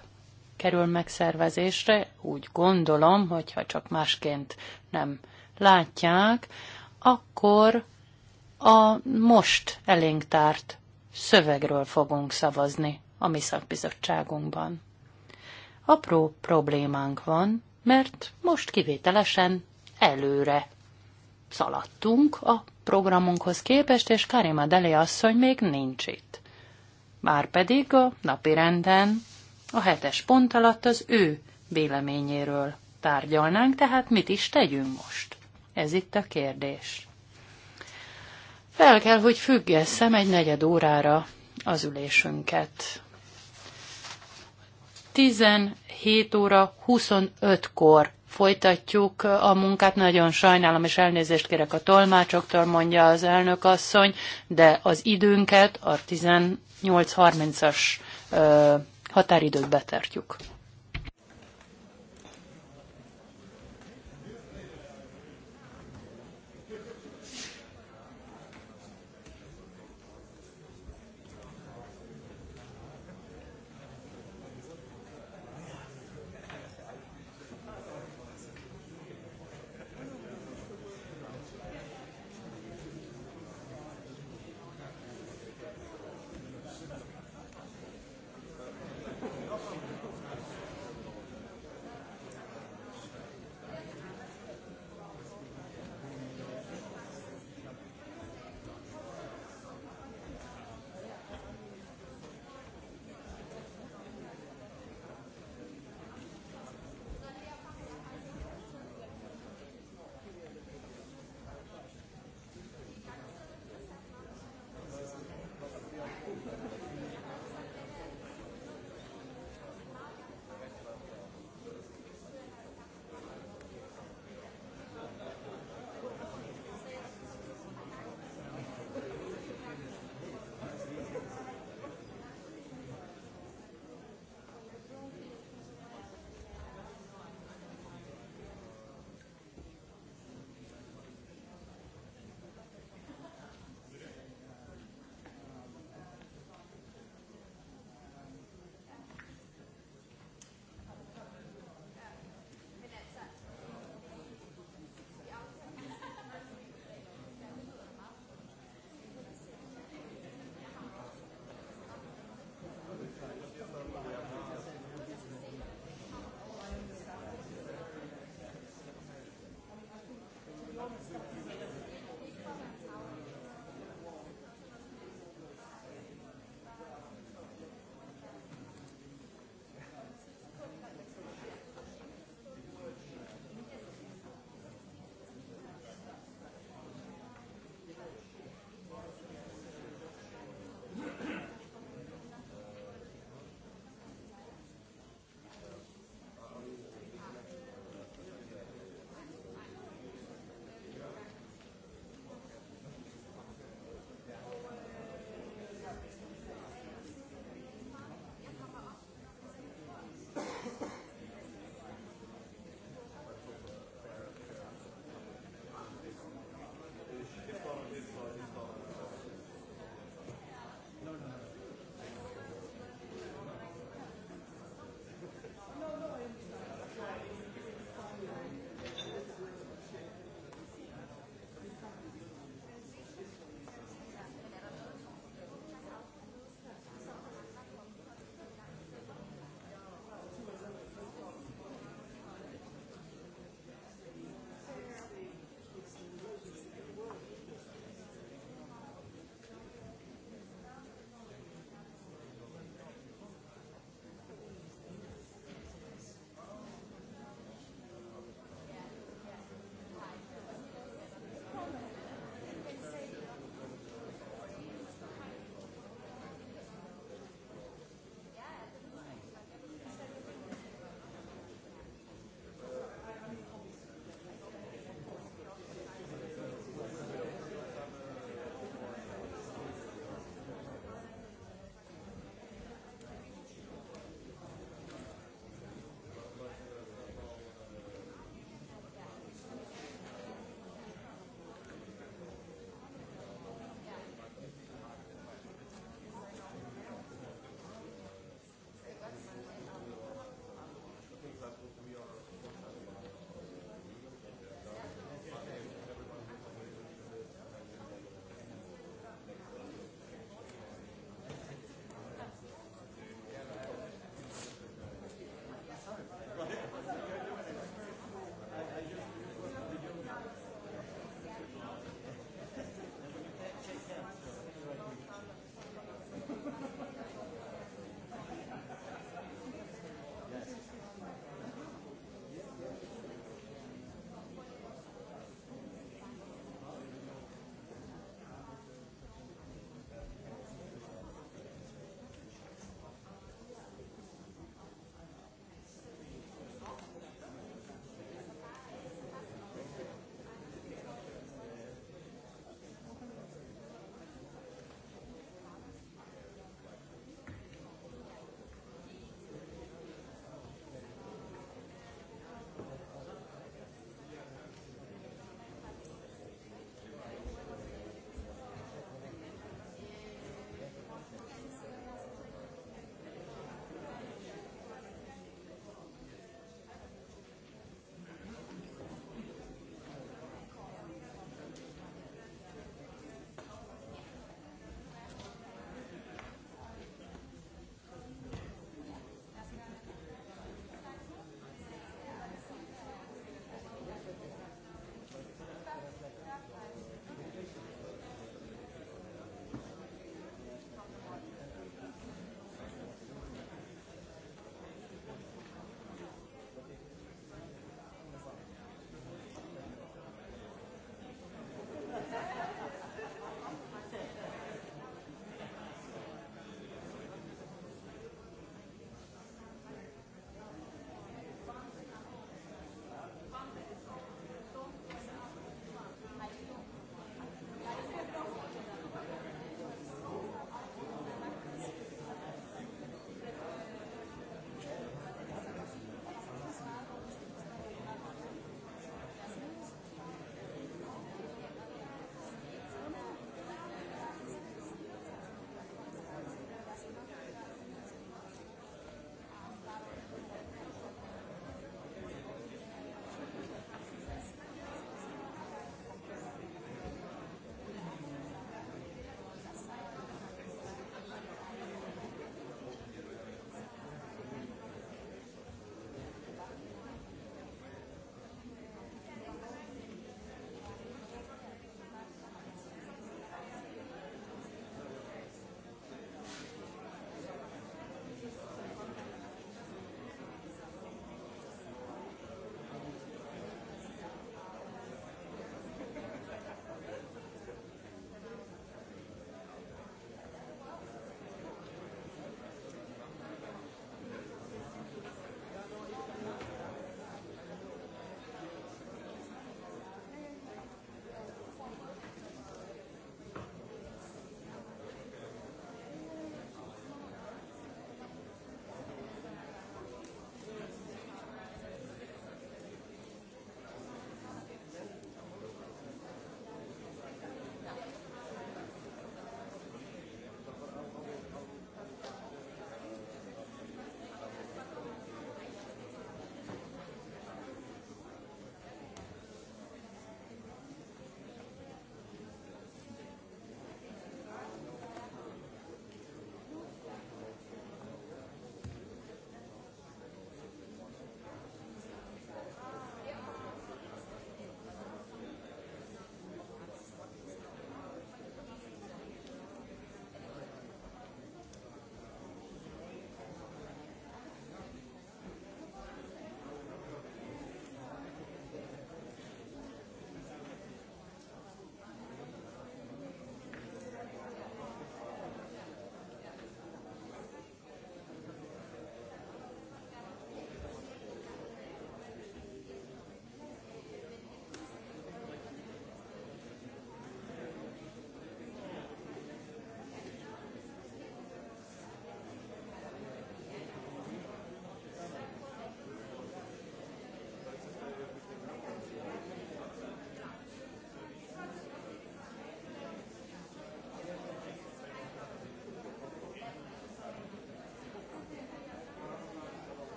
kerül megszervezésre, úgy gondolom, hogyha csak másként nem látják, akkor a most elénk tárt szövegről fogunk szavazni a mi szakbizottságunkban. Apró problémánk van, mert most kivételesen előre szaladtunk a programunkhoz képest, és Karima Deli asszony még nincs itt. Márpedig a napi renden a hetes pont alatt az ő véleményéről tárgyalnánk, tehát mit is tegyünk most? Ez itt a kérdés. Fel kell, hogy függesszem egy negyed órára az ülésünket. 17 óra 25-kor folytatjuk a munkát. Nagyon sajnálom, és elnézést kérek a tolmácsoktól, mondja az elnök asszony, de az időnket a 18.30-as határidőt betartjuk.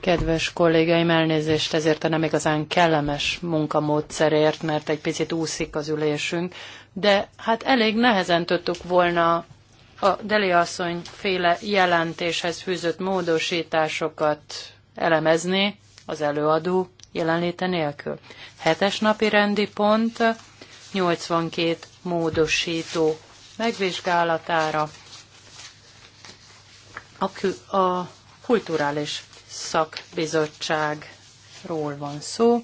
Kedves kollégáim, elnézést ezért a nem igazán kellemes munkamódszerért, mert egy picit úszik az ülésünk, de hát elég nehezen tudtuk volna a Deli asszony féle jelentéshez fűzött módosításokat elemezni az előadó jelenléte nélkül. Hetes napi rendi pont 82 módosító megvizsgálatára a, a kulturális szakbizottságról van szó,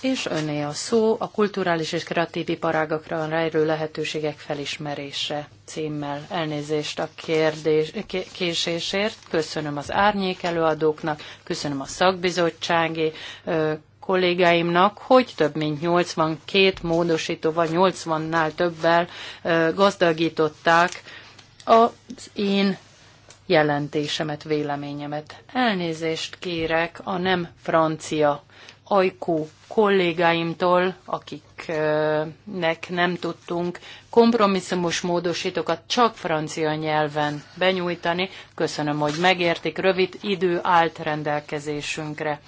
és öné a szó a kulturális és kreatív iparágakra rejlő lehetőségek felismerése címmel. Elnézést a kérdés, késésért, köszönöm az árnyék előadóknak, köszönöm a szakbizottsági kollégáimnak, hogy több mint 82 vagy 80-nál többel gazdagították az én jelentésemet, véleményemet. Elnézést kérek a nem francia ajkú kollégáimtól, akiknek nem tudtunk kompromisszumos módosítókat csak francia nyelven benyújtani. Köszönöm, hogy megértik, rövid idő állt rendelkezésünkre.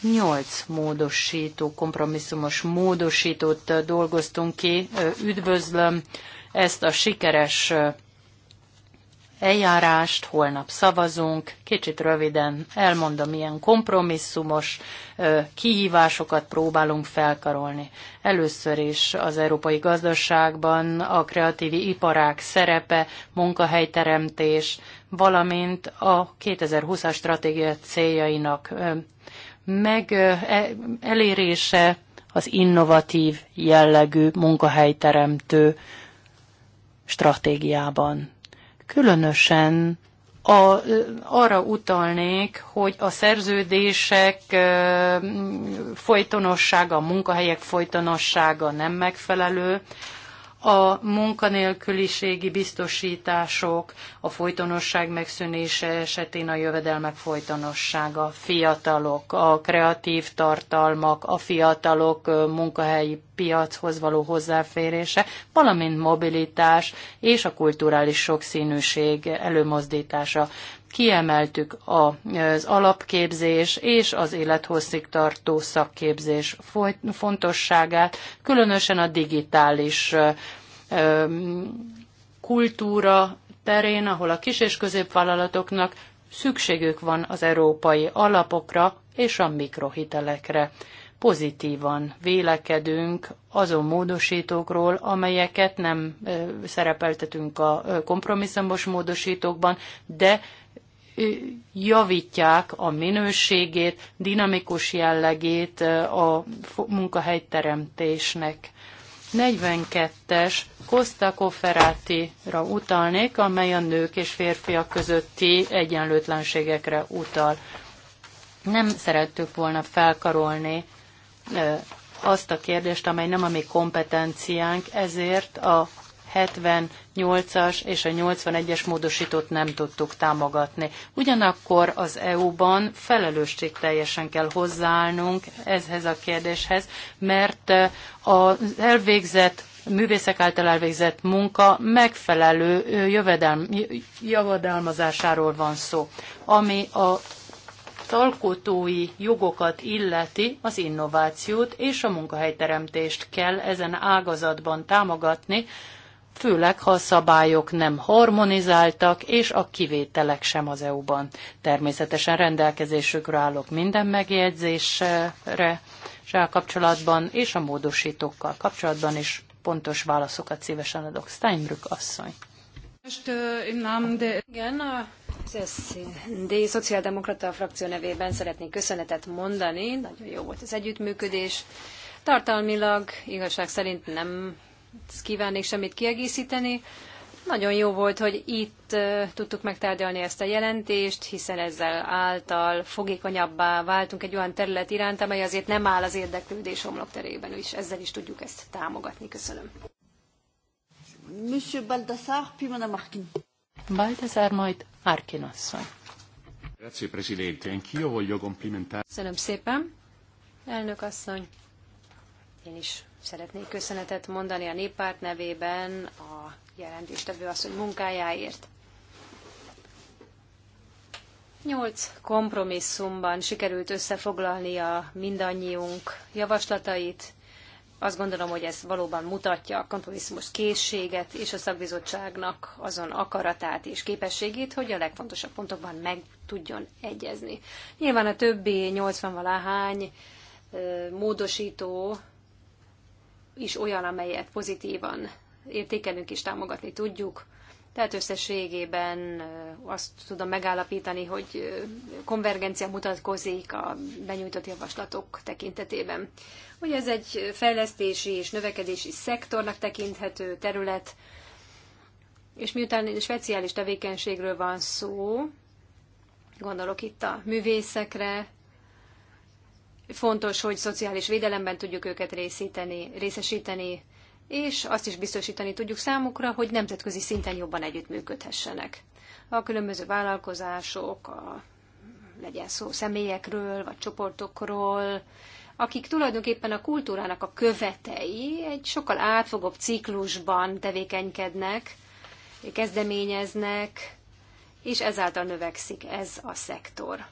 Nyolc módosító, kompromisszumos módosítót dolgoztunk ki. Üdvözlöm ezt a sikeres eljárást, holnap szavazunk, kicsit röviden elmondom, milyen kompromisszumos kihívásokat próbálunk felkarolni. Először is az európai gazdaságban a kreatív iparák szerepe, munkahelyteremtés, valamint a 2020-as stratégia céljainak meg e, elérése az innovatív jellegű munkahelyteremtő stratégiában. Különösen a, arra utalnék, hogy a szerződések folytonossága, a munkahelyek folytonossága nem megfelelő, a munkanélküliségi biztosítások, a folytonosság megszűnése esetén a jövedelmek folytonossága, fiatalok, a kreatív tartalmak, a fiatalok munkahelyi piachoz való hozzáférése, valamint mobilitás és a kulturális sokszínűség előmozdítása kiemeltük az alapképzés és az élethosszig tartó szakképzés fontosságát, különösen a digitális kultúra terén, ahol a kis- és középvállalatoknak szükségük van az európai alapokra és a mikrohitelekre. Pozitívan vélekedünk azon módosítókról, amelyeket nem szerepeltetünk a kompromisszumos módosítókban, de javítják a minőségét, dinamikus jellegét a munkahelyteremtésnek. 42-es Costa Cofferati-ra utalnék, amely a nők és férfiak közötti egyenlőtlenségekre utal. Nem szerettük volna felkarolni azt a kérdést, amely nem a mi kompetenciánk, ezért a 78-as és a 81-es módosítót nem tudtuk támogatni. Ugyanakkor az EU-ban teljesen kell hozzáállnunk ezhez a kérdéshez, mert az elvégzett művészek által elvégzett munka megfelelő jövedelm, javadalmazásáról van szó, ami a alkotói jogokat illeti az innovációt és a munkahelyteremtést kell ezen ágazatban támogatni, főleg ha a szabályok nem harmonizáltak, és a kivételek sem az EU-ban. Természetesen rendelkezésükre állok minden megjegyzésre kapcsolatban, és a módosítókkal kapcsolatban is pontos válaszokat szívesen adok. Steinbrück asszony. Most nem, de... Igen, a de Szociáldemokrata frakció nevében szeretnék köszönetet mondani. Nagyon jó volt az együttműködés. Tartalmilag igazság szerint nem kívánnék semmit kiegészíteni. Nagyon jó volt, hogy itt tudtuk megtárgyalni ezt a jelentést, hiszen ezzel által fogékonyabbá váltunk egy olyan terület iránt, amely azért nem áll az érdeklődés homlokterében, és ezzel is tudjuk ezt támogatni. Köszönöm. Monsieur Baldassar, puis Madame Arkin. Baldassar, majd Arkin asszony. Grazie, Presidente. Anch'io voglio complimentare. Köszönöm szépen, elnök asszony. Én is Szeretnék köszönetet mondani a néppárt nevében a jelentéstevő asszony munkájáért. Nyolc kompromisszumban sikerült a mindannyiunk javaslatait. Azt gondolom, hogy ez valóban mutatja a kompromisszumos készséget és a szakbizottságnak azon akaratát és képességét, hogy a legfontosabb pontokban meg tudjon egyezni. Nyilván a többi 80 valahány módosító is olyan, amelyet pozitívan értékelünk és támogatni tudjuk. Tehát összességében azt tudom megállapítani, hogy konvergencia mutatkozik a benyújtott javaslatok tekintetében. Ugye ez egy fejlesztési és növekedési szektornak tekinthető terület, és miután speciális tevékenységről van szó, gondolok itt a művészekre, Fontos, hogy szociális védelemben tudjuk őket részíteni, részesíteni, és azt is biztosítani tudjuk számukra, hogy nemzetközi szinten jobban együttműködhessenek. A különböző vállalkozások, a, legyen szó személyekről, vagy csoportokról, akik tulajdonképpen a kultúrának a követei egy sokkal átfogóbb ciklusban tevékenykednek, kezdeményeznek, és ezáltal növekszik ez a szektor.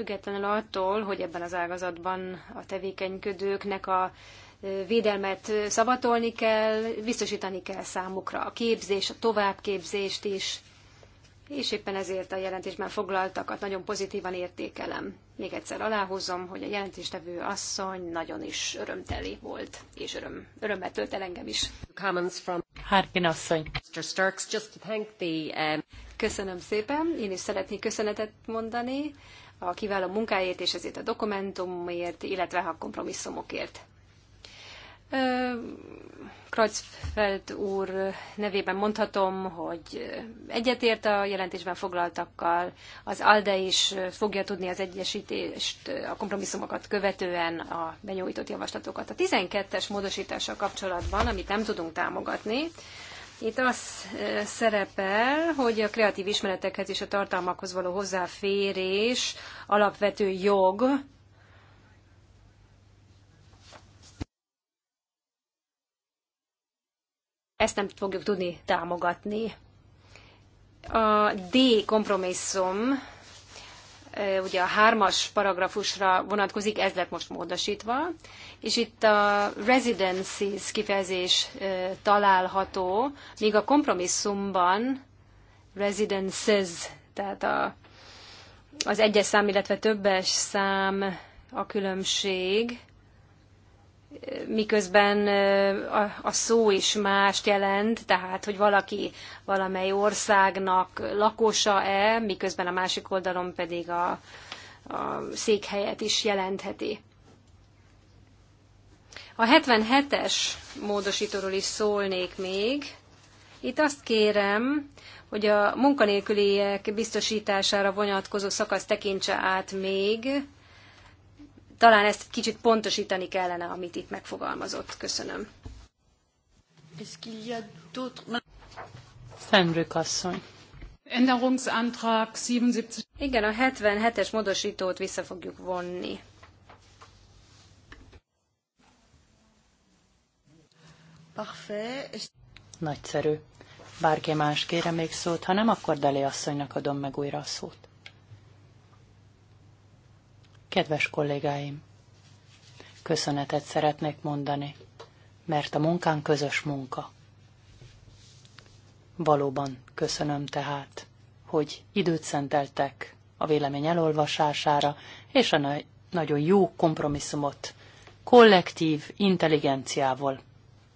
Függetlenül attól, hogy ebben az ágazatban a tevékenyködőknek a védelmet szavatolni kell, biztosítani kell számukra a képzés, a továbbképzést is, és éppen ezért a jelentésben foglaltakat nagyon pozitívan értékelem. Még egyszer aláhúzom, hogy a jelentéstevő asszony nagyon is örömteli volt, és öröm, örömmel tölt el engem is. Harkin asszony. Um, Köszönöm szépen, én is szeretnék köszönetet mondani a kiváló munkáért és ezért a dokumentumért, illetve a kompromisszumokért. Kreuzfeld úr nevében mondhatom, hogy egyetért a jelentésben foglaltakkal, az ALDE is fogja tudni az egyesítést, a kompromisszumokat követően a benyújtott javaslatokat. A 12-es módosítással kapcsolatban, amit nem tudunk támogatni, itt az szerepel, hogy a kreatív ismeretekhez és a tartalmakhoz való hozzáférés alapvető jog, ezt nem fogjuk tudni támogatni. A D kompromisszum ugye a hármas paragrafusra vonatkozik, ez lett most módosítva, és itt a residencies kifejezés található, míg a kompromisszumban residences, tehát a, az egyes szám, illetve többes szám a különbség, miközben a szó is mást jelent, tehát hogy valaki valamely országnak lakosa-e, miközben a másik oldalon pedig a, a székhelyet is jelentheti. A 77-es módosítóról is szólnék még. Itt azt kérem, hogy a munkanélküliek biztosítására vonatkozó szakasz tekintse át még talán ezt egy kicsit pontosítani kellene, amit itt megfogalmazott. Köszönöm. Fenrük asszony. Igen, a 77-es módosítót vissza fogjuk vonni. Nagyszerű. Bárki más kére még szót, ha nem, akkor Deli asszonynak adom meg újra a szót. Kedves kollégáim, köszönetet szeretnék mondani, mert a munkán közös munka. Valóban köszönöm tehát, hogy időt szenteltek a vélemény elolvasására, és a na- nagyon jó kompromisszumot kollektív intelligenciával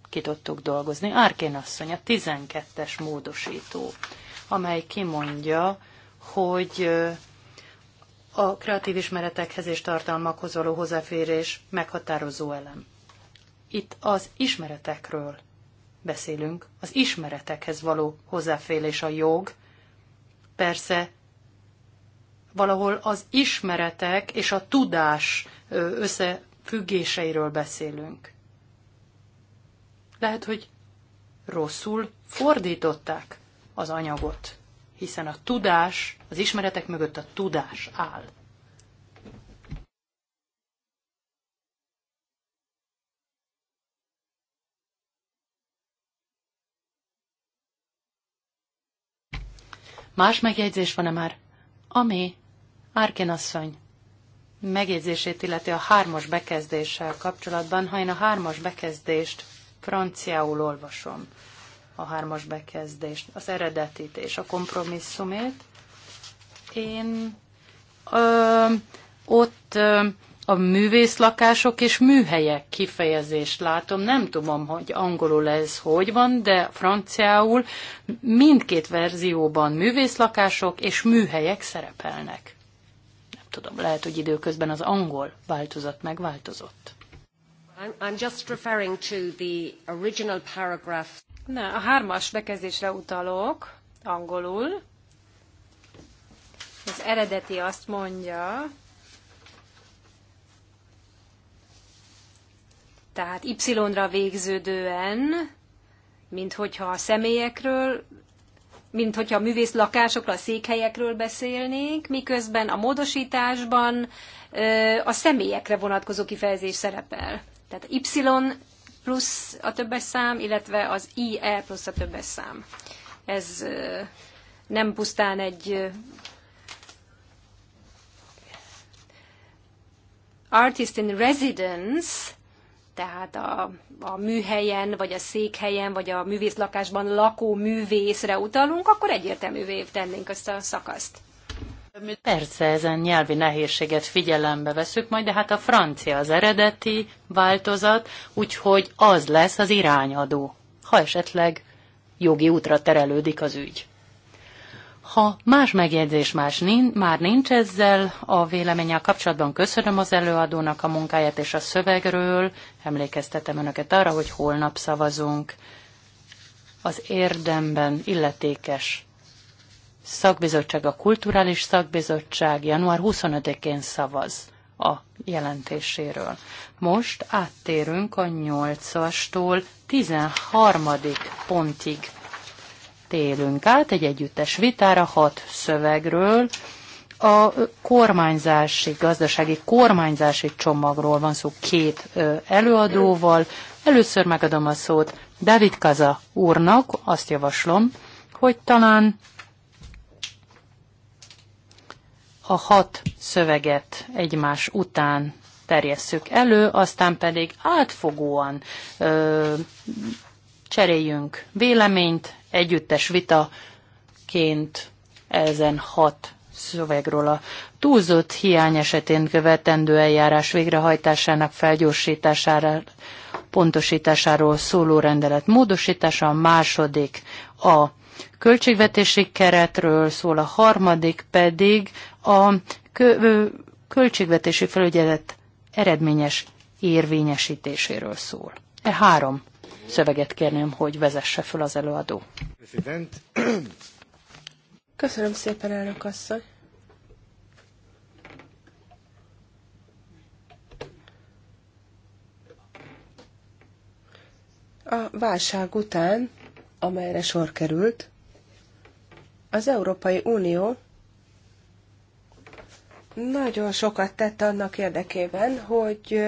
ki tudtuk dolgozni. Árkén asszony a 12-es módosító, amely kimondja, hogy a kreatív ismeretekhez és tartalmakhoz való hozzáférés meghatározó elem. Itt az ismeretekről beszélünk, az ismeretekhez való hozzáférés a jog. Persze valahol az ismeretek és a tudás összefüggéseiről beszélünk. Lehet, hogy rosszul fordították az anyagot hiszen a tudás, az ismeretek mögött a tudás áll. Más megjegyzés van-e már? Ami, Árkén asszony, megjegyzését illeti a hármas bekezdéssel kapcsolatban, ha én a hármas bekezdést franciául olvasom, a hármas bekezdést, az eredetit és a kompromisszumét. Én ö, ott ö, a művészlakások és műhelyek kifejezést látom. Nem tudom, hogy angolul ez hogy van, de franciául mindkét verzióban művészlakások és műhelyek szerepelnek. Nem tudom, lehet, hogy időközben az angol változat megváltozott. I'm, I'm just referring to the original paragraph. Na, a hármas bekezdésre utalok, angolul. Az eredeti azt mondja, tehát Y-ra végződően, mint hogyha a személyekről, mint hogyha a művész lakásokról, a székhelyekről beszélnénk, miközben a módosításban a személyekre vonatkozó kifejezés szerepel. Tehát Y plusz a többes szám, illetve az IE plusz a többes szám. Ez nem pusztán egy artist in residence, tehát a, a műhelyen, vagy a székhelyen, vagy a művészlakásban lakó művészre utalunk, akkor egyértelművé tennénk ezt a szakaszt. Persze ezen nyelvi nehézséget figyelembe veszük majd, de hát a francia az eredeti változat, úgyhogy az lesz az irányadó, ha esetleg jogi útra terelődik az ügy. Ha más megjegyzés más nincs, már nincs ezzel a véleménnyel kapcsolatban, köszönöm az előadónak a munkáját és a szövegről. Emlékeztetem önöket arra, hogy holnap szavazunk az érdemben illetékes szakbizottság, a kulturális szakbizottság január 25-én szavaz a jelentéséről. Most áttérünk a 8-astól 13. pontig télünk át egy együttes vitára hat szövegről, a kormányzási, gazdasági kormányzási csomagról van szó két előadóval. Először megadom a szót David Kaza úrnak, azt javaslom, hogy talán a hat szöveget egymás után terjesszük elő, aztán pedig átfogóan ö, cseréljünk véleményt, együttes vitaként ezen hat szövegről a túlzott hiány esetén követendő eljárás végrehajtásának felgyorsítására, pontosításáról szóló rendelet módosítása, a második a költségvetési keretről szól, a harmadik pedig a költségvetési felügyelet eredményes érvényesítéséről szól. E három szöveget kérném, hogy vezesse föl az előadó. Köszönöm szépen, elnök asszony. A válság után, amelyre sor került, az Európai Unió nagyon sokat tett annak érdekében, hogy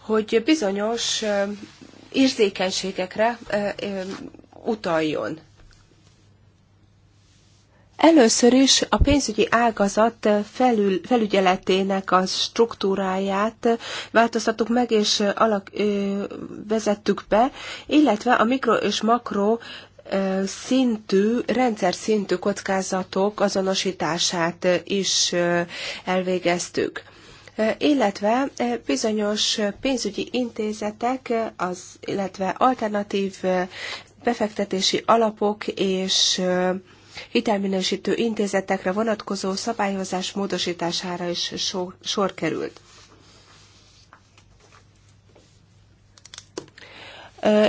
hogy bizonyos érzékenységekre utaljon. Először is a pénzügyi ágazat felül, felügyeletének a struktúráját változtattuk meg és alak, ö, vezettük be, illetve a mikro és makro szintű, rendszer szintű kockázatok azonosítását is elvégeztük illetve bizonyos pénzügyi intézetek, az, illetve alternatív befektetési alapok és hitelminősítő intézetekre vonatkozó szabályozás módosítására is sor, sor került.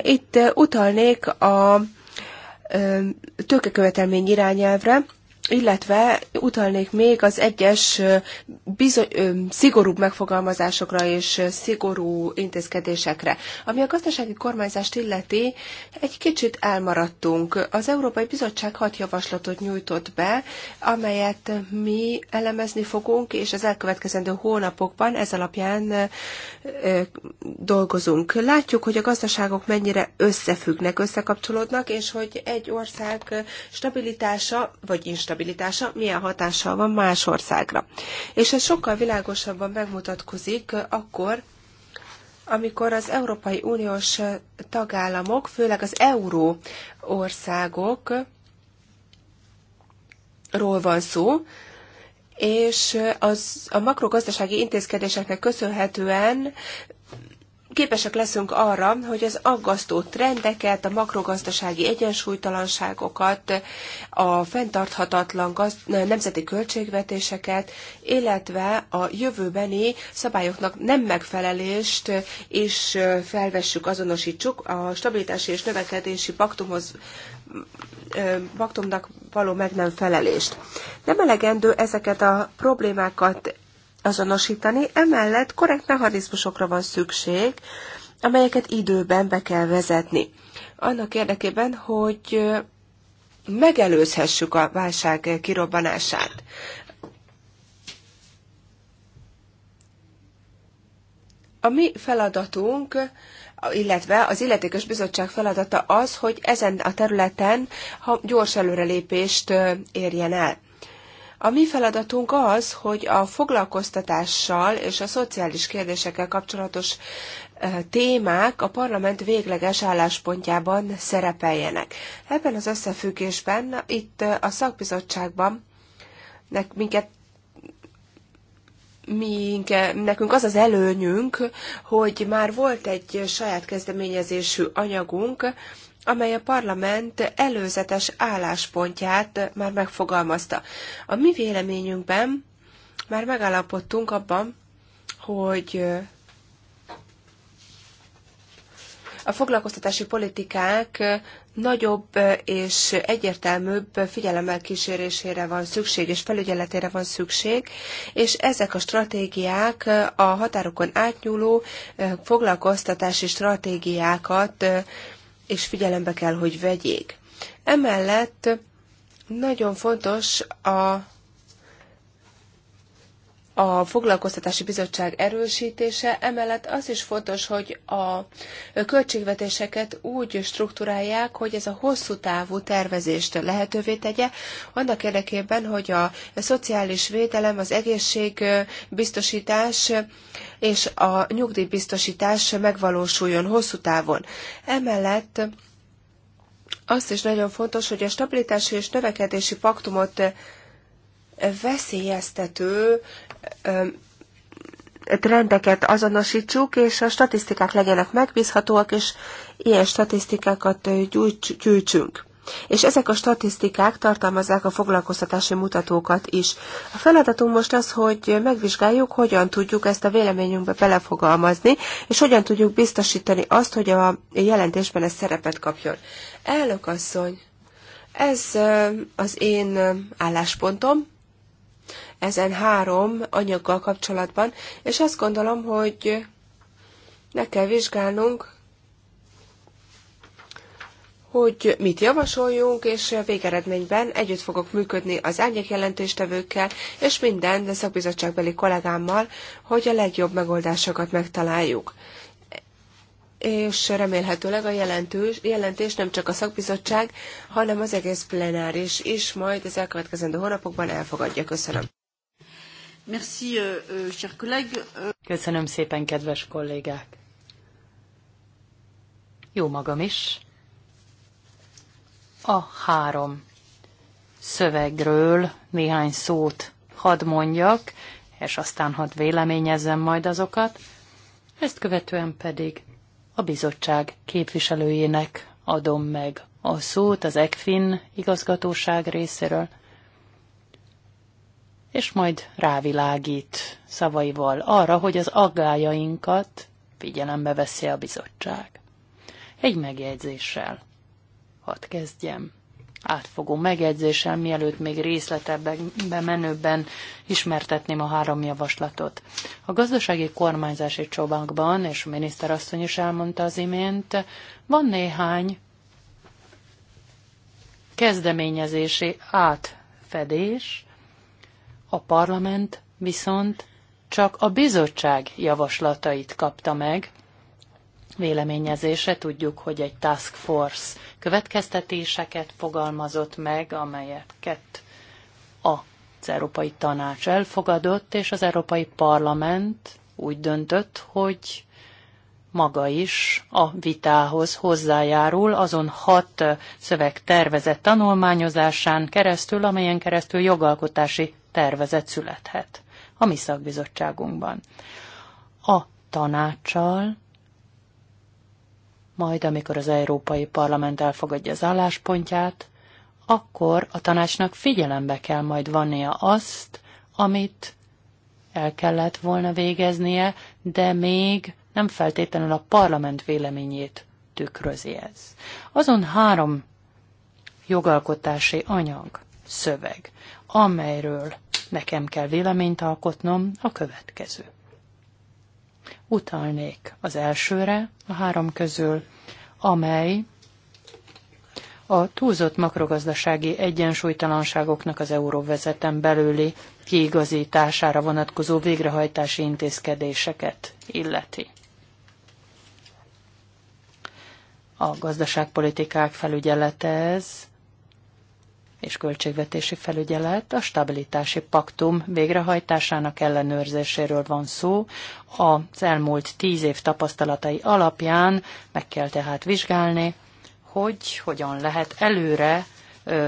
Itt utalnék a tőkekövetelmény irányelvre, illetve utalnék még az egyes bizony, szigorúbb megfogalmazásokra és szigorú intézkedésekre. Ami a gazdasági kormányzást illeti, egy kicsit elmaradtunk. Az Európai Bizottság hat javaslatot nyújtott be, amelyet mi elemezni fogunk, és az elkövetkezendő hónapokban ez alapján dolgozunk. Látjuk, hogy a gazdaságok mennyire összefüggnek, összekapcsolódnak, és hogy egy ország stabilitása vagy instabilitása instabilitása milyen hatással van más országra. És ez sokkal világosabban megmutatkozik akkor, amikor az Európai Uniós tagállamok, főleg az euró országok, ról van szó, és az, a makrogazdasági intézkedéseknek köszönhetően képesek leszünk arra, hogy az aggasztó trendeket, a makrogazdasági egyensúlytalanságokat, a fenntarthatatlan gazd- nemzeti költségvetéseket, illetve a jövőbeni szabályoknak nem megfelelést is felvessük, azonosítsuk a stabilitási és növekedési paktumhoz paktumnak való meg nem felelést. Nem elegendő ezeket a problémákat azonosítani, emellett korrekt mechanizmusokra van szükség, amelyeket időben be kell vezetni. Annak érdekében, hogy megelőzhessük a válság kirobbanását. A mi feladatunk, illetve az illetékes bizottság feladata az, hogy ezen a területen gyors előrelépést érjen el. A mi feladatunk az, hogy a foglalkoztatással és a szociális kérdésekkel kapcsolatos témák a parlament végleges álláspontjában szerepeljenek. Ebben az összefüggésben itt a szakbizottságban minket mink, nekünk az az előnyünk, hogy már volt egy saját kezdeményezésű anyagunk, amely a parlament előzetes álláspontját már megfogalmazta. A mi véleményünkben már megállapodtunk abban, hogy a foglalkoztatási politikák nagyobb és egyértelműbb figyelemmel kísérésére van szükség, és felügyeletére van szükség, és ezek a stratégiák a határokon átnyúló foglalkoztatási stratégiákat és figyelembe kell, hogy vegyék. Emellett nagyon fontos a a foglalkoztatási bizottság erősítése, emellett az is fontos, hogy a költségvetéseket úgy strukturálják, hogy ez a hosszú távú tervezést lehetővé tegye, annak érdekében, hogy a szociális védelem, az egészségbiztosítás és a nyugdíjbiztosítás megvalósuljon hosszú távon. Emellett azt is nagyon fontos, hogy a stabilitási és növekedési paktumot veszélyeztető trendeket azonosítsuk, és a statisztikák legyenek megbízhatóak, és ilyen statisztikákat gyűjtsünk. És ezek a statisztikák tartalmazzák a foglalkoztatási mutatókat is. A feladatunk most az, hogy megvizsgáljuk, hogyan tudjuk ezt a véleményünkbe belefogalmazni, és hogyan tudjuk biztosítani azt, hogy a jelentésben ez szerepet kapjon. Elnök asszony, ez az én álláspontom, ezen három anyaggal kapcsolatban, és azt gondolom, hogy ne kell vizsgálnunk, hogy mit javasoljunk, és végeredményben együtt fogok működni az árnyék jelentéstevőkkel, és minden szakbizottságbeli kollégámmal, hogy a legjobb megoldásokat megtaláljuk és remélhetőleg a jelentős, jelentés nem csak a szakbizottság, hanem az egész plenáris is majd az elkövetkezendő hónapokban elfogadja. Köszönöm. Merci, euh, euh, cher collègue. Köszönöm szépen, kedves kollégák. Jó magam is. A három szövegről néhány szót hadd mondjak, és aztán hadd véleményezzem majd azokat. Ezt követően pedig a bizottság képviselőjének adom meg a szót az ECFIN igazgatóság részéről, és majd rávilágít szavaival arra, hogy az aggájainkat figyelembe veszi a bizottság. Egy megjegyzéssel. Hadd kezdjem átfogó megjegyzéssel, mielőtt még részletebben menőben ismertetném a három javaslatot. A gazdasági kormányzási csomagban, és a miniszterasszony is elmondta az imént, van néhány kezdeményezési átfedés, a parlament viszont csak a bizottság javaslatait kapta meg, véleményezése. Tudjuk, hogy egy task force következtetéseket fogalmazott meg, amelyeket az Európai Tanács elfogadott, és az Európai Parlament úgy döntött, hogy maga is a vitához hozzájárul azon hat szöveg tervezett tanulmányozásán keresztül, amelyen keresztül jogalkotási tervezet születhet a mi szakbizottságunkban. A tanácsal majd amikor az Európai Parlament elfogadja az álláspontját, akkor a tanácsnak figyelembe kell majd vannia azt, amit el kellett volna végeznie, de még nem feltétlenül a parlament véleményét tükrözi ez. Azon három jogalkotási anyag, szöveg, amelyről nekem kell véleményt alkotnom, a következő utalnék az elsőre a három közül, amely a túlzott makrogazdasági egyensúlytalanságoknak az euróvezeten belüli kiigazítására vonatkozó végrehajtási intézkedéseket illeti. A gazdaságpolitikák felügyelete ez, és költségvetési felügyelet, a stabilitási paktum végrehajtásának ellenőrzéséről van szó. Az elmúlt tíz év tapasztalatai alapján meg kell tehát vizsgálni, hogy hogyan lehet előre ö,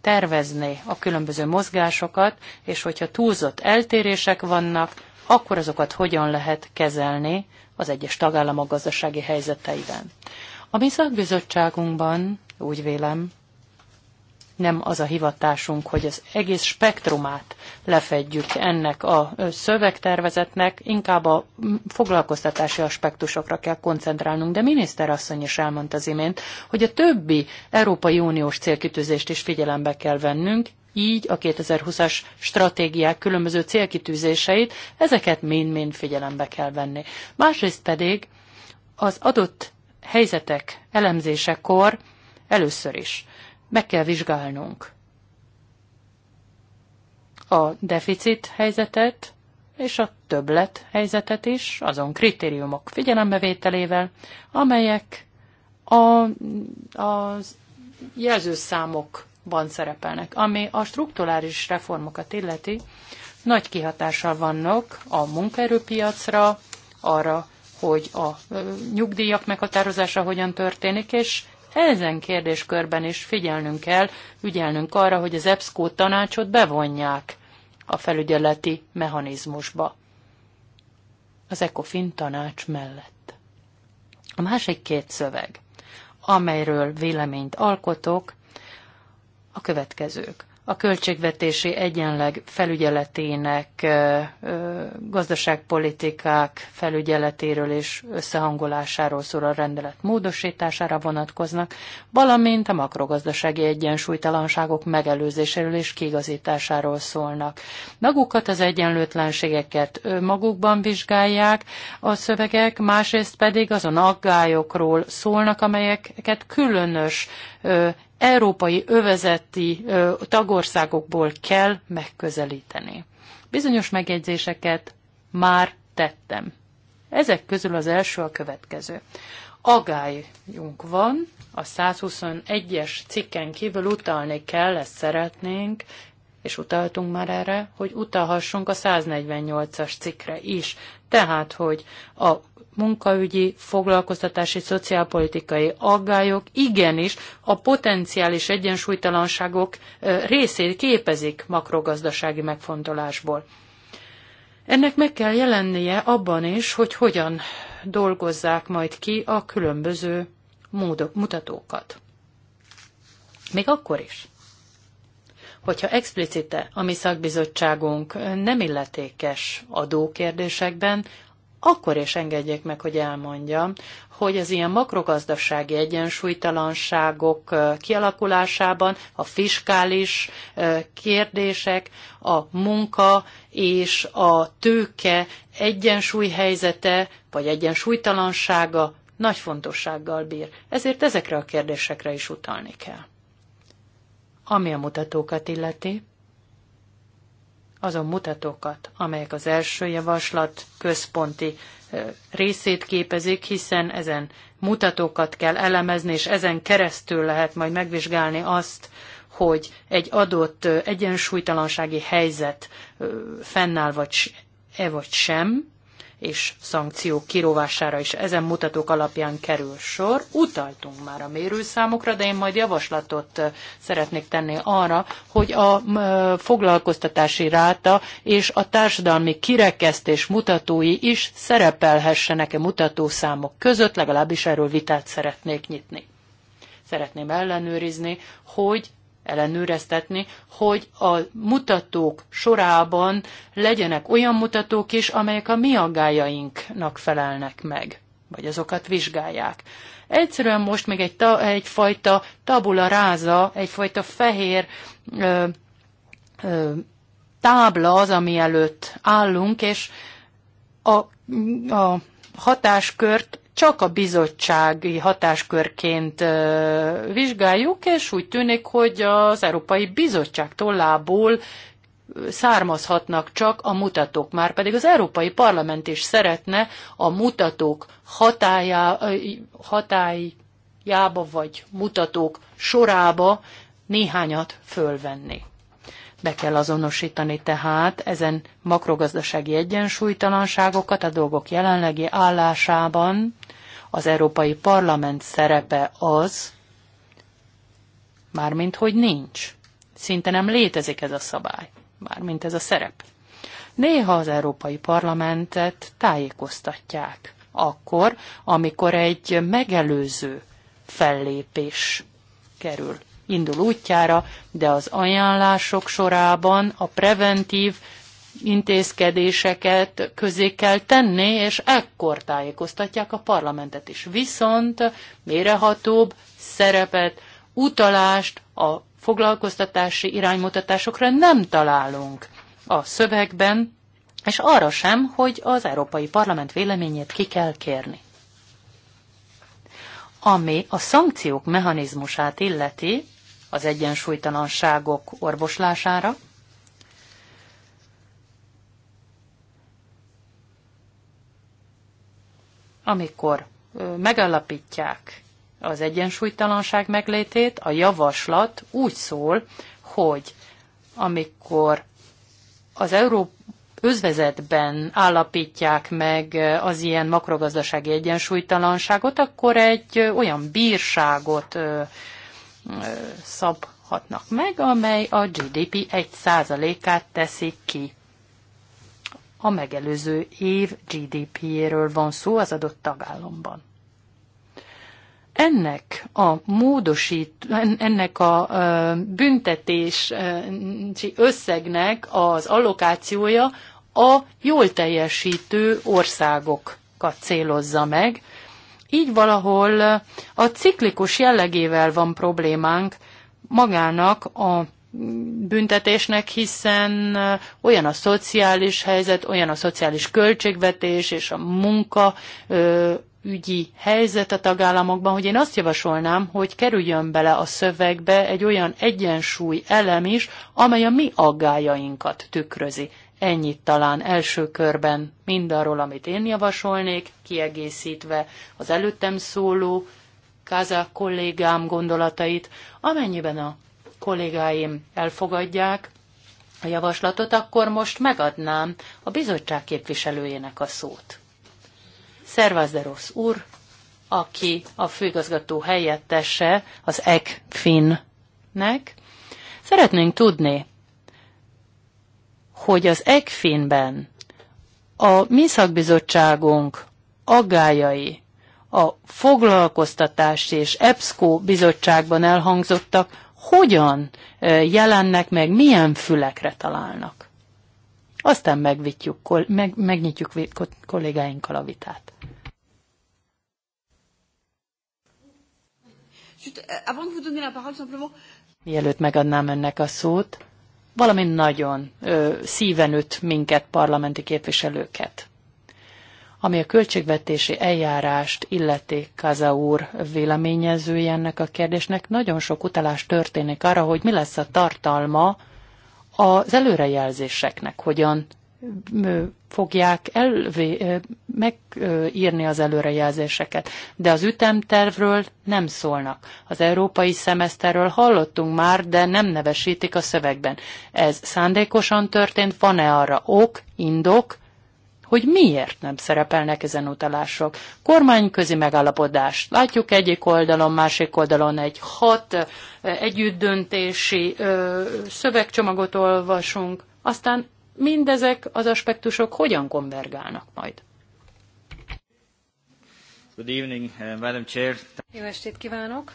tervezni a különböző mozgásokat, és hogyha túlzott eltérések vannak, akkor azokat hogyan lehet kezelni az egyes tagállamok gazdasági helyzeteiben. A mi szakbizottságunkban úgy vélem, nem az a hivatásunk, hogy az egész spektrumát lefedjük ennek a szövegtervezetnek, inkább a foglalkoztatási aspektusokra kell koncentrálnunk, de miniszterasszony is elmondta az imént, hogy a többi Európai Uniós célkitűzést is figyelembe kell vennünk, így a 2020-as stratégiák különböző célkitűzéseit, ezeket mind-mind figyelembe kell venni. Másrészt pedig az adott helyzetek elemzésekor először is meg kell vizsgálnunk a deficit helyzetet és a többlet helyzetet is azon kritériumok figyelembevételével, amelyek a, az jelzőszámokban szerepelnek, ami a strukturális reformokat illeti, nagy kihatással vannak a munkaerőpiacra, arra, hogy a nyugdíjak meghatározása hogyan történik, és ezen kérdéskörben is figyelnünk kell, ügyelnünk arra, hogy az EBSCO tanácsot bevonják a felügyeleti mechanizmusba. Az ECOFIN tanács mellett. A másik két szöveg, amelyről véleményt alkotok, a következők a költségvetési egyenleg felügyeletének, gazdaságpolitikák felügyeletéről és összehangolásáról a rendelet módosítására vonatkoznak, valamint a makrogazdasági egyensúlytalanságok megelőzéséről és kigazításáról szólnak. Magukat az egyenlőtlenségeket magukban vizsgálják a szövegek, másrészt pedig azon aggályokról szólnak, amelyeket különös európai övezeti tagországokból kell megközelíteni. Bizonyos megjegyzéseket már tettem. Ezek közül az első a következő. Agályunk van, a 121-es cikken kívül utalni kell, ezt szeretnénk, és utaltunk már erre, hogy utalhassunk a 148-as cikkre is tehát hogy a munkaügyi, foglalkoztatási, szociálpolitikai aggályok igenis a potenciális egyensúlytalanságok részét képezik makrogazdasági megfontolásból. Ennek meg kell jelennie abban is, hogy hogyan dolgozzák majd ki a különböző módok, mutatókat. Még akkor is, hogyha explicite a mi szakbizottságunk nem illetékes adókérdésekben, akkor is engedjék meg, hogy elmondjam, hogy az ilyen makrogazdasági egyensúlytalanságok kialakulásában a fiskális kérdések, a munka és a tőke egyensúlyhelyzete vagy egyensúlytalansága nagy fontossággal bír. Ezért ezekre a kérdésekre is utalni kell. Ami a mutatókat illeti, azon mutatókat, amelyek az első javaslat központi részét képezik, hiszen ezen mutatókat kell elemezni, és ezen keresztül lehet majd megvizsgálni azt, hogy egy adott egyensúlytalansági helyzet fennáll vagy e vagy sem, és szankciók kiróvására is ezen mutatók alapján kerül sor. Utaltunk már a mérőszámokra, de én majd javaslatot szeretnék tenni arra, hogy a foglalkoztatási ráta és a társadalmi kirekesztés mutatói is szerepelhessenek-e mutatószámok között, legalábbis erről vitát szeretnék nyitni. Szeretném ellenőrizni, hogy ellenőreztetni, hogy a mutatók sorában legyenek olyan mutatók is, amelyek a mi aggájainknak felelnek meg, vagy azokat vizsgálják. Egyszerűen most még egy ta, egyfajta tabula ráza, egyfajta fehér ö, ö, tábla az, ami előtt állunk, és a, a hatáskört csak a bizottsági hatáskörként vizsgáljuk, és úgy tűnik, hogy az Európai Bizottság tollából származhatnak csak a mutatók, már pedig az Európai Parlament is szeretne a mutatók hatájá, hatájába vagy mutatók sorába néhányat fölvenni. Be kell azonosítani tehát ezen makrogazdasági egyensúlytalanságokat a dolgok jelenlegi állásában. Az Európai Parlament szerepe az, mármint hogy nincs. Szinte nem létezik ez a szabály, mármint ez a szerep. Néha az Európai Parlamentet tájékoztatják akkor, amikor egy megelőző fellépés kerül indul útjára, de az ajánlások sorában a preventív intézkedéseket közé kell tenni, és ekkor tájékoztatják a parlamentet is. Viszont mérehatóbb szerepet, utalást a foglalkoztatási iránymutatásokra nem találunk a szövegben, és arra sem, hogy az Európai Parlament véleményét ki kell kérni. Ami a szankciók mechanizmusát illeti az egyensúlytalanságok orvoslására, amikor megállapítják az egyensúlytalanság meglétét, a javaslat úgy szól, hogy amikor az Európa özvezetben állapítják meg az ilyen makrogazdasági egyensúlytalanságot, akkor egy olyan bírságot szabhatnak meg, amely a GDP 1%-át teszi ki. A megelőző év GDP-éről van szó az adott tagállamban. Ennek a módosít, ennek a büntetés összegnek az allokációja a jól teljesítő országokat célozza meg. Így valahol a ciklikus jellegével van problémánk magának a büntetésnek, hiszen olyan a szociális helyzet, olyan a szociális költségvetés és a munka ügyi helyzet a tagállamokban, hogy én azt javasolnám, hogy kerüljön bele a szövegbe egy olyan egyensúly elem is, amely a mi aggájainkat tükrözi. Ennyit talán első körben mindarról, amit én javasolnék, kiegészítve az előttem szóló Káza kollégám gondolatait, amennyiben a kollégáim elfogadják a javaslatot, akkor most megadnám a bizottság képviselőjének a szót. Szervázderosz úr, aki a főgazgató helyettese az ECFIN-nek. Szeretnénk tudni, hogy az ECFIN-ben a mi szakbizottságunk aggájai a foglalkoztatás és EBSCO bizottságban elhangzottak, hogyan jelennek meg, milyen fülekre találnak. Aztán megvitjuk, meg, megnyitjuk kollégáinkkal a vitát. Euh, Mielőtt megadnám ennek a szót, valami nagyon ö, szíven üt minket, parlamenti képviselőket. Ami a költségvetési eljárást illeti Kaza úr véleményezője ennek a kérdésnek, nagyon sok utalás történik arra, hogy mi lesz a tartalma az előrejelzéseknek, hogyan fogják elvé, megírni az előrejelzéseket, de az ütemtervről nem szólnak. Az európai szemeszterről hallottunk már, de nem nevesítik a szövegben. Ez szándékosan történt, van-e arra ok, indok, hogy miért nem szerepelnek ezen utalások. Kormányközi megállapodást látjuk egyik oldalon, másik oldalon egy hat együttdöntési ö, szövegcsomagot olvasunk, aztán mindezek az aspektusok hogyan konvergálnak majd. Good evening, uh, Madam Chair. Jó estét kívánok!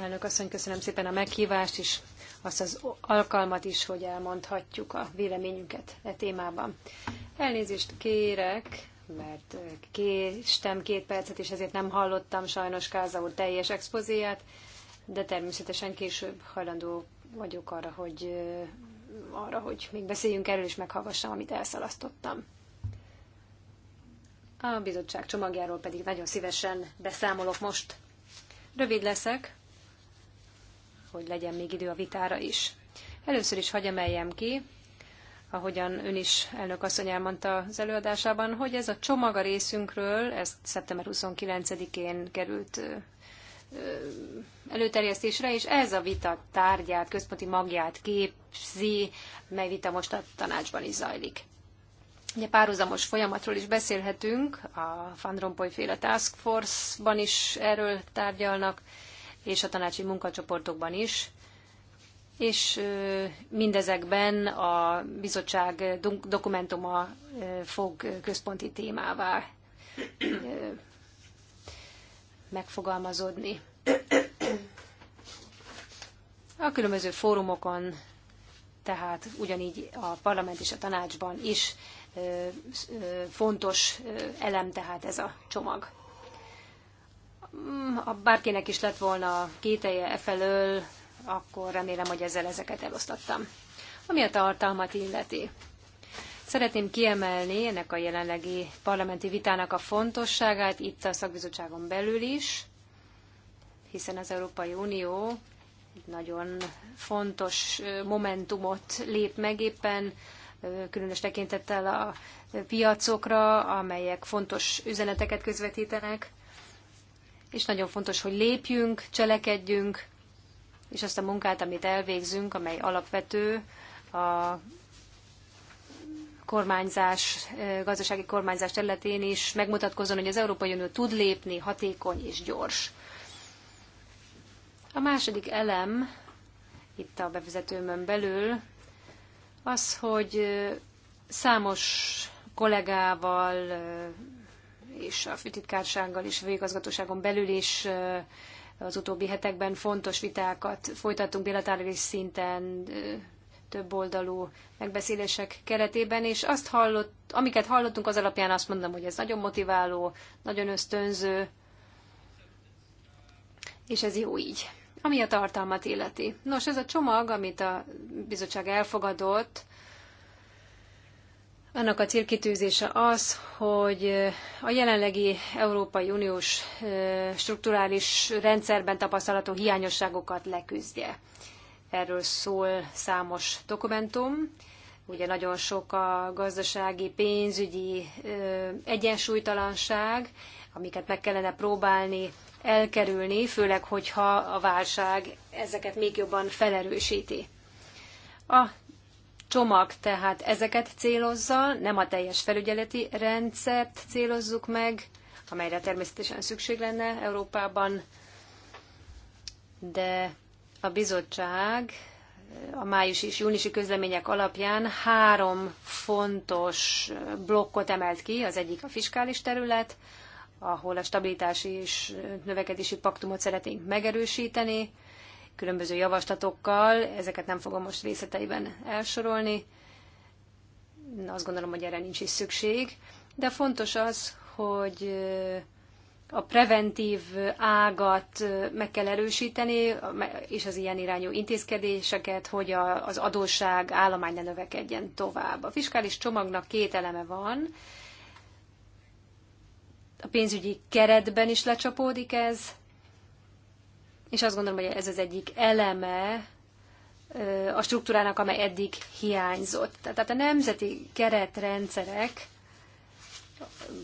Elnök asszony, köszönöm szépen a meghívást is, azt az alkalmat is, hogy elmondhatjuk a véleményünket e témában. Elnézést kérek, mert uh, késtem két percet, és ezért nem hallottam sajnos Káza úr teljes expozéját, de természetesen később hajlandó vagyok arra, hogy uh, arra, hogy még beszéljünk erről, és meghallgassam, amit elszalasztottam. A bizottság csomagjáról pedig nagyon szívesen beszámolok most. Rövid leszek, hogy legyen még idő a vitára is. Először is hagy emeljem ki, ahogyan ön is elnök asszony elmondta az előadásában, hogy ez a csomag a részünkről, ezt szeptember 29-én került előterjesztésre, és ez a vita tárgyát, központi magját képzi, mely vita most a tanácsban is zajlik ugye párhuzamos folyamatról is beszélhetünk, a Van Rompuy féle Task Force-ban is erről tárgyalnak, és a tanácsi munkacsoportokban is. És mindezekben a bizottság dokumentuma fog központi témává megfogalmazódni. A különböző fórumokon, tehát ugyanígy a parlament és a tanácsban is fontos elem tehát ez a csomag. Mm, ha bárkinek is lett volna kételje e felől, akkor remélem, hogy ezzel ezeket elosztattam. Ami a tartalmat illeti. Szeretném kiemelni ennek a jelenlegi parlamenti vitának a fontosságát itt a szakbizottságon belül is, hiszen az Európai Unió egy nagyon fontos momentumot lép meg éppen különös tekintettel a piacokra, amelyek fontos üzeneteket közvetítenek, és nagyon fontos, hogy lépjünk, cselekedjünk, és azt a munkát, amit elvégzünk, amely alapvető a kormányzás, gazdasági kormányzás területén is megmutatkozon, hogy az Európai Unió tud lépni, hatékony és gyors. A második elem itt a bevezetőmön belül az, hogy számos kollégával és a főtitkársággal és főigazgatóságon belül is az utóbbi hetekben fontos vitákat folytattunk bilaterális szinten, több oldalú megbeszélések keretében, és azt hallott, amiket hallottunk, az alapján azt mondom, hogy ez nagyon motiváló, nagyon ösztönző, és ez jó így ami a tartalmat illeti. Nos, ez a csomag, amit a bizottság elfogadott, annak a célkitűzése az, hogy a jelenlegi Európai Uniós strukturális rendszerben tapasztalható hiányosságokat leküzdje. Erről szól számos dokumentum. Ugye nagyon sok a gazdasági, pénzügyi egyensúlytalanság, amiket meg kellene próbálni elkerülni, főleg, hogyha a válság ezeket még jobban felerősíti. A csomag tehát ezeket célozza, nem a teljes felügyeleti rendszert célozzuk meg, amelyre természetesen szükség lenne Európában, de a bizottság a május és júniusi közlemények alapján három fontos blokkot emelt ki, az egyik a fiskális terület, ahol a stabilitási és növekedési paktumot szeretnénk megerősíteni, különböző javaslatokkal, ezeket nem fogom most részleteiben elsorolni, azt gondolom, hogy erre nincs is szükség, de fontos az, hogy a preventív ágat meg kell erősíteni, és az ilyen irányú intézkedéseket, hogy az adósság állomány ne növekedjen tovább. A fiskális csomagnak két eleme van, a pénzügyi keretben is lecsapódik ez, és azt gondolom, hogy ez az egyik eleme a struktúrának, amely eddig hiányzott. Tehát a nemzeti keretrendszerek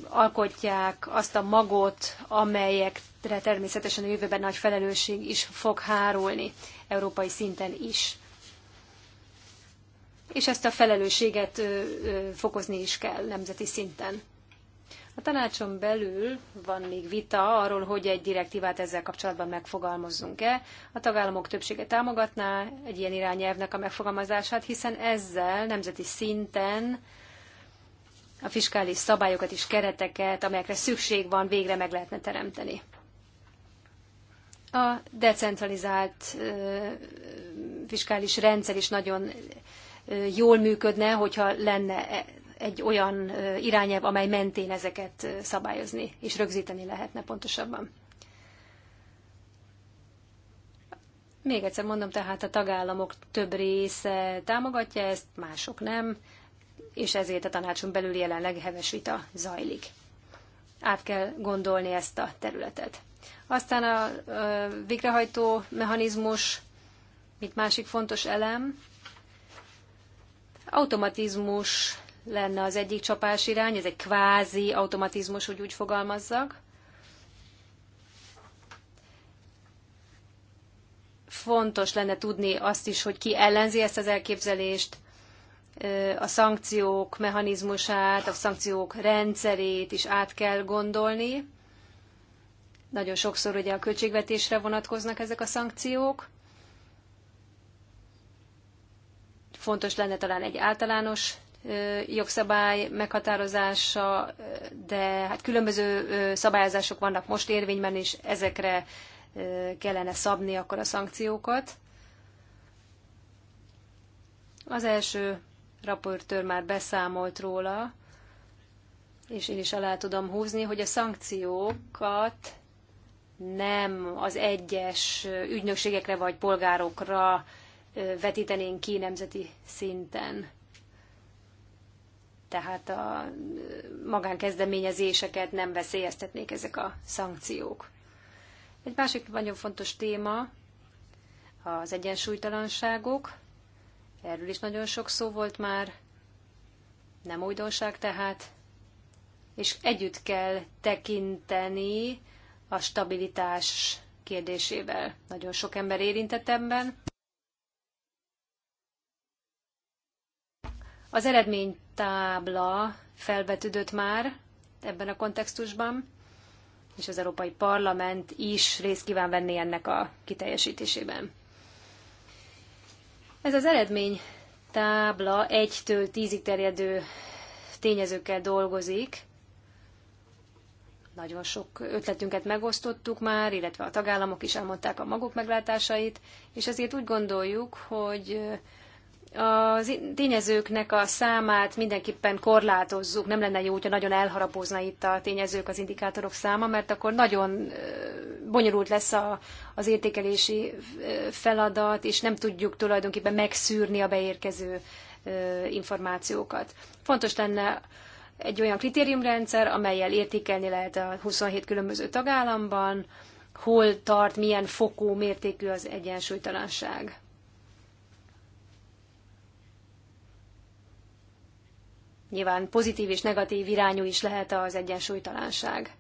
alkotják azt a magot, amelyekre természetesen a jövőben nagy felelősség is fog hárulni, európai szinten is. És ezt a felelősséget fokozni is kell nemzeti szinten. A tanácson belül van még vita arról, hogy egy direktívát ezzel kapcsolatban megfogalmazzunk-e. A tagállamok többsége támogatná egy ilyen irányelvnek a megfogalmazását, hiszen ezzel nemzeti szinten a fiskális szabályokat és kereteket, amelyekre szükség van, végre meg lehetne teremteni. A decentralizált fiskális rendszer is nagyon jól működne, hogyha lenne e- egy olyan irányelv, amely mentén ezeket szabályozni és rögzíteni lehetne pontosabban. Még egyszer mondom, tehát a tagállamok több része támogatja ezt, mások nem, és ezért a tanácson belül jelenleg heves vita zajlik. Át kell gondolni ezt a területet. Aztán a végrehajtó mechanizmus, mint másik fontos elem, automatizmus lenne az egyik csapás irány, ez egy kvázi automatizmus, hogy úgy fogalmazzak. Fontos lenne tudni azt is, hogy ki ellenzi ezt az elképzelést, a szankciók mechanizmusát, a szankciók rendszerét is át kell gondolni. Nagyon sokszor ugye a költségvetésre vonatkoznak ezek a szankciók. Fontos lenne talán egy általános jogszabály meghatározása, de hát különböző szabályozások vannak most érvényben, és ezekre kellene szabni akkor a szankciókat. Az első raportőr már beszámolt róla, és én is alá tudom húzni, hogy a szankciókat nem az egyes ügynökségekre vagy polgárokra vetítenénk ki nemzeti szinten tehát a magánkezdeményezéseket nem veszélyeztetnék ezek a szankciók. Egy másik nagyon fontos téma az egyensúlytalanságok. Erről is nagyon sok szó volt már, nem újdonság tehát, és együtt kell tekinteni a stabilitás kérdésével. Nagyon sok ember érintett ebben. Az eredménytábla felvetődött már ebben a kontextusban, és az Európai Parlament is részt kíván venni ennek a kiteljesítésében. Ez az eredmény tábla 1-től 10-ig terjedő tényezőkkel dolgozik. Nagyon sok ötletünket megosztottuk már, illetve a tagállamok is elmondták a maguk meglátásait, és ezért úgy gondoljuk, hogy a tényezőknek a számát mindenképpen korlátozzuk. Nem lenne jó, hogyha nagyon elharapózna itt a tényezők, az indikátorok száma, mert akkor nagyon bonyolult lesz a, az értékelési feladat, és nem tudjuk tulajdonképpen megszűrni a beérkező információkat. Fontos lenne egy olyan kritériumrendszer, amelyel értékelni lehet a 27 különböző tagállamban, hol tart, milyen fokú, mértékű az egyensúlytalanság. Nyilván pozitív és negatív irányú is lehet az egyensúlytalanság.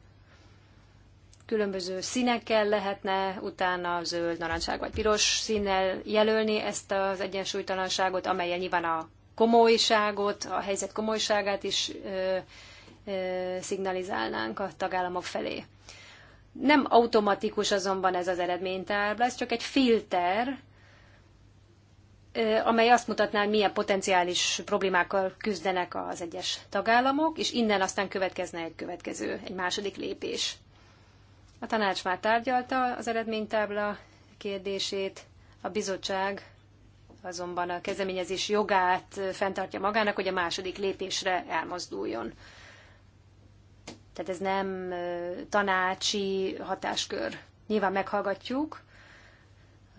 Különböző színekkel lehetne utána zöld, narancság vagy piros színnel jelölni ezt az egyensúlytalanságot, amelyen nyilván a komolyságot, a helyzet komolyságát is ö, ö, szignalizálnánk a tagállamok felé. Nem automatikus azonban ez az eredménytábla, ez csak egy filter, amely azt mutatná, hogy milyen potenciális problémákkal küzdenek az egyes tagállamok, és innen aztán következne egy következő, egy második lépés. A tanács már tárgyalta az eredménytábla kérdését, a bizottság azonban a kezdeményezés jogát fenntartja magának, hogy a második lépésre elmozduljon. Tehát ez nem tanácsi hatáskör. Nyilván meghallgatjuk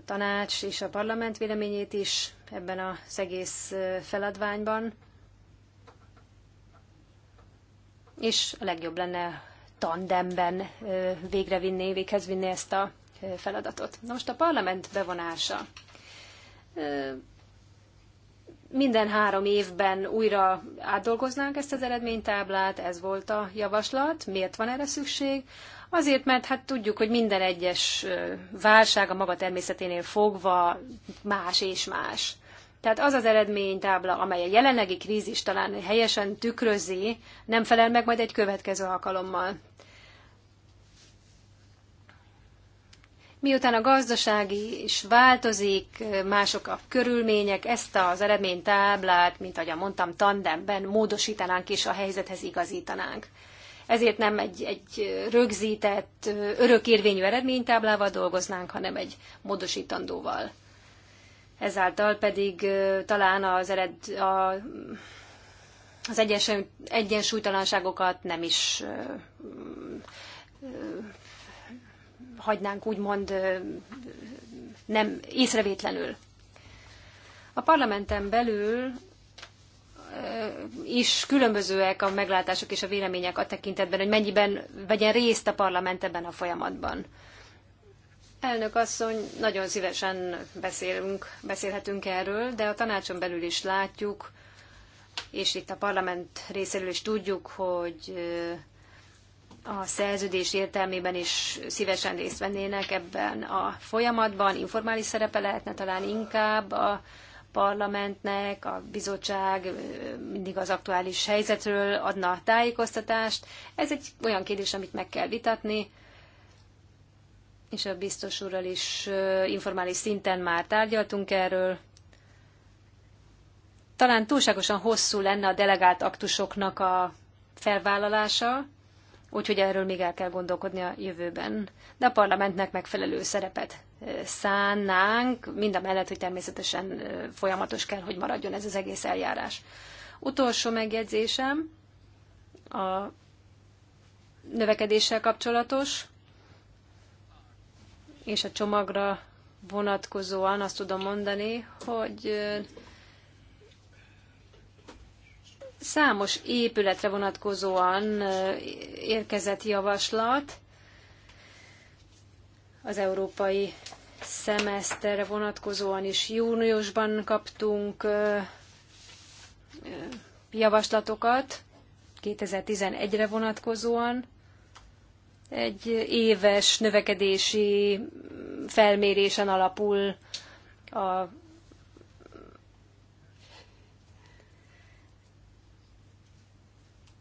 tanács és a parlament véleményét is ebben az egész feladványban. És a legjobb lenne tandemben végrevinni, vinni ezt a feladatot. Na most a parlament bevonása. Minden három évben újra átdolgoznánk ezt az eredménytáblát, ez volt a javaslat. Miért van erre szükség? Azért, mert hát tudjuk, hogy minden egyes válság a maga természeténél fogva más és más. Tehát az az eredménytábla, amely a jelenlegi krízis talán helyesen tükrözi, nem felel meg majd egy következő alkalommal. Miután a gazdaság is változik, mások a körülmények, ezt az eredménytáblát, mint ahogy mondtam, tandemben módosítanánk és a helyzethez igazítanánk ezért nem egy, egy rögzített, örökérvényű eredménytáblával dolgoznánk, hanem egy módosítandóval. Ezáltal pedig talán az, ered, a, az egyes, egyensúlytalanságokat nem is ö, ö, hagynánk úgymond nem észrevétlenül. A parlamenten belül is különbözőek a meglátások és a vélemények a tekintetben, hogy mennyiben vegyen részt a parlament ebben a folyamatban. Elnök asszony, nagyon szívesen beszélünk, beszélhetünk erről, de a tanácson belül is látjuk, és itt a parlament részéről is tudjuk, hogy a szerződés értelmében is szívesen részt vennének ebben a folyamatban, informális szerepe lehetne talán inkább a parlamentnek, a bizottság mindig az aktuális helyzetről adna tájékoztatást. Ez egy olyan kérdés, amit meg kell vitatni, és a biztos úrral is informális szinten már tárgyaltunk erről. Talán túlságosan hosszú lenne a delegált aktusoknak a felvállalása, úgyhogy erről még el kell gondolkodni a jövőben. De a parlamentnek megfelelő szerepet szánnánk, mind a mellett, hogy természetesen folyamatos kell, hogy maradjon ez az egész eljárás. Utolsó megjegyzésem a növekedéssel kapcsolatos, és a csomagra vonatkozóan azt tudom mondani, hogy számos épületre vonatkozóan érkezett javaslat, az európai szemeszterre vonatkozóan is júniusban kaptunk javaslatokat 2011-re vonatkozóan. Egy éves növekedési felmérésen alapul a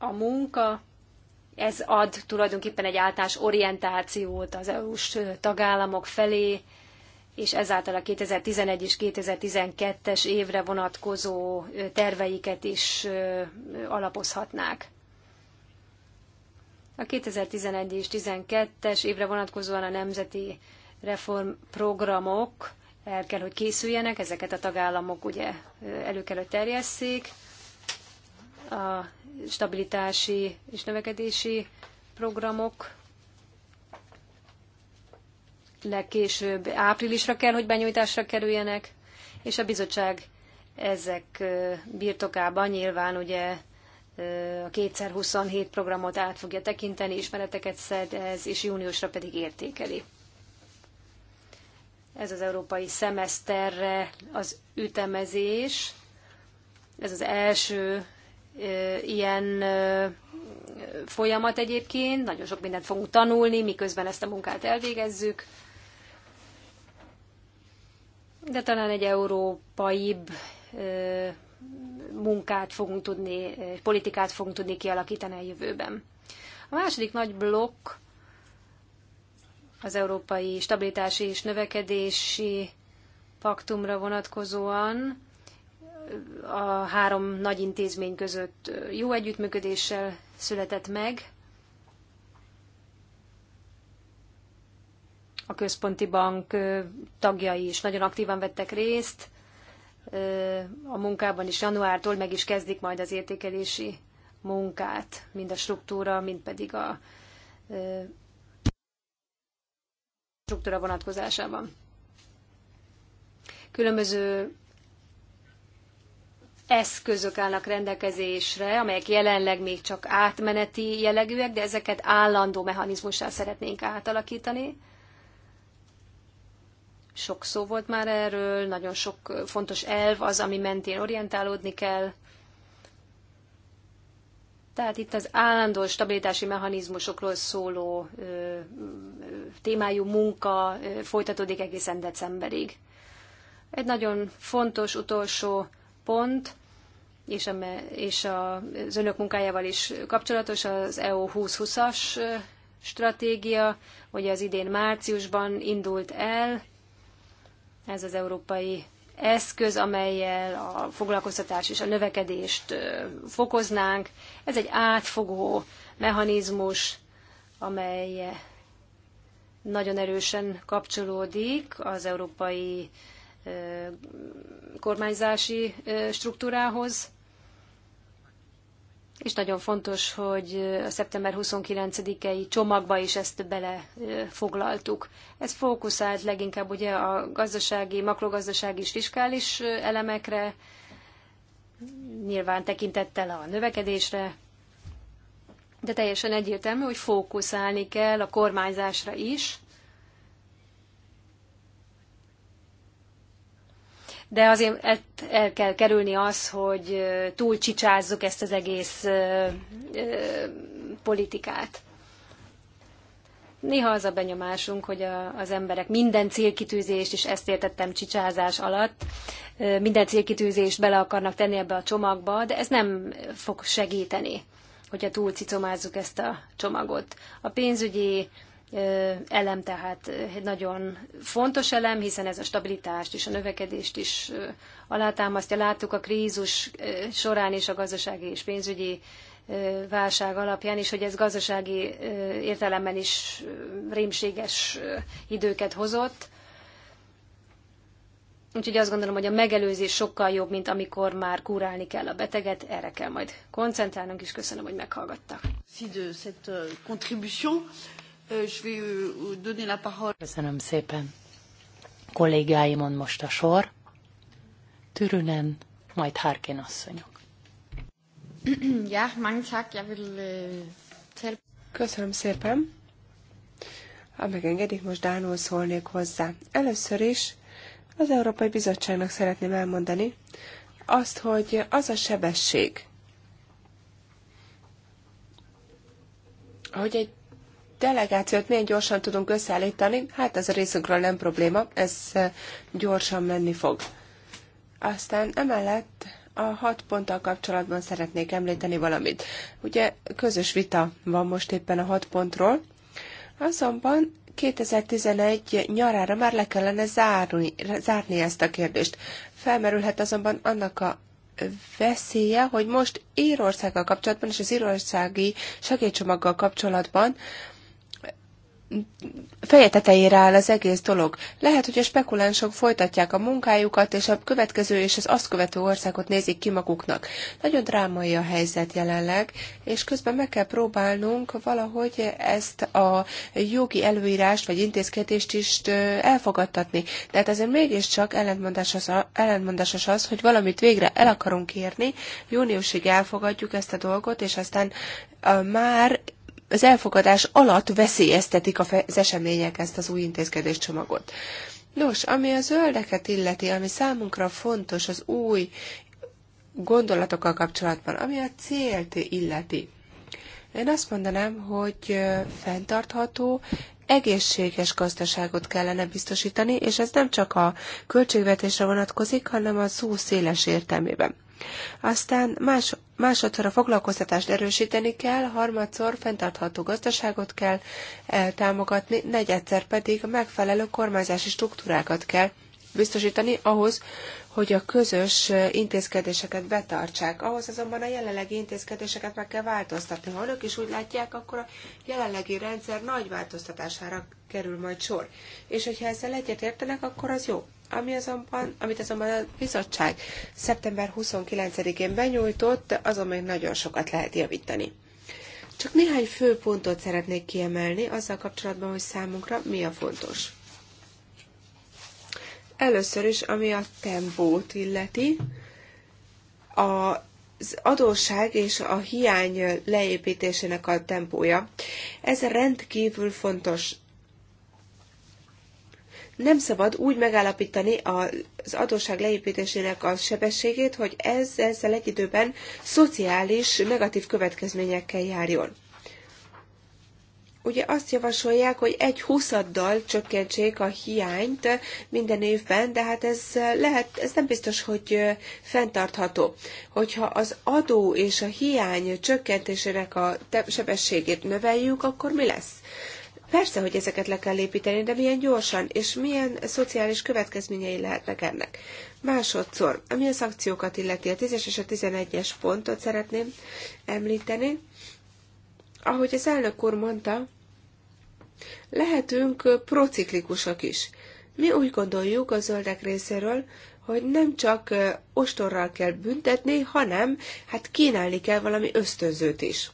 a munka, ez ad tulajdonképpen egy általános orientációt az EU-s tagállamok felé, és ezáltal a 2011 és 2012-es évre vonatkozó terveiket is alapozhatnák. A 2011 és 2012-es évre vonatkozóan a nemzeti reformprogramok el kell, hogy készüljenek, ezeket a tagállamok ugye elő kell, hogy terjesszék, a stabilitási és növekedési programok legkésőbb áprilisra kell, hogy benyújtásra kerüljenek, és a bizottság ezek birtokában nyilván ugye a 2027 programot át fogja tekinteni, ismereteket ez és júniusra pedig értékeli. Ez az európai szemeszterre az ütemezés, ez az első ilyen folyamat egyébként, nagyon sok mindent fogunk tanulni, miközben ezt a munkát elvégezzük. De talán egy európaibb munkát fogunk tudni, politikát fogunk tudni kialakítani a jövőben. A második nagy blokk az Európai Stabilitási és Növekedési Paktumra vonatkozóan a három nagy intézmény között jó együttműködéssel született meg. A központi bank tagjai is nagyon aktívan vettek részt. A munkában is januártól meg is kezdik majd az értékelési munkát, mind a struktúra, mind pedig a struktúra vonatkozásában. Különböző eszközök állnak rendelkezésre, amelyek jelenleg még csak átmeneti jellegűek, de ezeket állandó mechanizmussá szeretnénk átalakítani. Sok szó volt már erről, nagyon sok fontos elv az, ami mentén orientálódni kell. Tehát itt az állandó stabilitási mechanizmusokról szóló ö, ö, témájú munka ö, folytatódik egészen decemberig. Egy nagyon fontos utolsó pont, és, a, és a, az önök munkájával is kapcsolatos az EU 2020-as stratégia, hogy az idén márciusban indult el, ez az európai eszköz, amelyel a foglalkoztatás és a növekedést fokoznánk. Ez egy átfogó mechanizmus, amely nagyon erősen kapcsolódik az európai kormányzási struktúrához. És nagyon fontos, hogy a szeptember 29-i csomagba is ezt belefoglaltuk. Ez fókuszált leginkább ugye a gazdasági, makrogazdasági és fiskális elemekre, nyilván tekintettel a növekedésre, de teljesen egyértelmű, hogy fókuszálni kell a kormányzásra is, de azért el kell kerülni az, hogy túl csicsázzuk ezt az egész politikát. Néha az a benyomásunk, hogy a, az emberek minden célkitűzést, és ezt értettem csicsázás alatt, minden célkitűzést bele akarnak tenni ebbe a csomagba, de ez nem fog segíteni, hogyha túl cicomázzuk ezt a csomagot. A pénzügyi elem tehát egy nagyon fontos elem, hiszen ez a stabilitást és a növekedést is alátámasztja. Láttuk a krízus során és a gazdasági és pénzügyi válság alapján is, hogy ez gazdasági értelemben is rémséges időket hozott. Úgyhogy azt gondolom, hogy a megelőzés sokkal jobb, mint amikor már kurálni kell a beteget, erre kell majd koncentrálnunk, és köszönöm, hogy meghallgattak. Euh, Euh, euh, Köszönöm szépen. Kollégáimon most a sor. Türünen, majd Harkin asszonyok. Ja, øh, Köszönöm szépen. Ha megengedik, most Dánul szólnék hozzá. Először is az Európai Bizottságnak szeretném elmondani azt, hogy az a sebesség, hogy egy delegációt milyen gyorsan tudunk összeállítani, hát ez a részünkről nem probléma, ez eh, gyorsan menni fog. Aztán emellett a hat ponttal kapcsolatban szeretnék említeni valamit. Ugye közös vita van most éppen a hat pontról, azonban 2011 nyarára már le kellene zárni, zárni ezt a kérdést. Felmerülhet azonban annak a veszélye, hogy most Írországgal kapcsolatban és az írországi segélycsomaggal kapcsolatban feje tetejére áll az egész dolog. Lehet, hogy a spekulánsok folytatják a munkájukat, és a következő és az azt követő országot nézik ki maguknak. Nagyon drámai a helyzet jelenleg, és közben meg kell próbálnunk valahogy ezt a jogi előírást vagy intézkedést is elfogadtatni. Tehát azért mégiscsak ellentmondásos az, ellentmondásos az, hogy valamit végre el akarunk érni, júniusig elfogadjuk ezt a dolgot, és aztán már az elfogadás alatt veszélyeztetik az események ezt az új intézkedéscsomagot. Nos, ami a zöldeket illeti, ami számunkra fontos az új gondolatokkal kapcsolatban, ami a célt illeti. Én azt mondanám, hogy fenntartható egészséges gazdaságot kellene biztosítani, és ez nem csak a költségvetésre vonatkozik, hanem a szó széles értelmében. Aztán más, másodszor a foglalkoztatást erősíteni kell, harmadszor fenntartható gazdaságot kell eh, támogatni, negyedszer pedig a megfelelő kormányzási struktúrákat kell biztosítani ahhoz, hogy a közös intézkedéseket betartsák. Ahhoz azonban a jelenlegi intézkedéseket meg kell változtatni. Ha önök is úgy látják, akkor a jelenlegi rendszer nagy változtatására kerül majd sor. És hogyha ezzel egyet értenek, akkor az jó. Ami azonban, amit azonban a bizottság szeptember 29-én benyújtott, azon még nagyon sokat lehet javítani. Csak néhány fő pontot szeretnék kiemelni azzal kapcsolatban, hogy számunkra mi a fontos. Először is, ami a tempót illeti, a az adósság és a hiány leépítésének a tempója. Ez rendkívül fontos. Nem szabad úgy megállapítani az adósság leépítésének a sebességét, hogy ez ezzel egy időben szociális negatív következményekkel járjon ugye azt javasolják, hogy egy huszaddal csökkentsék a hiányt minden évben, de hát ez lehet, ez nem biztos, hogy fenntartható. Hogyha az adó és a hiány csökkentésének a sebességét növeljük, akkor mi lesz? Persze, hogy ezeket le kell építeni, de milyen gyorsan, és milyen szociális következményei lehetnek ennek. Másodszor, ami a szankciókat illeti, a 10-es és a 11-es pontot szeretném említeni ahogy az elnök úr mondta, lehetünk prociklikusak is. Mi úgy gondoljuk a zöldek részéről, hogy nem csak ostorral kell büntetni, hanem hát kínálni kell valami ösztönzőt is.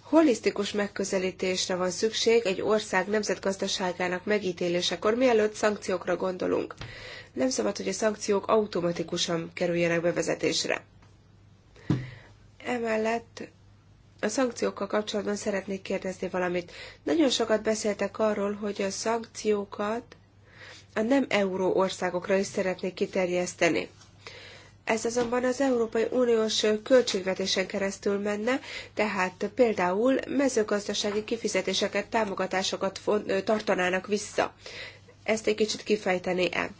Holisztikus megközelítésre van szükség egy ország nemzetgazdaságának megítélésekor, mielőtt szankciókra gondolunk. Nem szabad, hogy a szankciók automatikusan kerüljenek bevezetésre. Emellett a szankciókkal kapcsolatban szeretnék kérdezni valamit. Nagyon sokat beszéltek arról, hogy a szankciókat a nem euró országokra is szeretnék kiterjeszteni. Ez azonban az Európai Uniós költségvetésen keresztül menne, tehát például mezőgazdasági kifizetéseket, támogatásokat tartanának vissza. Ezt egy kicsit kifejteni el.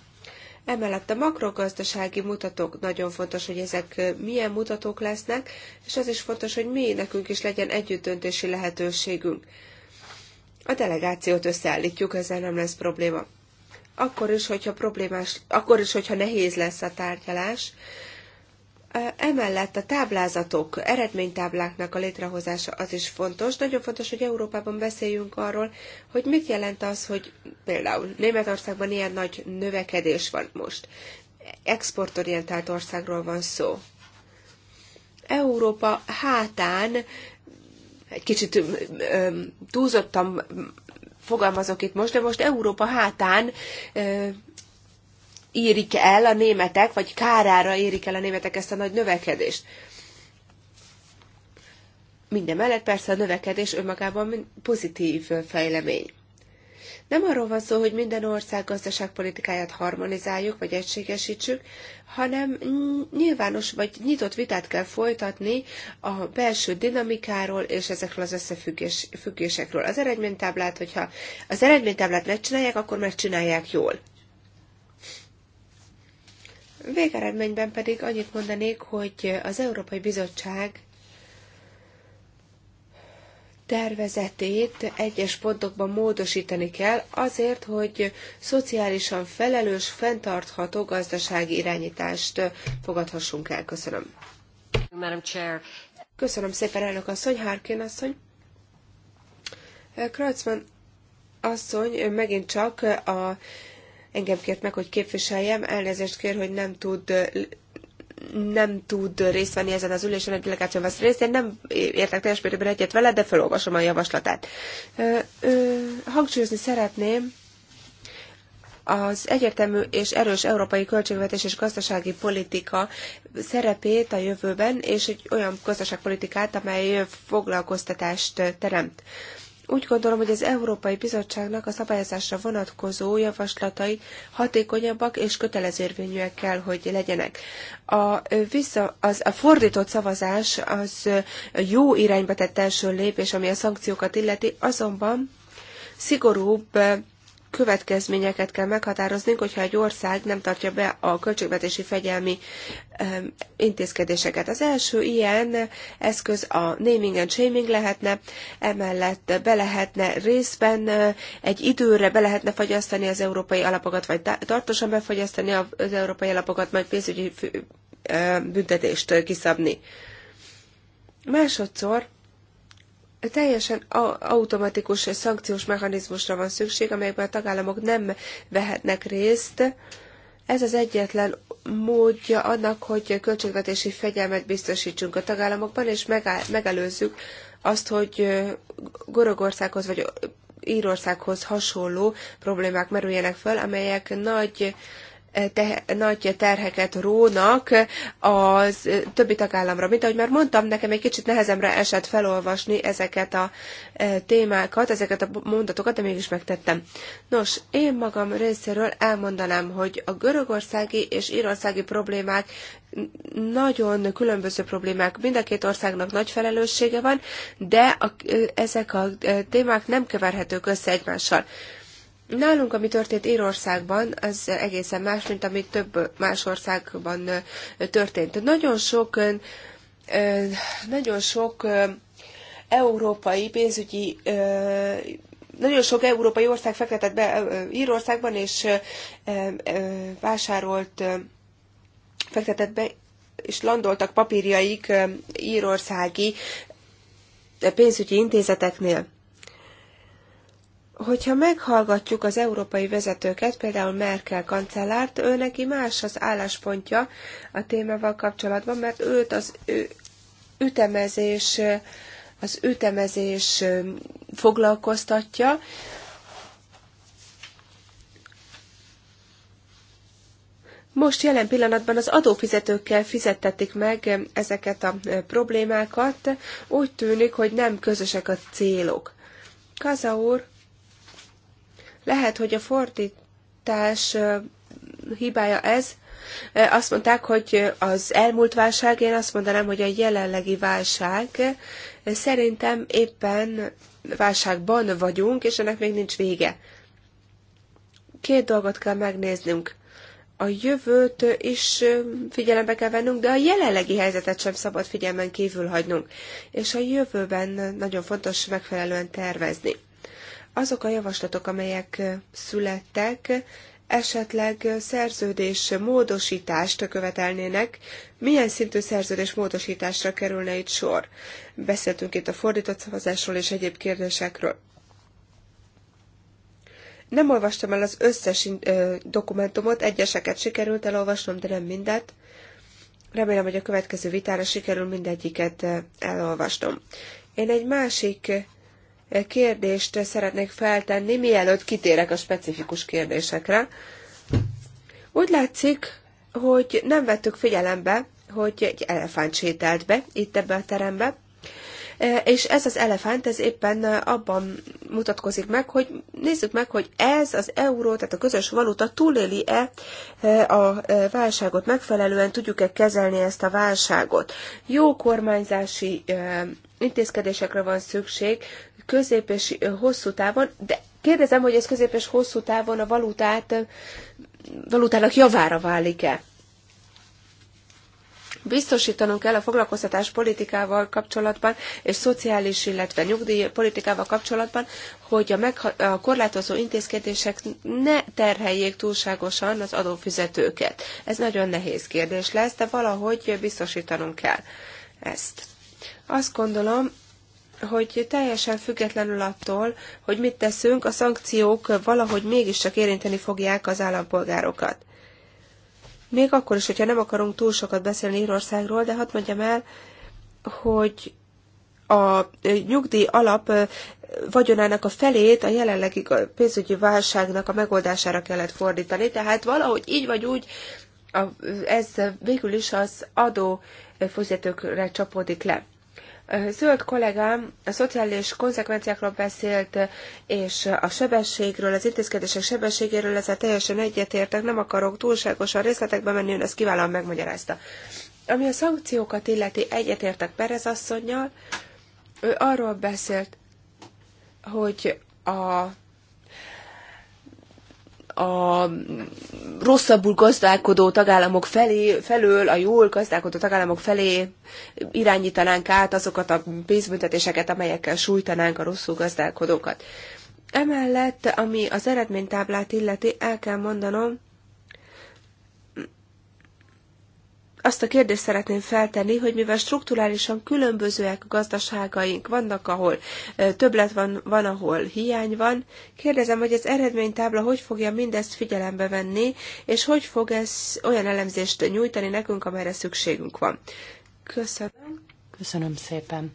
Emellett a makrogazdasági mutatók nagyon fontos, hogy ezek milyen mutatók lesznek, és az is fontos, hogy mi nekünk is legyen együttdöntési lehetőségünk. A delegációt összeállítjuk, ezzel nem lesz probléma. Akkor is, hogyha problémás, akkor is, hogyha nehéz lesz a tárgyalás, Emellett a táblázatok, eredménytábláknak a létrehozása az is fontos. Nagyon fontos, hogy Európában beszéljünk arról, hogy mit jelent az, hogy például Németországban ilyen nagy növekedés van most. Exportorientált országról van szó. Európa hátán egy kicsit túlzottan fogalmazok itt most, de most Európa hátán érik el a németek, vagy kárára érik el a németek ezt a nagy növekedést. Minden mellett persze a növekedés önmagában pozitív fejlemény. Nem arról van szó, hogy minden ország gazdaságpolitikáját harmonizáljuk vagy egységesítsük, hanem nyilvános vagy nyitott vitát kell folytatni a belső dinamikáról és ezekről az összefüggésekről. Az eredménytáblát, hogyha az eredménytáblát megcsinálják, akkor megcsinálják jól. Végeredményben pedig annyit mondanék, hogy az Európai Bizottság tervezetét egyes pontokban módosítani kell azért, hogy szociálisan felelős, fenntartható gazdasági irányítást fogadhassunk el. Köszönöm. Köszönöm szépen, elnök asszony, Harkin asszony. Kreutzmann asszony megint csak a Engem kért meg, hogy képviseljem, elnézést kér, hogy nem tud nem tud részt venni ezen az ülésen, egy delegáció vesz részt. Én nem értek teljes mértékben egyet vele, de felolvasom a javaslatát. hangsúlyozni szeretném, az egyértelmű és erős európai költségvetés és gazdasági politika szerepét a jövőben, és egy olyan gazdaságpolitikát, amely foglalkoztatást teremt úgy gondolom, hogy az Európai Bizottságnak a szabályozásra vonatkozó javaslatai hatékonyabbak és kötelezérvényűek kell, hogy legyenek. A, vissza, az, a fordított szavazás az jó irányba tett első lépés, ami a szankciókat illeti, azonban szigorúbb következményeket kell meghatároznunk, hogyha egy ország nem tartja be a költségvetési fegyelmi intézkedéseket. Az első ilyen eszköz a naming and shaming lehetne, emellett be lehetne részben egy időre be lehetne fagyasztani az európai alapokat, vagy tartósan befagyasztani az európai alapokat, majd pénzügyi büntetést kiszabni. Másodszor teljesen automatikus szankciós mechanizmusra van szükség, amelyekben a tagállamok nem vehetnek részt. Ez az egyetlen módja annak, hogy költségvetési fegyelmet biztosítsunk a tagállamokban, és megelőzzük azt, hogy Görögországhoz vagy Írországhoz hasonló problémák merüljenek fel, amelyek nagy te, nagy terheket rónak az többi tagállamra. Mint ahogy már mondtam, nekem egy kicsit nehezemre esett felolvasni ezeket a e, témákat, ezeket a mondatokat, de mégis megtettem. Nos, én magam részéről elmondanám, hogy a görögországi és írországi problémák nagyon különböző problémák. Mind a két országnak nagy felelőssége van, de a, ezek a e, témák nem keverhetők össze egymással. Nálunk, ami történt Írországban, az egészen más, mint ami több más országban történt. Nagyon sok, nagyon sok európai pénzügyi nagyon sok európai ország fektetett be Írországban, és vásárolt, fektetett be, és landoltak papírjaik írországi pénzügyi intézeteknél hogyha meghallgatjuk az európai vezetőket, például Merkel kancellárt, ő neki más az álláspontja a témával kapcsolatban, mert őt az ő ütemezés, az ütemezés foglalkoztatja, Most jelen pillanatban az adófizetőkkel fizettetik meg ezeket a problémákat. Úgy tűnik, hogy nem közösek a célok. Kaza úr lehet, hogy a fordítás hibája ez. Azt mondták, hogy az elmúlt válság, én azt mondanám, hogy a jelenlegi válság. Szerintem éppen válságban vagyunk, és ennek még nincs vége. Két dolgot kell megnéznünk a jövőt is figyelembe kell vennünk, de a jelenlegi helyzetet sem szabad figyelmen kívül hagynunk. És a jövőben nagyon fontos megfelelően tervezni. Azok a javaslatok, amelyek születtek, esetleg szerződés módosítást követelnének, milyen szintű szerződés módosításra kerülne itt sor. Beszéltünk itt a fordított szavazásról és egyéb kérdésekről. Nem olvastam el az összes dokumentumot, egyeseket sikerült elolvasnom, de nem mindet. Remélem, hogy a következő vitára sikerül mindegyiket elolvasnom. Én egy másik kérdést szeretnék feltenni, mielőtt kitérek a specifikus kérdésekre. Úgy látszik, hogy nem vettük figyelembe, hogy egy elefánt sétált be itt ebbe a terembe, e, és ez az elefánt, ez éppen abban mutatkozik meg, hogy nézzük meg, hogy ez az euró, tehát a közös valuta túléli-e e, a e, válságot megfelelően, tudjuk-e kezelni ezt a válságot. Jó kormányzási intézkedésekre van szükség, közép és hosszú távon, de kérdezem, hogy ez közép és hosszú távon a valutát, valutának javára válik-e? Biztosítanunk kell a foglalkoztatás politikával kapcsolatban, és szociális, illetve nyugdíjpolitikával kapcsolatban, hogy a, megha- a korlátozó intézkedések ne terheljék túlságosan az adófizetőket. Ez nagyon nehéz kérdés lesz, de valahogy biztosítanunk kell ezt. Azt gondolom, hogy teljesen függetlenül attól, hogy mit teszünk, a szankciók valahogy mégiscsak érinteni fogják az állampolgárokat. Még akkor is, hogyha nem akarunk túl sokat beszélni Írországról, de hadd mondjam el, hogy a nyugdíj alap vagyonának a felét a jelenlegi pénzügyi válságnak a megoldására kellett fordítani, tehát valahogy így vagy úgy ez végül is az adó fizetőkre csapódik le zöld kollégám a szociális konzekvenciákról beszélt, és a sebességről, az intézkedések sebességéről, ezzel teljesen egyetértek, nem akarok túlságosan részletekbe menni, ön ezt kiválóan megmagyarázta. Ami a szankciókat illeti, egyetértek Perez asszonynal, ő arról beszélt, hogy a a rosszabbul gazdálkodó tagállamok felé, felől a jól gazdálkodó tagállamok felé irányítanánk át azokat a pénzbüntetéseket, amelyekkel sújtanánk a rosszul gazdálkodókat. Emellett, ami az eredménytáblát illeti, el kell mondanom, azt a kérdést szeretném feltenni, hogy mivel strukturálisan különbözőek a gazdaságaink, vannak, ahol többlet van, van, ahol hiány van, kérdezem, hogy az eredménytábla hogy fogja mindezt figyelembe venni, és hogy fog ez olyan elemzést nyújtani nekünk, amelyre szükségünk van. Köszönöm. Köszönöm szépen.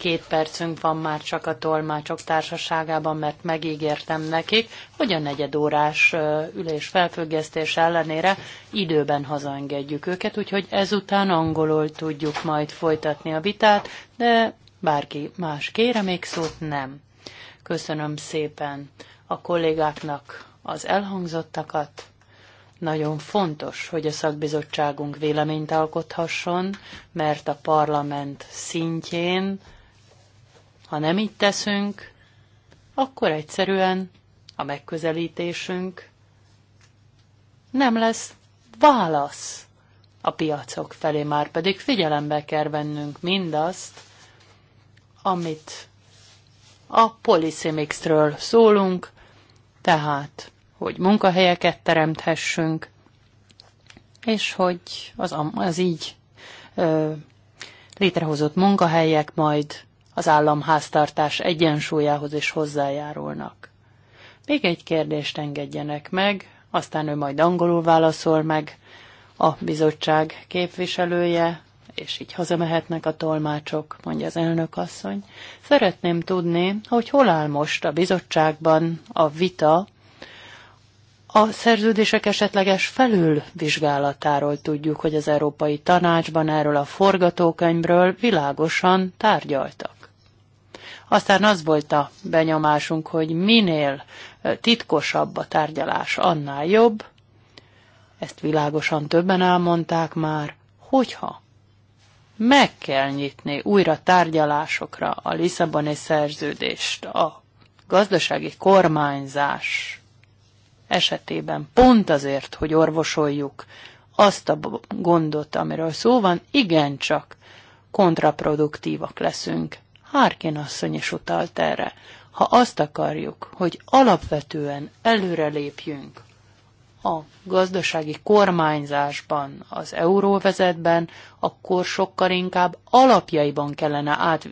Két percünk van már csak a tolmácsok társaságában, mert megígértem nekik, hogy a negyedórás ülés felfüggesztés ellenére időben hazaengedjük őket, úgyhogy ezután angolul tudjuk majd folytatni a vitát, de bárki más kére még szót nem. Köszönöm szépen a kollégáknak az elhangzottakat. Nagyon fontos, hogy a szakbizottságunk véleményt alkothasson, mert a parlament szintjén ha nem így teszünk, akkor egyszerűen a megközelítésünk nem lesz válasz a piacok felé, már pedig figyelembe kell vennünk mindazt, amit a poliszimixről szólunk, tehát, hogy munkahelyeket teremthessünk, és hogy az, az így ö, létrehozott munkahelyek majd az államháztartás egyensúlyához is hozzájárulnak. Még egy kérdést engedjenek meg, aztán ő majd angolul válaszol meg, a bizottság képviselője, és így hazamehetnek a tolmácsok, mondja az elnök asszony. Szeretném tudni, hogy hol áll most a bizottságban a vita a szerződések esetleges felülvizsgálatáról tudjuk, hogy az Európai Tanácsban erről a forgatókönyvről világosan tárgyaltak. Aztán az volt a benyomásunk, hogy minél titkosabb a tárgyalás, annál jobb. Ezt világosan többen elmondták már, hogyha meg kell nyitni újra tárgyalásokra a Lisszaboni szerződést, a gazdasági kormányzás esetében, pont azért, hogy orvosoljuk azt a gondot, amiről szó van, igencsak kontraproduktívak leszünk. Harkin asszony is utalt erre. Ha azt akarjuk, hogy alapvetően előrelépjünk a gazdasági kormányzásban, az euróvezetben, akkor sokkal inkább alapjaiban kellene át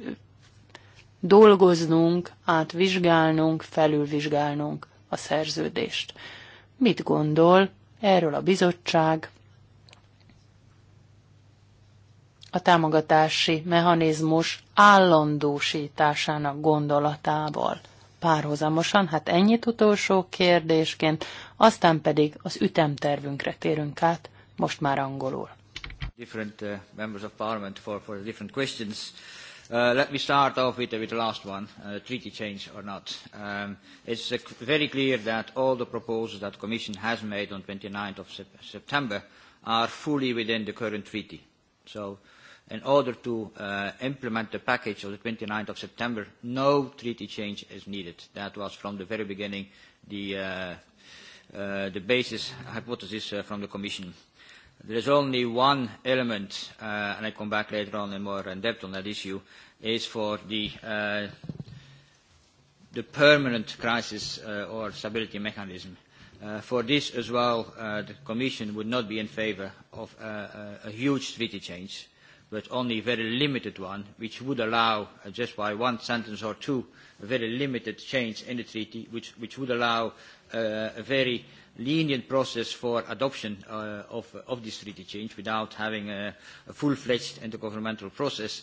dolgoznunk, átvizsgálnunk, felülvizsgálnunk a szerződést. Mit gondol erről a bizottság? A támogatási mechanizmus állandósításának gondolatával párhuzamosan, hát ennyit utolsó kérdésként, aztán pedig az ütemtervünkre térünk át, most már angolul. Different uh, members of parliament for, for different questions. Uh, let me start off with, uh, with the last one, uh, treaty change or not. Um, it's uh, very clear that all the proposals that the Commission has made on 29th of sep September are fully within the current treaty. So in order to uh, implement the package of the 29th of September, no treaty change is needed. That was from the very beginning the, uh, uh, the basis hypothesis uh, from the Commission. There is only one element, uh, and I come back later on in more in depth on that issue, is for the, uh, the permanent crisis uh, or stability mechanism. Uh, for this as well, uh, the Commission would not be in favour of uh, a, a huge treaty change but only a very limited one, which would allow, uh, just by one sentence or two, a very limited change in the treaty, which, which would allow uh, a very lenient process for adoption uh, of, of this treaty change without having a, a full-fledged intergovernmental process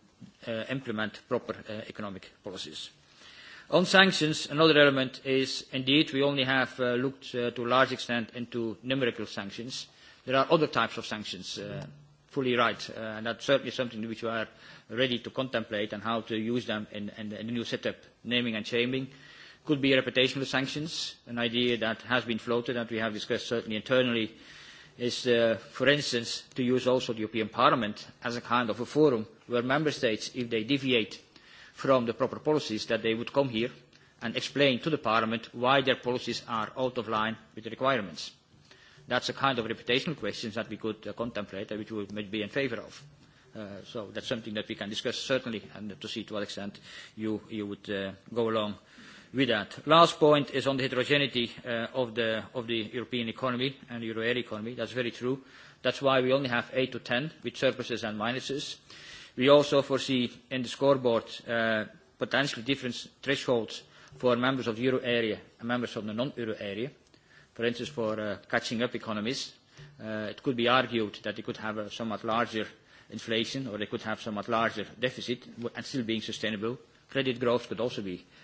uh, implement proper uh, economic policies. On sanctions, another element is indeed we only have uh, looked uh, to a large extent into numerical sanctions. There are other types of sanctions, uh, fully right, uh, and that's certainly something which we are ready to contemplate and how to use them in, in, in the new setup, naming and shaming. Could be reputational sanctions, an idea that has been floated that we have discussed certainly internally uh, is, uh, for instance, to use also the European Parliament as a kind of a forum where member states, if they deviate from the proper policies, that they would come here and explain to the Parliament why their policies are out of line with the requirements. That's a kind of reputational question that we could uh, contemplate and uh, which we would be in favour of. Uh, so that's something that we can discuss certainly and to see to what extent you, you would uh, go along with that. Last point is on the heterogeneity uh, of, the, of the European economy and the euro area economy. That's very true. That's why we only have 8 to 10 with surpluses and minuses. We also foresee in the scoreboard uh, potentially different thresholds for members of the euro area and members of the non-euro area. For instance, for uh, catching up economies, uh, it could be argued that they could have a somewhat larger inflation or they could have somewhat larger deficit and still being sustainable. Credit growth could also be uh,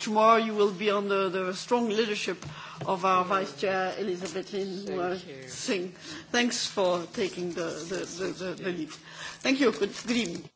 Tomorrow you will be under the strong leadership of our Vice Chair, Elizabeth Lin, Thank who I think. Thanks for taking the, the, the, the, the lead. Thank you. Good, good evening.